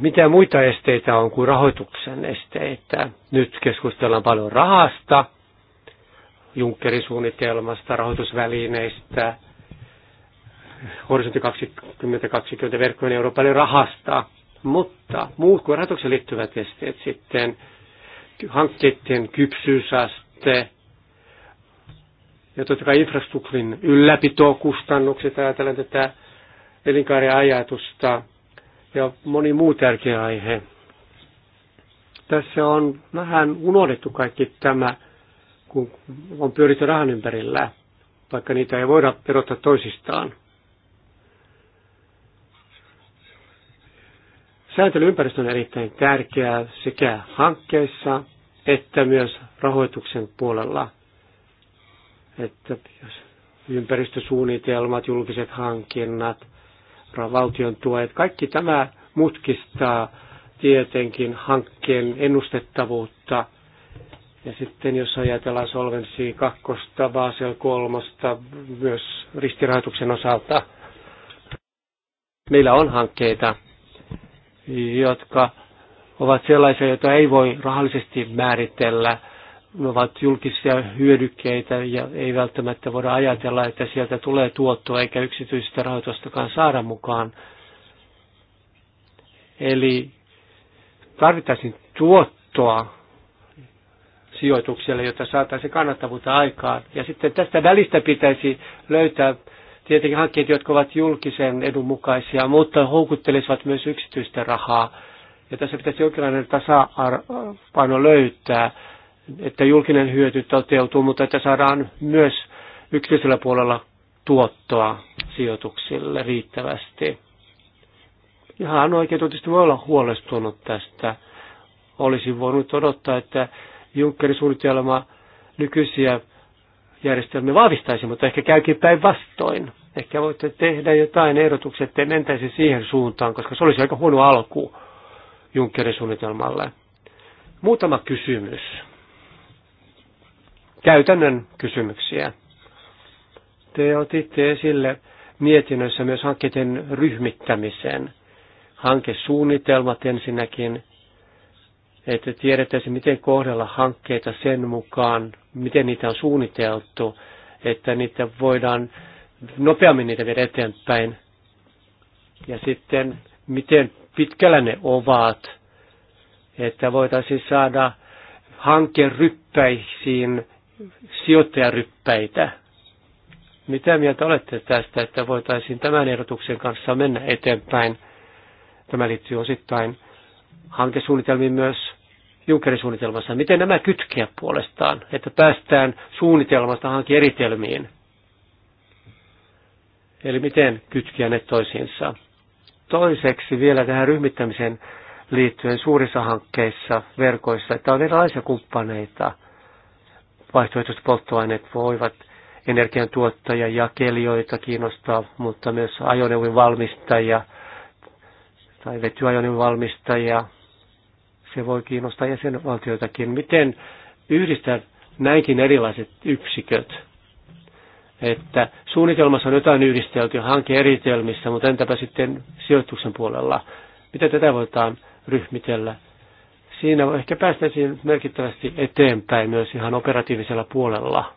mitä muita esteitä on kuin rahoituksen esteitä. Nyt keskustellaan paljon rahasta, Junckerin rahoitusvälineistä, horisontti 2020 verkkojen Euroopan rahasta, mutta muut kuin rahoitukseen liittyvät esteet sitten, hankkeiden kypsyysaste, ja totta kai infrastruktuurin ylläpitokustannukset, ajatellen tätä elinkaariajatusta, ja moni muu tärkeä aihe. Tässä on vähän unohdettu kaikki tämä, kun on pyöritty rahan ympärillä, vaikka niitä ei voida erottaa toisistaan. Sääntelyympäristö on erittäin tärkeää sekä hankkeissa että myös rahoituksen puolella. Että jos ympäristösuunnitelmat, julkiset hankinnat, valtion tuet. Kaikki tämä mutkistaa tietenkin hankkeen ennustettavuutta. Ja sitten jos ajatellaan Solvency 2, Basel 3, myös ristirahoituksen osalta, meillä on hankkeita, jotka ovat sellaisia, joita ei voi rahallisesti määritellä – ne ovat julkisia hyödykkeitä ja ei välttämättä voida ajatella, että sieltä tulee tuottoa eikä yksityistä rahoitustakaan saada mukaan. Eli tarvittaisiin tuottoa sijoitukselle, jotta saataisiin kannattavuutta aikaan. Ja sitten tästä välistä pitäisi löytää tietenkin hankkeet, jotka ovat julkisen edun mukaisia, mutta houkuttelisivat myös yksityistä rahaa. Ja tässä pitäisi jonkinlainen tasapaino äh, löytää että julkinen hyöty toteutuu, mutta että saadaan myös yksityisellä puolella tuottoa sijoituksille riittävästi. Ihan tietysti voi olla huolestunut tästä. Olisi voinut odottaa, että Junckerin suunnitelma nykyisiä järjestelmiä vahvistaisi, mutta ehkä käykin päinvastoin. Ehkä voitte tehdä jotain ehdotuksia, ettei mentäisi siihen suuntaan, koska se olisi aika huono alku Junckerin suunnitelmalle. Muutama kysymys käytännön kysymyksiä. Te otitte esille mietinnössä myös hankkeiden ryhmittämisen. Hankesuunnitelmat ensinnäkin, että tiedettäisiin, miten kohdella hankkeita sen mukaan, miten niitä on suunniteltu, että niitä voidaan nopeammin niitä viedä eteenpäin. Ja sitten, miten pitkällä ne ovat, että voitaisiin saada hankeryppäisiin sijoittajaryppäitä. Mitä mieltä olette tästä, että voitaisiin tämän ehdotuksen kanssa mennä eteenpäin? Tämä liittyy osittain hankesuunnitelmiin myös Junckerin suunnitelmassa. Miten nämä kytkeä puolestaan, että päästään suunnitelmasta hankeritelmiin? Eli miten kytkiä ne toisiinsa? Toiseksi vielä tähän ryhmittämiseen liittyen suurissa hankkeissa, verkoissa, että on erilaisia kumppaneita – Vaihtoehtoiset polttoaineet voivat energiantuottajia, kelioita kiinnostaa, mutta myös ajoneuvon valmistajia tai vetyajoneuvon valmistajia. Se voi kiinnostaa jäsenvaltioitakin. Miten yhdistää näinkin erilaiset yksiköt? Että suunnitelmassa on jotain yhdistelty hankeeritelmissä, mutta entäpä sitten sijoituksen puolella? Miten tätä voidaan ryhmitellä? Siinä ehkä päästäisiin merkittävästi eteenpäin myös ihan operatiivisella puolella.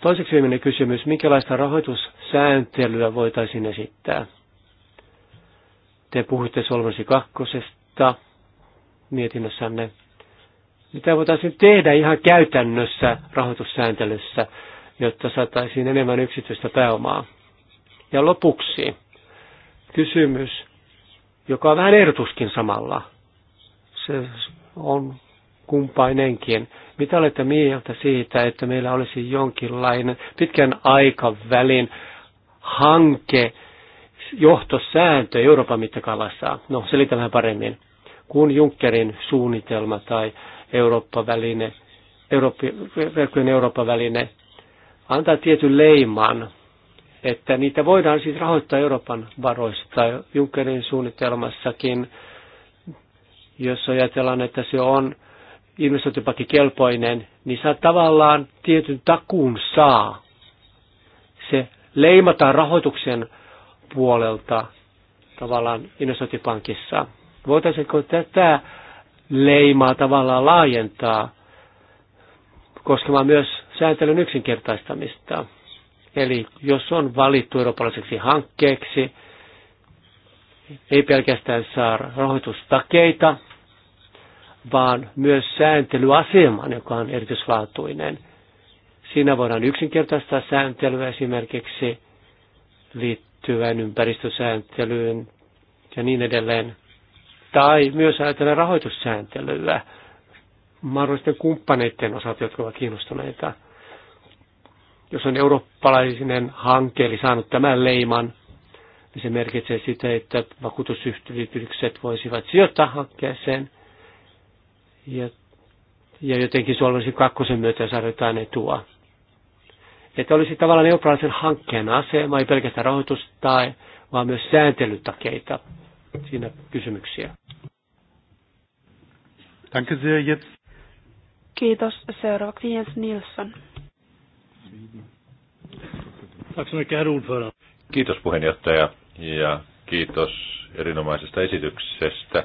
Toiseksi viimeinen kysymys, minkälaista rahoitussääntelyä voitaisiin esittää? Te puhuitte Solvensi kakkosesta mietinnössänne. Mitä voitaisiin tehdä ihan käytännössä rahoitussääntelyssä, jotta saataisiin enemmän yksityistä pääomaa? Ja lopuksi kysymys joka on vähän ehdotuskin samalla. Se on kumpainenkin. Mitä olette mieltä siitä, että meillä olisi jonkinlainen pitkän aikavälin hanke, johtosääntö Euroopan mittakaavassa? No, selitän vähän paremmin. Kun Junckerin suunnitelma tai Eurooppa-väline, Eurooppa, Euroopan väline antaa tietyn leiman että niitä voidaan siis rahoittaa Euroopan varoista. Junckerin suunnitelmassakin, jos ajatellaan, että se on investointipakki kelpoinen, niin saa tavallaan tietyn takuun saa. Se leimataan rahoituksen puolelta tavallaan investointipankissa. Voitaisiinko tätä leimaa tavallaan laajentaa koskemaan myös sääntelyn yksinkertaistamista? Eli jos on valittu eurooppalaiseksi hankkeeksi, ei pelkästään saa rahoitustakeita, vaan myös sääntelyaseman, joka on erityislaatuinen. Siinä voidaan yksinkertaistaa sääntelyä esimerkiksi liittyen ympäristösääntelyyn ja niin edelleen. Tai myös ajatellen rahoitussääntelyä mahdollisten kumppaneiden osalta, jotka ovat kiinnostuneita. Jos on eurooppalainen hanke, eli saanut tämän leiman, niin se merkitsee sitä, että vakuutusyhtiöt voisivat sijoittaa hankkeeseen. Ja, ja jotenkin suomalaisen kakkosen myötä jotain etua. Että olisi tavallaan eurooppalaisen hankkeen asema, ei pelkästään rahoitus tai, vaan myös sääntelytakeita. Siinä kysymyksiä. Danke sehr, jetzt. Kiitos. Seuraavaksi Jens Nilsson. Kiitos puheenjohtaja ja kiitos erinomaisesta esityksestä.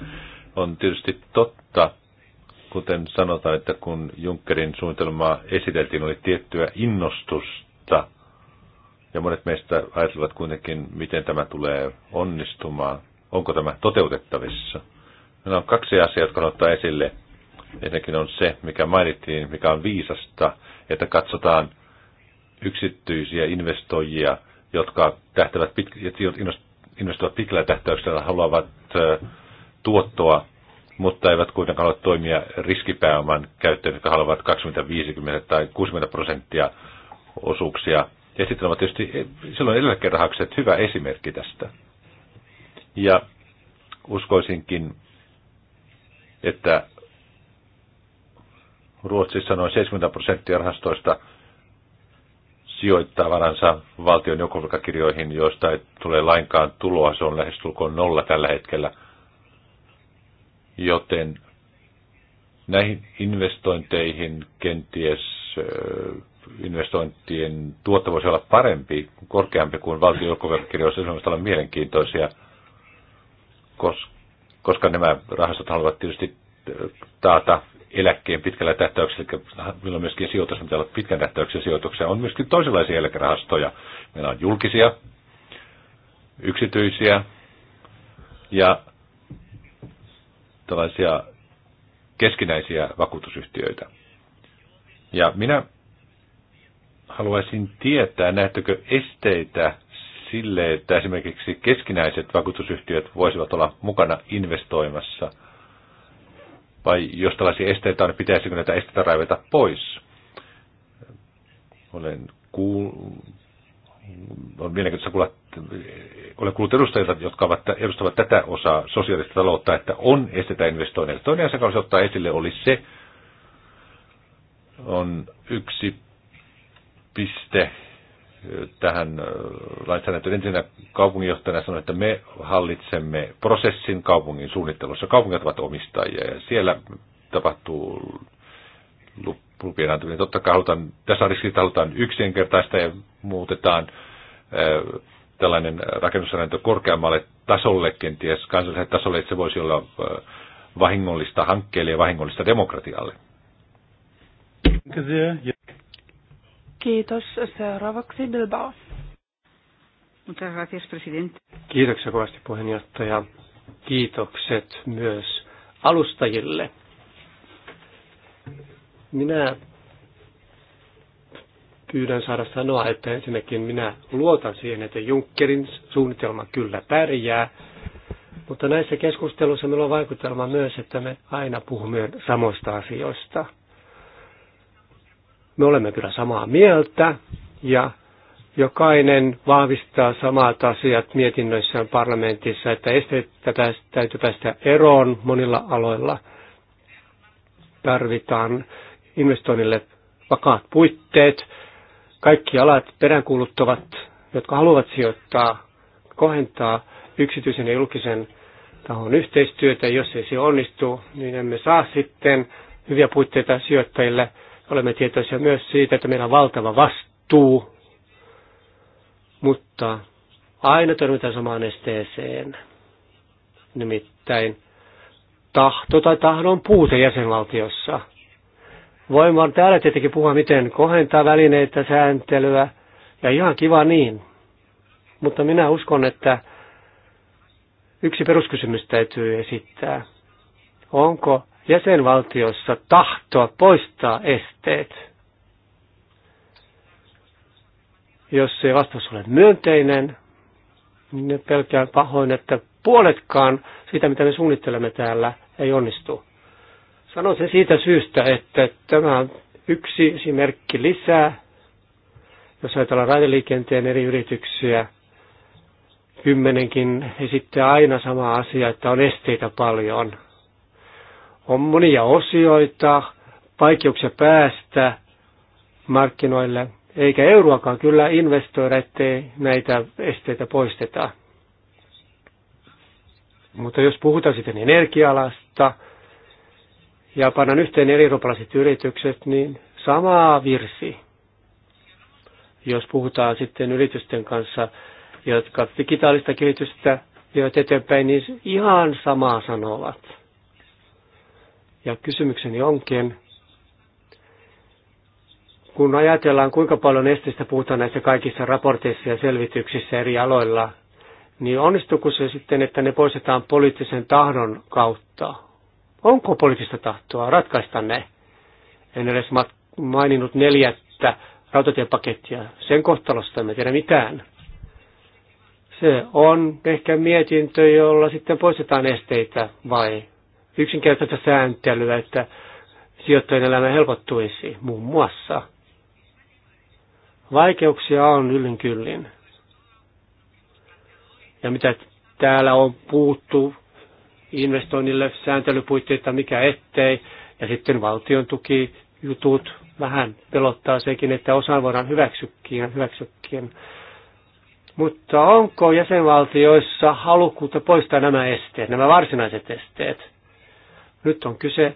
On tietysti totta, kuten sanotaan, että kun Junckerin suunnitelmaa esiteltiin, oli tiettyä innostusta. Ja monet meistä ajattelivat kuitenkin, miten tämä tulee onnistumaan. Onko tämä toteutettavissa? Meillä on kaksi asiaa, jotka ottaa esille. Ensinnäkin on se, mikä mainittiin, mikä on viisasta, että katsotaan yksityisiä investoijia, jotka tähtävät investoivat pitkällä tähtäyksellä, haluavat tuottoa, mutta eivät kuitenkaan halua toimia riskipääoman käyttöön, jotka haluavat 20, 50 tai 60 prosenttia osuuksia. Ja sitten ovat tietysti e, silloin eläkerahakset hyvä esimerkki tästä. Ja uskoisinkin, että Ruotsissa noin 70 prosenttia rahastoista – sijoittaa varansa valtion joukkovelkakirjoihin, joista ei tule lainkaan tuloa. Se on lähestulkoon nolla tällä hetkellä. Joten näihin investointeihin kenties investointien tuotto voisi olla parempi, korkeampi kuin valtion joukkovelkakirjoissa. Se olla mielenkiintoisia, koska nämä rahastot haluavat tietysti taata eläkkeen pitkällä tähtäyksellä, eli on myöskin sijoitus, mitä on pitkän tähtäyksen sijoituksia, on myöskin toisenlaisia eläkerahastoja. Meillä on julkisia, yksityisiä ja tällaisia keskinäisiä vakuutusyhtiöitä. Ja minä haluaisin tietää, näettekö esteitä sille, että esimerkiksi keskinäiset vakuutusyhtiöt voisivat olla mukana investoimassa – vai jos tällaisia esteitä on, niin pitäisikö näitä esteitä raivata pois? Olen kuullut, on mielenkiintoista kuulla, olen kuullut edustajilta, jotka ovat, edustavat tätä osaa sosiaalista taloutta, että on estetä investoinneille. Toinen asia, joka ottaa esille, oli se, on yksi piste tähän äh, lainsäädäntöön. Ensinnä kaupunginjohtajana sanoi, että me hallitsemme prosessin kaupungin suunnittelussa. Kaupungit ovat omistajia ja siellä tapahtuu lupien antaminen. Totta kai halutaan, tässä on riski, että halutaan yksinkertaista ja muutetaan äh, tällainen rakennussäädäntö korkeammalle tasolle, kenties kansalliselle tasolle, että se voisi olla äh, vahingollista hankkeelle ja vahingollista demokratialle. Kiitos. Seuraavaksi Bilbao. Muchas gracias, presidente. Kiitoksia kovasti puheenjohtaja. Kiitokset myös alustajille. Minä pyydän saada sanoa, että ensinnäkin minä luotan siihen, että Junckerin suunnitelma kyllä pärjää, mutta näissä keskusteluissa meillä on vaikutelma myös, että me aina puhumme samoista asioista – me olemme kyllä samaa mieltä ja jokainen vahvistaa samat asiat mietinnöissään parlamentissa, että esteitä täytyy päästä eroon monilla aloilla. Tarvitaan investoinnille vakaat puitteet. Kaikki alat peräänkuuluttavat, jotka haluavat sijoittaa, kohentaa yksityisen ja julkisen tahon yhteistyötä. Jos ei se onnistu, niin emme saa sitten hyviä puitteita sijoittajille – Olemme tietoisia myös siitä, että meillä on valtava vastuu, mutta aina törmätään samaan esteeseen. Nimittäin tahto tai tahdon puute jäsenvaltiossa. Voimme vaan täällä tietenkin puhua, miten kohentaa välineitä, sääntelyä, ja ihan kiva niin. Mutta minä uskon, että yksi peruskysymys täytyy esittää. Onko jäsenvaltiossa tahtoa poistaa esteet. Jos se vastaus ole myönteinen, niin pelkään pahoin, että puoletkaan siitä, mitä me suunnittelemme täällä, ei onnistu. Sanon sen siitä syystä, että tämä on yksi esimerkki lisää, jos ajatellaan raideliikenteen eri yrityksiä, kymmenenkin esittää aina sama asia, että on esteitä paljon. On monia osioita, vaikeuksia päästä markkinoille, eikä euroakaan kyllä investoida, ettei näitä esteitä poisteta. Mutta jos puhutaan sitten energialasta ja pannaan yhteen eri eurooppalaiset yritykset, niin sama virsi. Jos puhutaan sitten yritysten kanssa, jotka digitaalista kehitystä vievät eteenpäin, niin ihan samaa sanovat. Ja kysymykseni onkin, kun ajatellaan kuinka paljon esteistä puhutaan näissä kaikissa raporteissa ja selvityksissä eri aloilla, niin onnistuuko se sitten, että ne poistetaan poliittisen tahdon kautta? Onko poliittista tahtoa ratkaista ne? En edes maininnut neljättä rautatiepakettia. Sen kohtalosta emme tiedä mitään. Se on ehkä mietintö, jolla sitten poistetaan esteitä vai yksinkertaista sääntelyä, että sijoittajien elämä helpottuisi muun muassa. Vaikeuksia on yllin kyllin. Ja mitä täällä on puuttu investoinnille sääntelypuitteita, mikä ettei, ja sitten valtion tuki jutut vähän pelottaa sekin, että osaan voidaan hyväksykin, hyväksykin. Mutta onko jäsenvaltioissa halukkuutta poistaa nämä esteet, nämä varsinaiset esteet? Nyt on kyse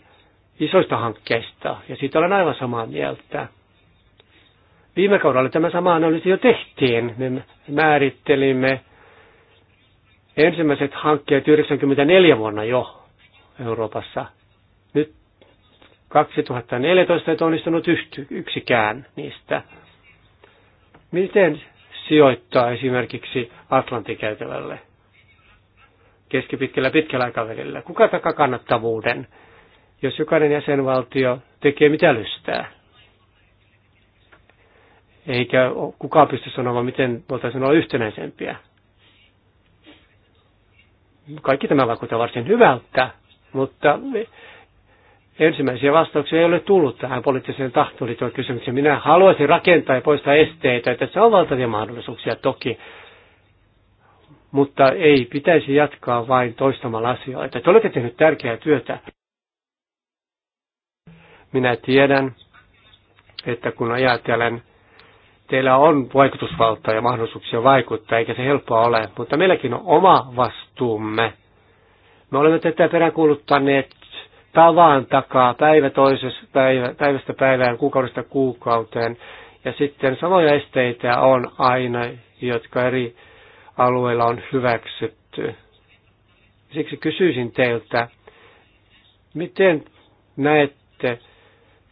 isoista hankkeista, ja siitä olen aivan samaa mieltä. Viime kaudella tämä sama analyysi jo tehtiin. Me määrittelimme ensimmäiset hankkeet 94 vuonna jo Euroopassa. Nyt 2014 ei onnistunut yksikään niistä. Miten sijoittaa esimerkiksi Atlantin käytävälle? keskipitkällä ja pitkällä aikavälillä? Kuka takaa kannattavuuden, jos jokainen jäsenvaltio tekee mitä lystää? Eikä kukaan pysty sanomaan, miten voitaisiin olla yhtenäisempiä. Kaikki tämä vaikuttaa varsin hyvältä, mutta ensimmäisiä vastauksia ei ole tullut tähän poliittiseen tahtoon kysymykseen. Minä haluaisin rakentaa ja poistaa esteitä. Tässä on valtavia mahdollisuuksia toki, mutta ei pitäisi jatkaa vain toistamalla asioita. Te olette tehnyt tärkeää työtä. Minä tiedän, että kun ajatelen, teillä on vaikutusvaltaa ja mahdollisuuksia vaikuttaa, eikä se helppoa ole, mutta meilläkin on oma vastuumme. Me olemme tätä peräänkuuluttaneet tavan takaa päivä toisesta päivä, päivästä päivään, kuukaudesta kuukauteen. Ja sitten samoja esteitä on aina, jotka eri alueella on hyväksytty. Siksi kysyisin teiltä, miten näette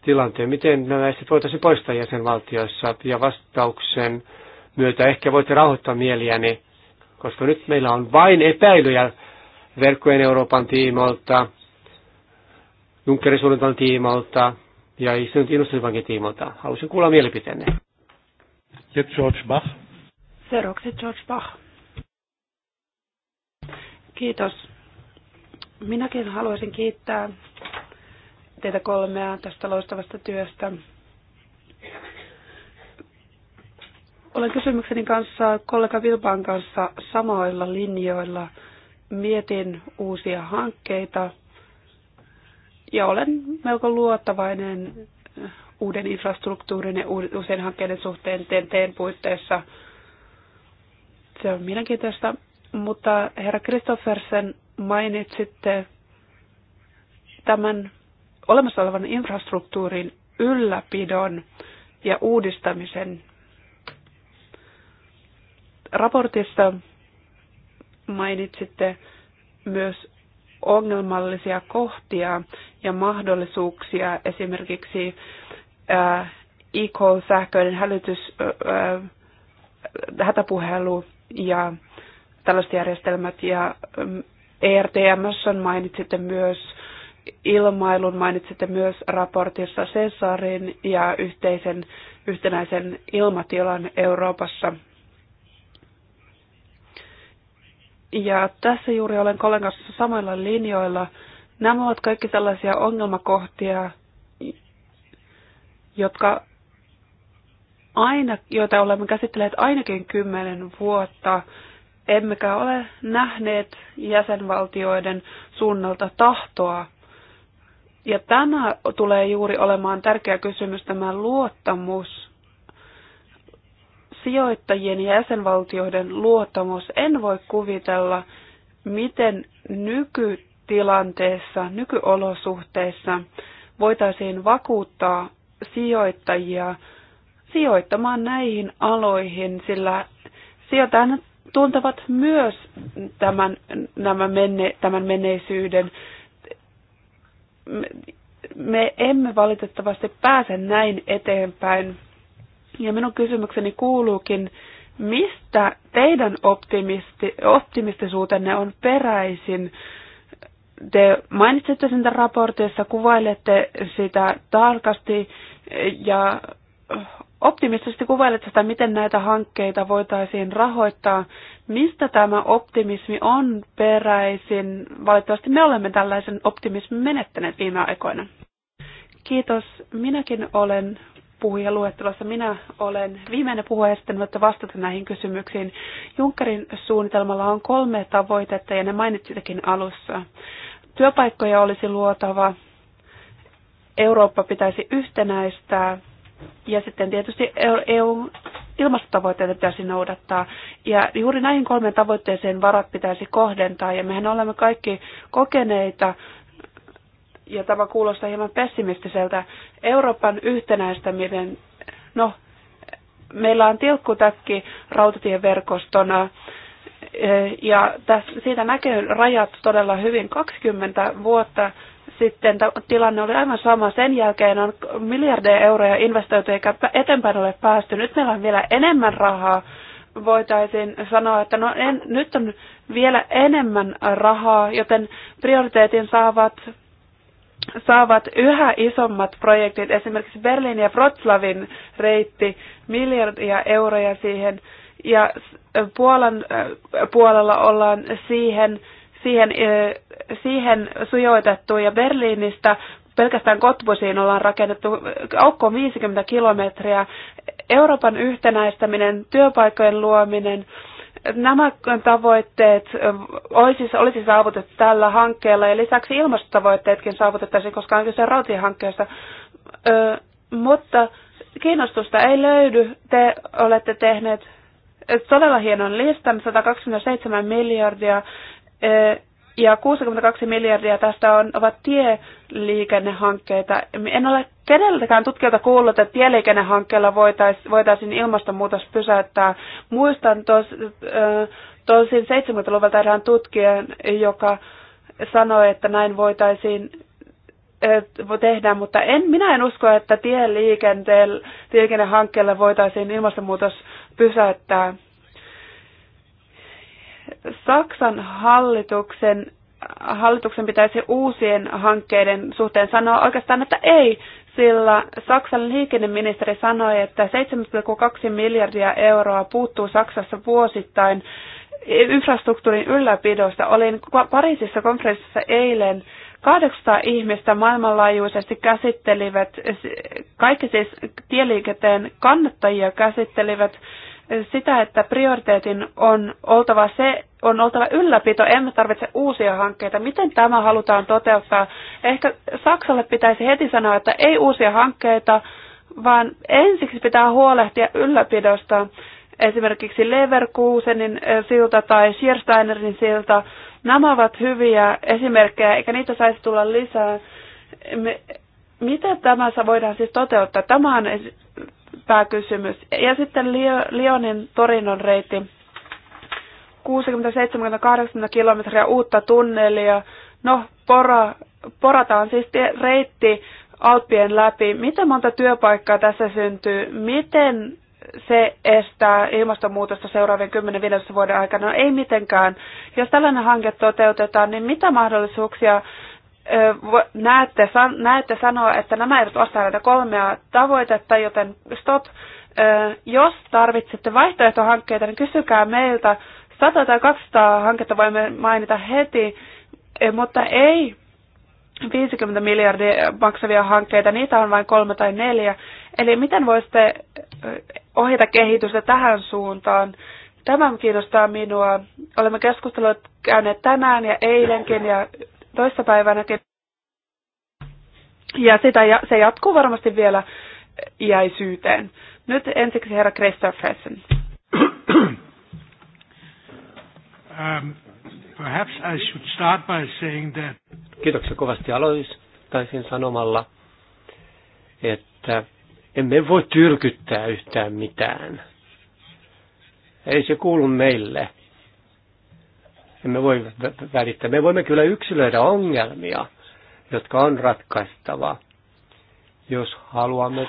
tilanteen, miten nämä estet voitaisiin poistaa jäsenvaltioissa ja vastauksen myötä ehkä voitte rauhoittaa mieliäni, koska nyt meillä on vain epäilyjä verkkojen Euroopan tiimolta, Junckerin suunnitelman tiimolta ja istunut innostusvankin tiimolta. Haluaisin kuulla mielipiteenne. Ja George Bach. Seuraavaksi George Bach. Kiitos. Minäkin haluaisin kiittää teitä kolmea tästä loistavasta työstä. Olen kysymykseni kanssa kollega Vilpan kanssa samoilla linjoilla. Mietin uusia hankkeita ja olen melko luottavainen uuden infrastruktuurin ja uusien hankkeiden suhteen TNTn puitteissa. Se on mielenkiintoista. Mutta herra Kristoffersen mainitsitte tämän olemassa olevan infrastruktuurin ylläpidon ja uudistamisen. Raportissa mainitsitte myös ongelmallisia kohtia ja mahdollisuuksia, esimerkiksi äh, IK-sähköinen hälytys, ää, äh, äh, hätäpuhelu ja tällaiset järjestelmät ja mm, ERTMS mainitsitte myös ilmailun, mainitsitte myös raportissa Cesarin ja yhteisen, yhtenäisen ilmatilan Euroopassa. Ja tässä juuri olen kollegassa samoilla linjoilla. Nämä ovat kaikki sellaisia ongelmakohtia, jotka aina, joita olemme käsitelleet ainakin kymmenen vuotta emmekä ole nähneet jäsenvaltioiden suunnalta tahtoa. Ja tämä tulee juuri olemaan tärkeä kysymys, tämä luottamus, sijoittajien ja jäsenvaltioiden luottamus. En voi kuvitella, miten nykytilanteessa, nykyolosuhteissa voitaisiin vakuuttaa sijoittajia sijoittamaan näihin aloihin, sillä sijoittajat tuntevat myös tämän, nämä menne, tämän menneisyyden. Me emme valitettavasti pääse näin eteenpäin. Ja minun kysymykseni kuuluukin, mistä teidän optimisti, optimistisuutenne on peräisin? Te mainitsitte sen raportissa, kuvailette sitä tarkasti ja optimistisesti kuvailet sitä, miten näitä hankkeita voitaisiin rahoittaa. Mistä tämä optimismi on peräisin? Valitettavasti me olemme tällaisen optimismin menettäneet viime aikoina. Kiitos. Minäkin olen luettelossa. Minä olen viimeinen puhuja sitten, voitte vastata näihin kysymyksiin. Junckerin suunnitelmalla on kolme tavoitetta ja ne mainitsitkin alussa. Työpaikkoja olisi luotava, Eurooppa pitäisi yhtenäistää, ja sitten tietysti EU:n e ilmastotavoitteita pitäisi noudattaa. Ja juuri näihin kolmeen tavoitteeseen varat pitäisi kohdentaa. Ja mehän olemme kaikki kokeneita, ja tämä kuulostaa hieman pessimistiseltä, Euroopan yhtenäistäminen, no, meillä on tilkkutäkki rautatieverkostona, e, ja siitä näkee rajat todella hyvin. 20 vuotta sitten tilanne oli aivan sama. Sen jälkeen on miljardeja euroja investoitu eikä eteenpäin ole päästy. Nyt meillä on vielä enemmän rahaa. Voitaisiin sanoa, että no en, nyt on vielä enemmän rahaa, joten prioriteetin saavat saavat yhä isommat projektit, esimerkiksi Berliin ja Wroclawin reitti, miljardia euroja siihen, ja Puolan äh, puolella ollaan siihen siihen, siihen sujoitettu ja Berliinistä pelkästään Kotbusiin ollaan rakennettu aukko 50 kilometriä. Euroopan yhtenäistäminen, työpaikojen luominen, nämä tavoitteet olisi, olisi saavutettu tällä hankkeella ja lisäksi ilmastotavoitteetkin saavutettaisiin, koska on kyse Ö, Mutta kiinnostusta ei löydy. Te olette tehneet todella hienon listan, 127 miljardia ja 62 miljardia tästä on, ovat tieliikennehankkeita. En ole kenelläkään tutkijalta kuullut, että tieliikennehankkeella voitaisiin ilmastonmuutos pysäyttää. Muistan tos, 70-luvulta erään tutkijan, joka sanoi, että näin voitaisiin tehdä, mutta en, minä en usko, että tieliikennehankkeella voitaisiin ilmastonmuutos pysäyttää. Saksan hallituksen, hallituksen pitäisi uusien hankkeiden suhteen sanoa oikeastaan, että ei, sillä Saksan liikenneministeri sanoi, että 7,2 miljardia euroa puuttuu Saksassa vuosittain infrastruktuurin ylläpidosta. Olin Pariisissa konferenssissa eilen. 800 ihmistä maailmanlaajuisesti käsittelivät, kaikki siis tieliikenteen kannattajia käsittelivät sitä, että prioriteetin on oltava se, on oltava ylläpito, emme tarvitse uusia hankkeita. Miten tämä halutaan toteuttaa? Ehkä Saksalle pitäisi heti sanoa, että ei uusia hankkeita, vaan ensiksi pitää huolehtia ylläpidosta. Esimerkiksi Leverkusenin eh, silta tai Schiersteinerin silta, nämä ovat hyviä esimerkkejä, eikä niitä saisi tulla lisää. Me, mitä tämä voidaan siis toteuttaa? Tämä on pääkysymys. Ja sitten Lionin Torinon reitti. 60-70-80 kilometriä uutta tunnelia. No, pora, porataan siis reitti Alppien läpi. Miten monta työpaikkaa tässä syntyy? Miten se estää ilmastonmuutosta seuraavien 10-15 vuoden aikana? No, ei mitenkään. Jos tällainen hanke toteutetaan, niin mitä mahdollisuuksia näette, näette sanoa, että nämä eivät vastaa näitä kolmea tavoitetta, joten stop. Jos tarvitsette vaihtoehtohankkeita, niin kysykää meiltä. 100 tai 200 hanketta voimme mainita heti, mutta ei 50 miljardia maksavia hankkeita, niitä on vain kolme tai neljä. Eli miten voisitte ohjata kehitystä tähän suuntaan? Tämä kiinnostaa minua. Olemme keskustelut käyneet tänään ja eilenkin ja toissapäivänäkin. Ja sitä, se jatkuu varmasti vielä iäisyyteen. Nyt ensiksi herra Christophersen. um, perhaps I should start by saying that... Kiitoksia kovasti aloittaisin sanomalla, että emme voi tyrkyttää yhtään mitään. Ei se kuulu meille emme voi välittää. Me voimme kyllä yksilöidä ongelmia, jotka on ratkaistava, jos haluamme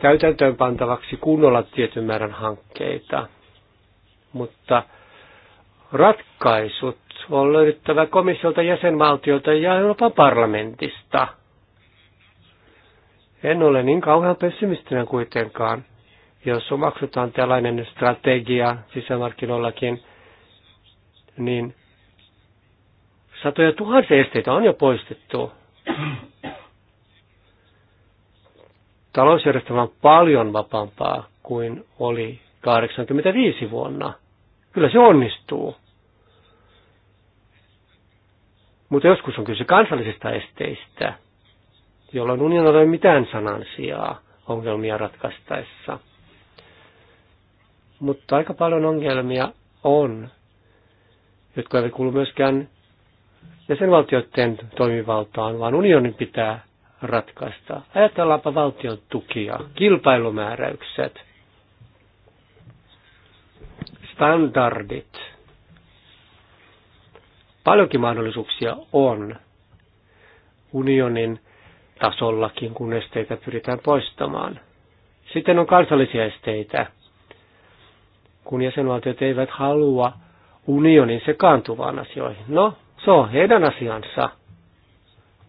käytäntöön pantavaksi kunnolla tietyn määrän hankkeita. Mutta ratkaisut on löydettävä komissiolta, jäsenvaltiolta ja Euroopan parlamentista. En ole niin kauhean pessimistinen kuitenkaan, jos omaksutaan tällainen strategia sisämarkkinoillakin – niin satoja tuhansia esteitä on jo poistettu. Talousjärjestelmä on paljon vapaampaa kuin oli 85 vuonna. Kyllä se onnistuu. Mutta joskus on kyse kansallisista esteistä, jolloin unionilla ei ole mitään sanan sijaa ongelmia ratkaistaessa. Mutta aika paljon ongelmia on jotka eivät kuulu myöskään jäsenvaltioiden toimivaltaan, vaan unionin pitää ratkaista. Ajatellaanpa valtion tukia, kilpailumääräykset, standardit. Paljonkin mahdollisuuksia on unionin tasollakin, kun esteitä pyritään poistamaan. Sitten on kansallisia esteitä, kun jäsenvaltiot eivät halua unionin sekaantuvaan asioihin. No, se on heidän asiansa.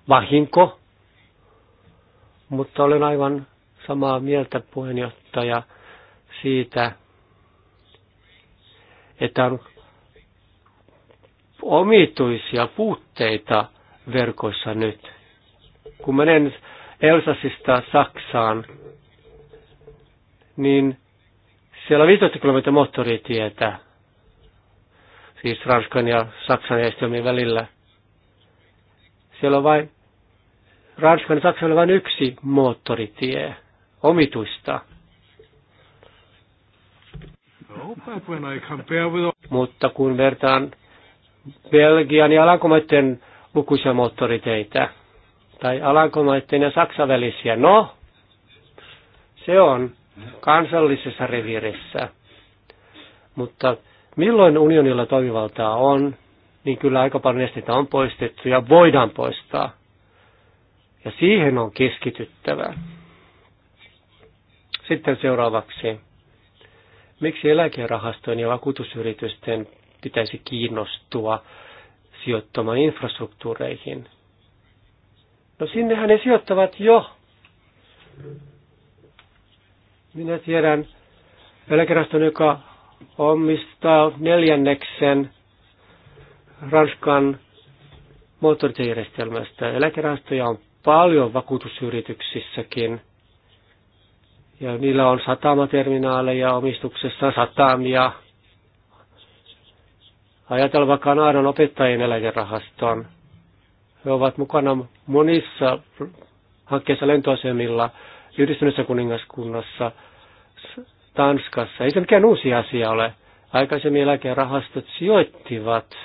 Vahinko. Mutta olen aivan samaa mieltä puheenjohtaja siitä, että on omituisia puutteita verkoissa nyt. Kun menen Elsasista Saksaan, niin siellä on 15 kilometriä moottoritietä, siis Ranskan ja Saksan järjestelmien välillä. Siellä on vain, Ranskan ja Saksan on vain yksi moottoritie, omituista. Mutta kun vertaan Belgian ja Alankomaiden lukuisia moottoriteitä, tai Alankomaiden ja Saksan välisiä, no, se on kansallisessa reviirissä. Mutta Milloin unionilla toimivaltaa on, niin kyllä aika paljon esteitä on poistettu ja voidaan poistaa. Ja siihen on keskityttävä. Sitten seuraavaksi. Miksi eläkerahastojen ja vakuutusyritysten pitäisi kiinnostua sijoittamaan infrastruktuureihin? No sinnehän ne sijoittavat jo. Minä tiedän eläkerahaston, joka omistaa neljänneksen Ranskan moottoritiejärjestelmästä. Eläkerahastoja on paljon vakuutusyrityksissäkin. Ja niillä on satamaterminaaleja omistuksessa, satamia. Ajatelva Kanadan opettajien eläkerahaston. He ovat mukana monissa hankkeissa lentoasemilla yhdistyneessä kuningaskunnassa, Tanskassa. Ei se mikään uusi asia ole. Aikaisemmin eläkerahastot sijoittivat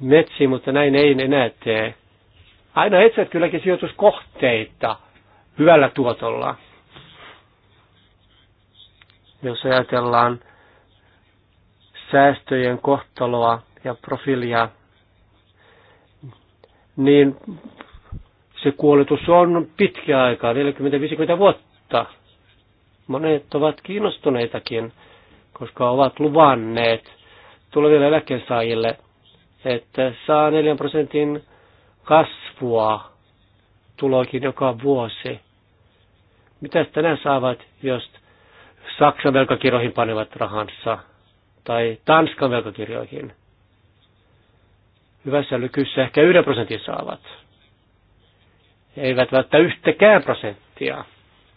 metsi, mutta näin ei enää tee. Aina etsivät kylläkin sijoituskohteita hyvällä tuotolla. Jos ajatellaan säästöjen kohtaloa ja profiilia, niin se kuoletus on pitkä aika, 40-50 vuotta. Monet ovat kiinnostuneitakin, koska ovat luvanneet tuleville eläkkeensaajille, että saa 4 prosentin kasvua tulokin joka vuosi. Mitä tänään saavat, jos Saksan velkakirjoihin panevat rahansa tai Tanskan velkakirjoihin? Hyvässä lykyssä ehkä 1 prosentin saavat eivät välttämättä yhtäkään prosenttia,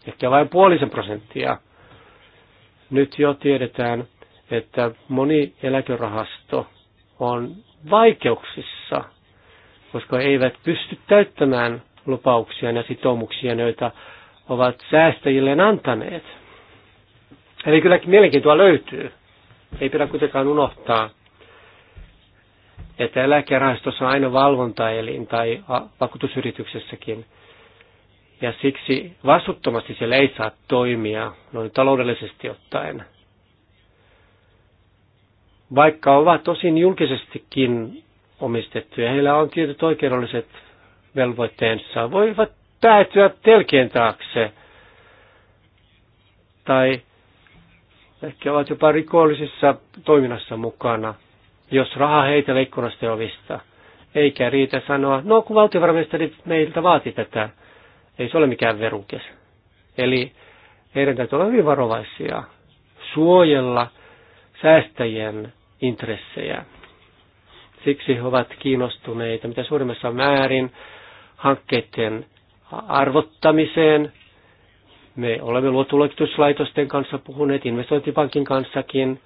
ehkä vain puolisen prosenttia. Nyt jo tiedetään, että moni eläkerahasto on vaikeuksissa, koska eivät pysty täyttämään lupauksia ja sitoumuksia, joita ovat säästäjilleen antaneet. Eli kyllä mielenkiintoa löytyy. Ei pidä kuitenkaan unohtaa, että eläkerahastossa on aina valvontaelin tai vakuutusyrityksessäkin. Ja siksi vastuuttomasti siellä ei saa toimia noin taloudellisesti ottaen. Vaikka ovat tosin julkisestikin omistettuja, heillä on tietyt oikeudelliset velvoitteensa, voivat päätyä telkien taakse. Tai ehkä ovat jopa rikollisessa toiminnassa mukana jos raha heitä ikkunasta ovista. Eikä riitä sanoa, no kun valtiovarainministeri meiltä vaati tätä, ei se ole mikään verukes. Eli heidän täytyy olla hyvin varovaisia, suojella säästäjien intressejä. Siksi he ovat kiinnostuneita mitä suurimmassa määrin hankkeiden arvottamiseen. Me olemme luottoluokituslaitosten kanssa puhuneet, investointipankin kanssakin,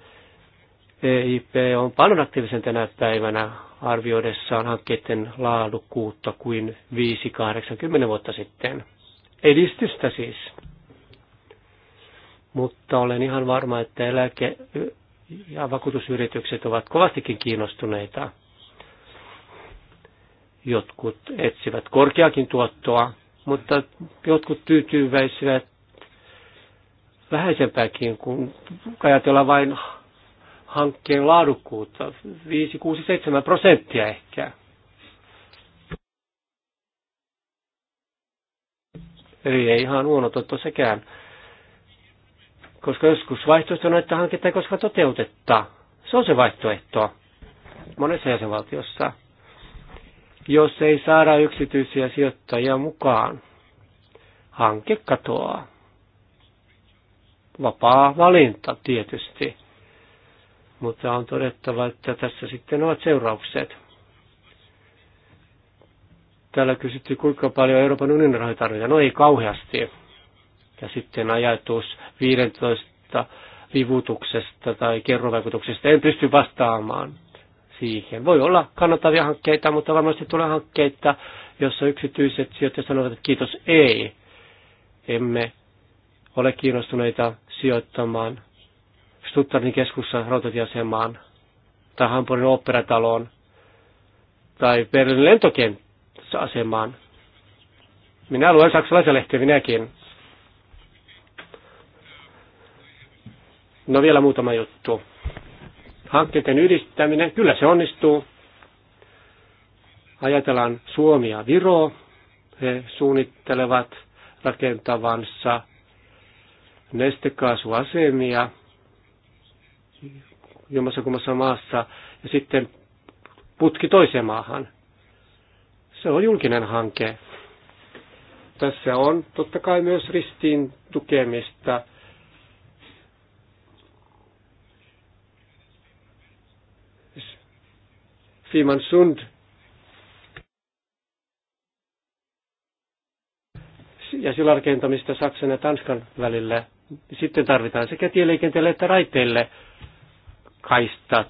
EIP on paljon aktiivisen tänä päivänä arvioidessaan hankkeiden laadukkuutta kuin 5-80 vuotta sitten. Edistystä siis. Mutta olen ihan varma, että eläke- ja vakuutusyritykset ovat kovastikin kiinnostuneita. Jotkut etsivät korkeakin tuottoa, mutta jotkut tyytyväisivät vähäisempääkin, kun ajatellaan vain hankkeen laadukkuutta, 5, 6, 7 prosenttia ehkä. Eli ei ihan huono totta sekään. Koska joskus vaihtoehto on, että hanketta ei koskaan toteutetta. Se on se vaihtoehto monessa jäsenvaltiossa, jos ei saada yksityisiä sijoittajia mukaan. Hanke katoaa. Vapaa valinta tietysti mutta on todettava, että tässä sitten ovat seuraukset. Täällä kysyttiin, kuinka paljon Euroopan unionin rahoja tarvitaan. No ei kauheasti. Ja sitten ajatus 15 vivutuksesta tai kerrovaikutuksesta. En pysty vastaamaan siihen. Voi olla kannattavia hankkeita, mutta varmasti tulee hankkeita, jossa yksityiset sijoittajat sanovat, että kiitos ei. Emme ole kiinnostuneita sijoittamaan Stuttgartin keskussa rautatieasemaan tai Hampurin oopperataloon tai lentokenttä lentokenttäasemaan. Minä luen saksalaisia lehtiä minäkin. No vielä muutama juttu. Hankkeiden yhdistäminen, kyllä se onnistuu. Ajatellaan Suomi ja Viro. He suunnittelevat rakentavansa nestekaasuasemia jommassa kummassa maassa ja sitten putki toiseen maahan. Se on julkinen hanke. Tässä on totta kai myös ristiin tukemista. Fiman Sund ja silarakentamista Saksan ja Tanskan välillä. Sitten tarvitaan sekä tieliikenteelle että raiteille kaistat.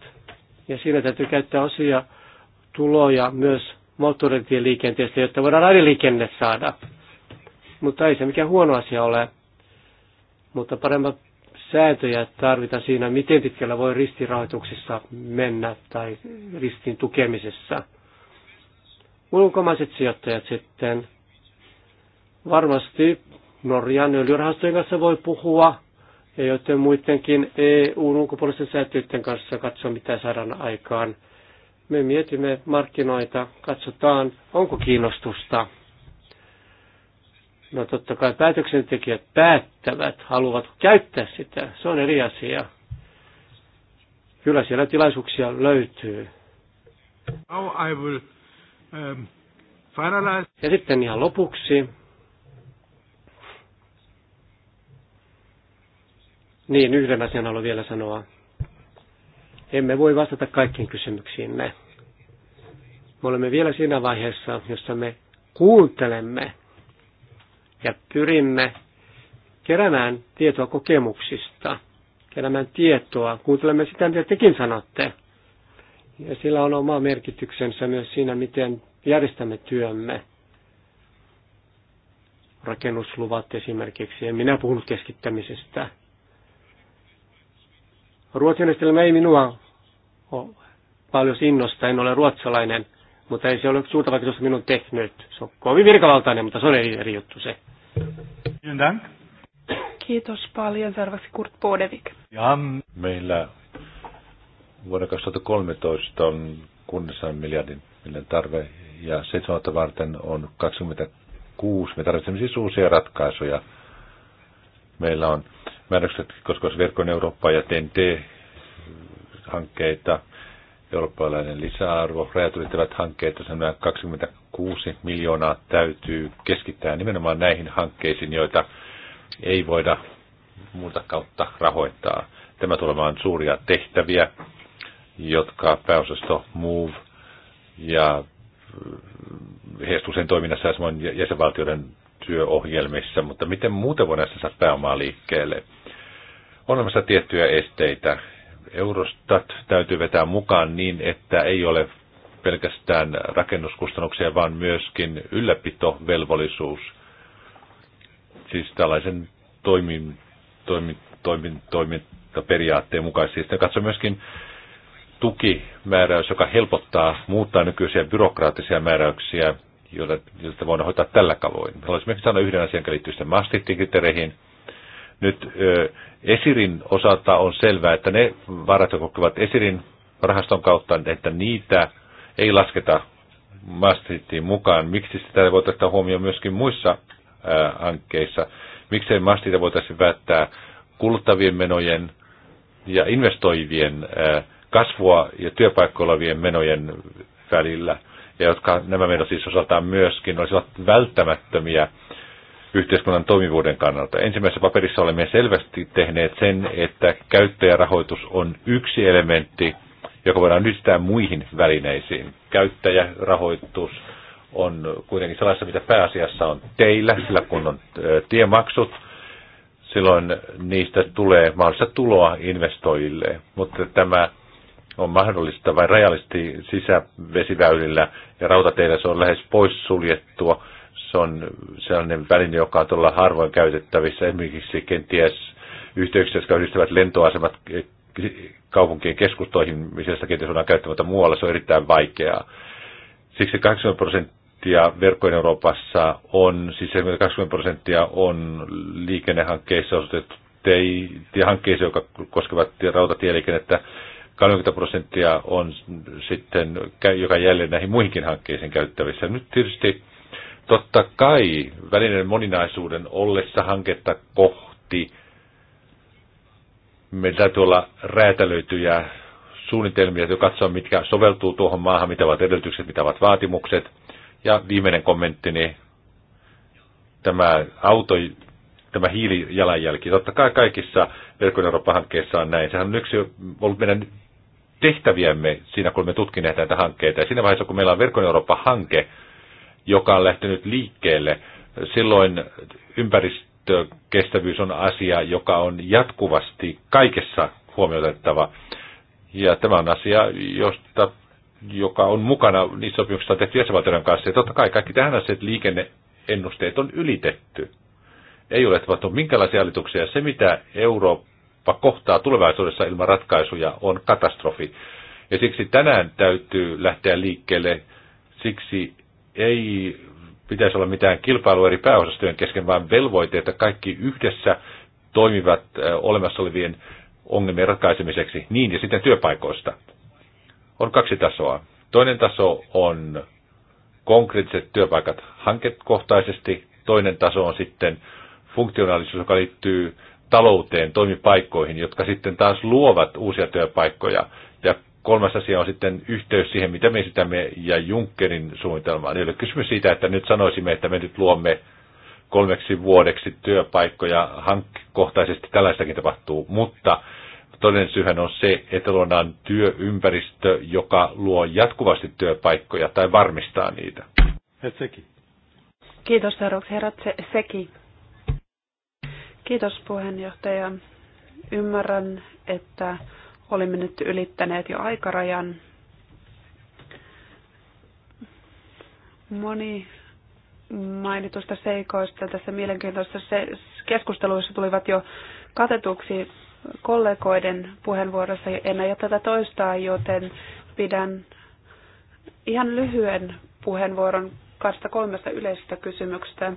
Ja siinä täytyy käyttää osia tuloja myös liikenteestä, jotta voidaan raideliikenne saada. Mutta ei se mikään huono asia ole. Mutta paremmat sääntöjä tarvitaan siinä, miten pitkällä voi ristirahoituksissa mennä tai ristin tukemisessa. Ulkomaiset sijoittajat sitten. Varmasti Norjan öljyrahastojen kanssa voi puhua ja joten muidenkin eu ulkopuolisten säätiöiden kanssa katsoa, mitä saadaan aikaan. Me mietimme markkinoita, katsotaan, onko kiinnostusta. No totta kai päätöksentekijät päättävät, haluavat käyttää sitä. Se on eri asia. Kyllä siellä tilaisuuksia löytyy. I will, um, Ja sitten ihan lopuksi Niin, yhden asian haluan vielä sanoa. Emme voi vastata kaikkiin kysymyksiimme. Me olemme vielä siinä vaiheessa, jossa me kuuntelemme ja pyrimme keräämään tietoa kokemuksista, keräämään tietoa, kuuntelemme sitä, mitä tekin sanotte. Ja sillä on oma merkityksensä myös siinä, miten järjestämme työmme. Rakennusluvat esimerkiksi, en minä puhunut keskittämisestä. Ruotsin ei minua ole paljon innosta, en ole ruotsalainen, mutta ei se ole suurta vaikutusta minun tehnyt. Se on kovin virkavaltainen, mutta se on eri, eri juttu se. Kiitos paljon. Seuraavaksi Kurt Podevik. Ja meillä vuonna 2013 on kunnissa miljardin, miljardin tarve ja seitsemäntä varten on 26. Me tarvitsemme siis uusia ratkaisuja. Meillä on määräykset koskevat verkon Eurooppaa ja TNT-hankkeita, eurooppalainen lisäarvo, rajat ylittävät hankkeet, nämä 26 miljoonaa täytyy keskittää nimenomaan näihin hankkeisiin, joita ei voida muuta kautta rahoittaa. Tämä tulemaan suuria tehtäviä, jotka pääosasto MOVE ja Hestusen toiminnassa ja jäsenvaltioiden työohjelmissa, mutta miten muuten voidaan saada pääomaa liikkeelle? On olemassa tiettyjä esteitä. Eurostat täytyy vetää mukaan niin, että ei ole pelkästään rakennuskustannuksia, vaan myöskin ylläpitovelvollisuus. Siis tällaisen toimin, toimin, toimin, toimintaperiaatteen mukaisesti. Sitten katso myöskin tukimääräys, joka helpottaa muuttaa nykyisiä byrokraattisia määräyksiä joita, joita voidaan hoitaa tällä tavoin. Haluaisin myös sanoa yhden asian, joka liittyy sitten Maastrichtin kriteereihin. Nyt ö, Esirin osalta on selvää, että ne varat, jotka kokevat Esirin rahaston kautta, että niitä ei lasketa Maastrichtin mukaan. Miksi sitä voitaisiin ottaa huomioon myöskin muissa ö, hankkeissa? Miksei Maastrichtia voitaisiin välttää kuluttavien menojen ja investoivien ö, kasvua ja työpaikkoilla olevien menojen välillä – ja jotka nämä meidän siis osaltaan myöskin olisivat välttämättömiä yhteiskunnan toimivuuden kannalta. Ensimmäisessä paperissa olemme selvästi tehneet sen, että käyttäjärahoitus on yksi elementti, joka voidaan yhdistää muihin välineisiin. Käyttäjärahoitus on kuitenkin sellaista, mitä pääasiassa on teillä, sillä kun on tiemaksut, silloin niistä tulee mahdollista tuloa investoijille. Mutta tämä on mahdollista vai rajallisesti sisävesiväylillä ja rautateillä se on lähes poissuljettua. Se on sellainen väline, joka on tuolla harvoin käytettävissä, esimerkiksi kenties yhteyksissä, jotka yhdistävät lentoasemat kaupunkien keskustoihin, missä kenties on käyttämättä muualla, se on erittäin vaikeaa. Siksi 80 prosenttia verkkojen Euroopassa on, siis 20 prosenttia on liikennehankkeissa osoitettu tei, hankkeisiin, jotka koskevat rautatieliikennettä, 30 prosenttia on sitten, joka jälleen näihin muihinkin hankkeisiin käyttävissä. Nyt tietysti totta kai välinen moninaisuuden ollessa hanketta kohti meillä täytyy olla räätälöityjä suunnitelmia, jotka katsoa, mitkä soveltuu tuohon maahan, mitä ovat edellytykset, mitä ovat vaatimukset. Ja viimeinen kommentti niin tämä auto, tämä hiilijalanjälki. Totta kai kaikissa verkon Eurooppa-hankkeissa on näin. Sehän on yksi ollut meidän tehtäviämme siinä, kun me tutkineet näitä hankkeita. Ja siinä vaiheessa, kun meillä on Verkon Eurooppa-hanke, joka on lähtenyt liikkeelle, silloin ympäristökestävyys on asia, joka on jatkuvasti kaikessa huomioitettava. Ja tämä on asia, josta, joka on mukana niissä sopimuksissa tehty jäsenvaltioiden kanssa. Ja totta kai kaikki tähän asiat liikenneennusteet on ylitetty. Ei ole tapahtunut minkälaisia alituksia. Se, mitä Eurooppa Eurooppa kohtaa tulevaisuudessa ilman ratkaisuja on katastrofi. Ja siksi tänään täytyy lähteä liikkeelle. Siksi ei pitäisi olla mitään kilpailua eri pääosastojen kesken, vaan velvoite, että kaikki yhdessä toimivat olemassa olevien ongelmien ratkaisemiseksi, niin ja sitten työpaikoista. On kaksi tasoa. Toinen taso on konkreettiset työpaikat hankekohtaisesti, toinen taso on sitten funktionaalisuus, joka liittyy talouteen, toimipaikkoihin, jotka sitten taas luovat uusia työpaikkoja. Ja kolmas asia on sitten yhteys siihen, mitä me esitämme, ja Junckerin suunnitelmaan. Ei ole kysymys siitä, että nyt sanoisimme, että me nyt luomme kolmeksi vuodeksi työpaikkoja hankkohtaisesti, tällaistakin tapahtuu, mutta todellinen syyhän on se, että luodaan työympäristö, joka luo jatkuvasti työpaikkoja tai varmistaa niitä. Seki. Kiitos seuraavaksi herrat se, sekin. Kiitos puheenjohtaja. Ymmärrän, että olimme nyt ylittäneet jo aikarajan. Moni mainitusta seikoista tässä mielenkiintoisessa keskusteluissa tulivat jo katetuksi kollegoiden puheenvuorossa. En aio tätä toistaa, joten pidän ihan lyhyen puheenvuoron kahdesta kolmesta yleisestä kysymyksestä.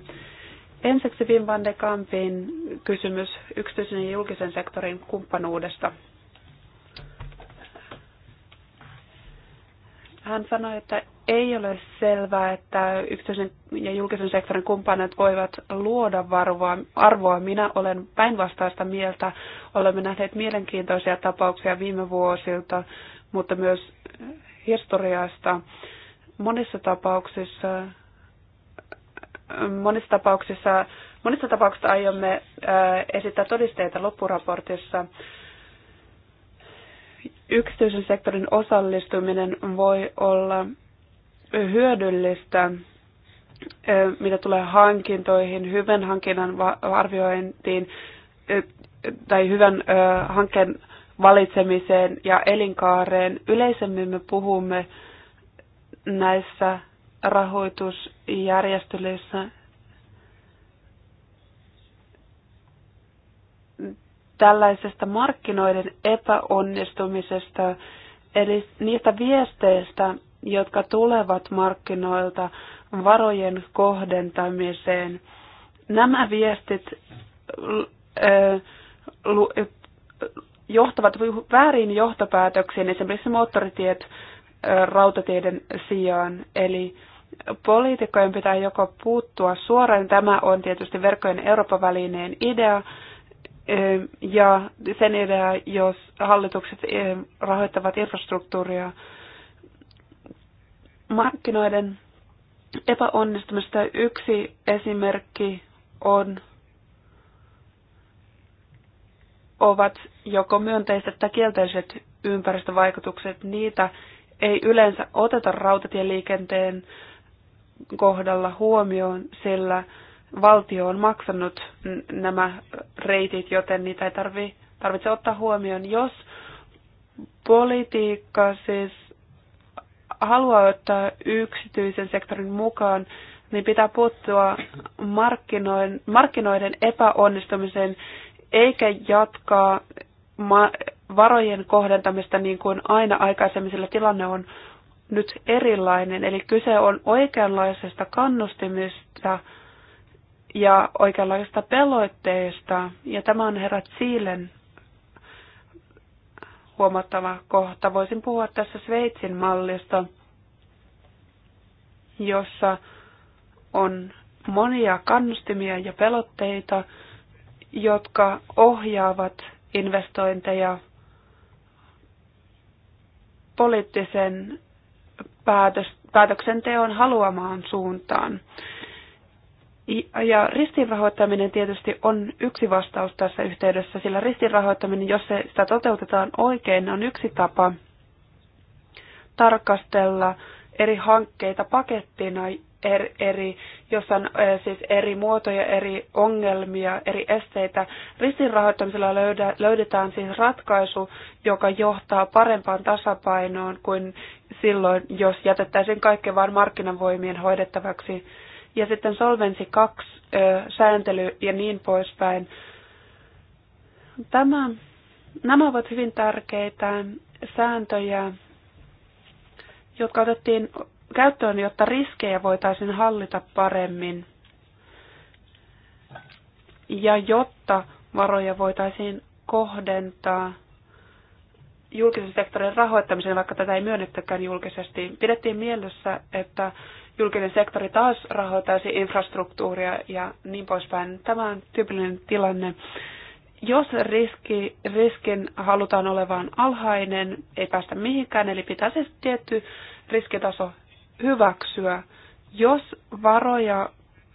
Ensiksi Wim van de Kampin kysymys yksityisen ja julkisen sektorin kumppanuudesta. Hän sanoi, että ei ole selvää, että yksityisen ja julkisen sektorin kumppanit voivat luoda varvoa, arvoa. Minä olen päinvastaista mieltä. Olemme nähneet mielenkiintoisia tapauksia viime vuosilta, mutta myös historiasta. Monissa tapauksissa monissa tapauksissa, monissa tapauksissa aiomme äh, esittää todisteita loppuraportissa. Yksityisen sektorin osallistuminen voi olla hyödyllistä, äh, mitä tulee hankintoihin, hyvän hankinnan arviointiin äh, tai hyvän hankkeen valitsemiseen ja elinkaareen. Yleisemmin me puhumme näissä rahoitusjärjestelyissä tällaisesta markkinoiden epäonnistumisesta, eli niistä viesteistä, jotka tulevat markkinoilta varojen kohdentamiseen. Nämä viestit johtavat väärin johtopäätöksiin, esimerkiksi moottoritiet rautateiden sijaan. Eli poliitikkojen pitää joko puuttua suoraan, tämä on tietysti verkkojen Euroopan välineen idea, ja sen idea, jos hallitukset rahoittavat infrastruktuuria markkinoiden epäonnistumista. Yksi esimerkki on ovat joko myönteiset tai kielteiset ympäristövaikutukset. Niitä ei yleensä oteta rautatieliikenteen liikenteen kohdalla huomioon, sillä valtio on maksanut nämä reitit, joten niitä ei tarvi, tarvitse ottaa huomioon. Jos politiikka siis haluaa ottaa yksityisen sektorin mukaan, niin pitää puuttua markkinoiden, markkinoiden epäonnistumiseen eikä jatkaa varojen kohdentamista niin kuin aina aikaisemmin, sillä tilanne on nyt erilainen. Eli kyse on oikeanlaisesta kannustimista ja oikeanlaisesta pelotteesta. Ja tämä on herrat Siilen huomattava kohta. Voisin puhua tässä Sveitsin mallista, jossa on monia kannustimia ja pelotteita, jotka ohjaavat investointeja poliittisen päätös, päätöksenteon haluamaan suuntaan. Ja ristinrahoittaminen tietysti on yksi vastaus tässä yhteydessä, sillä ristinrahoittaminen, jos se, sitä toteutetaan oikein, on yksi tapa tarkastella eri hankkeita pakettina eri, eri, jossa on siis eri muotoja, eri ongelmia, eri esteitä. Ristinrahoittamisella löydä, löydetään siis ratkaisu, joka johtaa parempaan tasapainoon kuin silloin, jos jätettäisiin kaikki vain markkinavoimien hoidettavaksi. Ja sitten solvensi 2, sääntely ja niin poispäin. Tämä, nämä ovat hyvin tärkeitä sääntöjä, jotka otettiin käyttöön, jotta riskejä voitaisiin hallita paremmin ja jotta varoja voitaisiin kohdentaa julkisen sektorin rahoittamiseen, vaikka tätä ei myönnettäkään julkisesti. Pidettiin mielessä, että julkinen sektori taas rahoittaisi infrastruktuuria ja niin poispäin. Tämä on tyypillinen tilanne. Jos riski, riskin halutaan olevan alhainen, ei päästä mihinkään, eli pitäisi tietty riskitaso hyväksyä. Jos varoja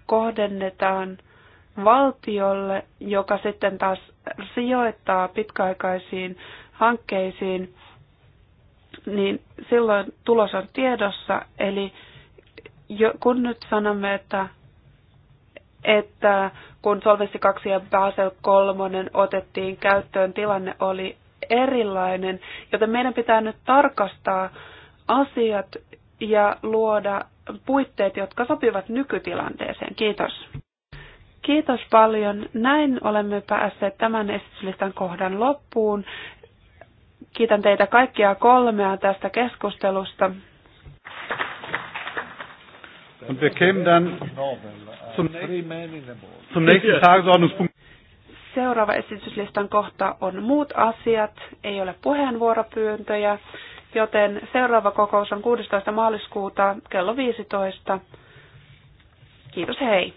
kohdennetaan valtiolle, joka sitten taas sijoittaa pitkäaikaisiin hankkeisiin, niin silloin tulos on tiedossa. Eli kun nyt sanomme, että, että kun Solvessi 2 ja Basel 3 otettiin käyttöön, tilanne oli erilainen, joten meidän pitää nyt tarkastaa asiat ja luoda puitteet, jotka sopivat nykytilanteeseen. Kiitos. Kiitos paljon. Näin olemme päässeet tämän esityslistan kohdan loppuun. Kiitän teitä kaikkia kolmea tästä keskustelusta. Und wir kämen dann zum, nächsten Tagesordnungspunkt. Seuraava esityslistan kohta on muut asiat. Ei ole puheenvuoropyyntöjä joten seuraava kokous on 16. maaliskuuta kello 15. Kiitos hei!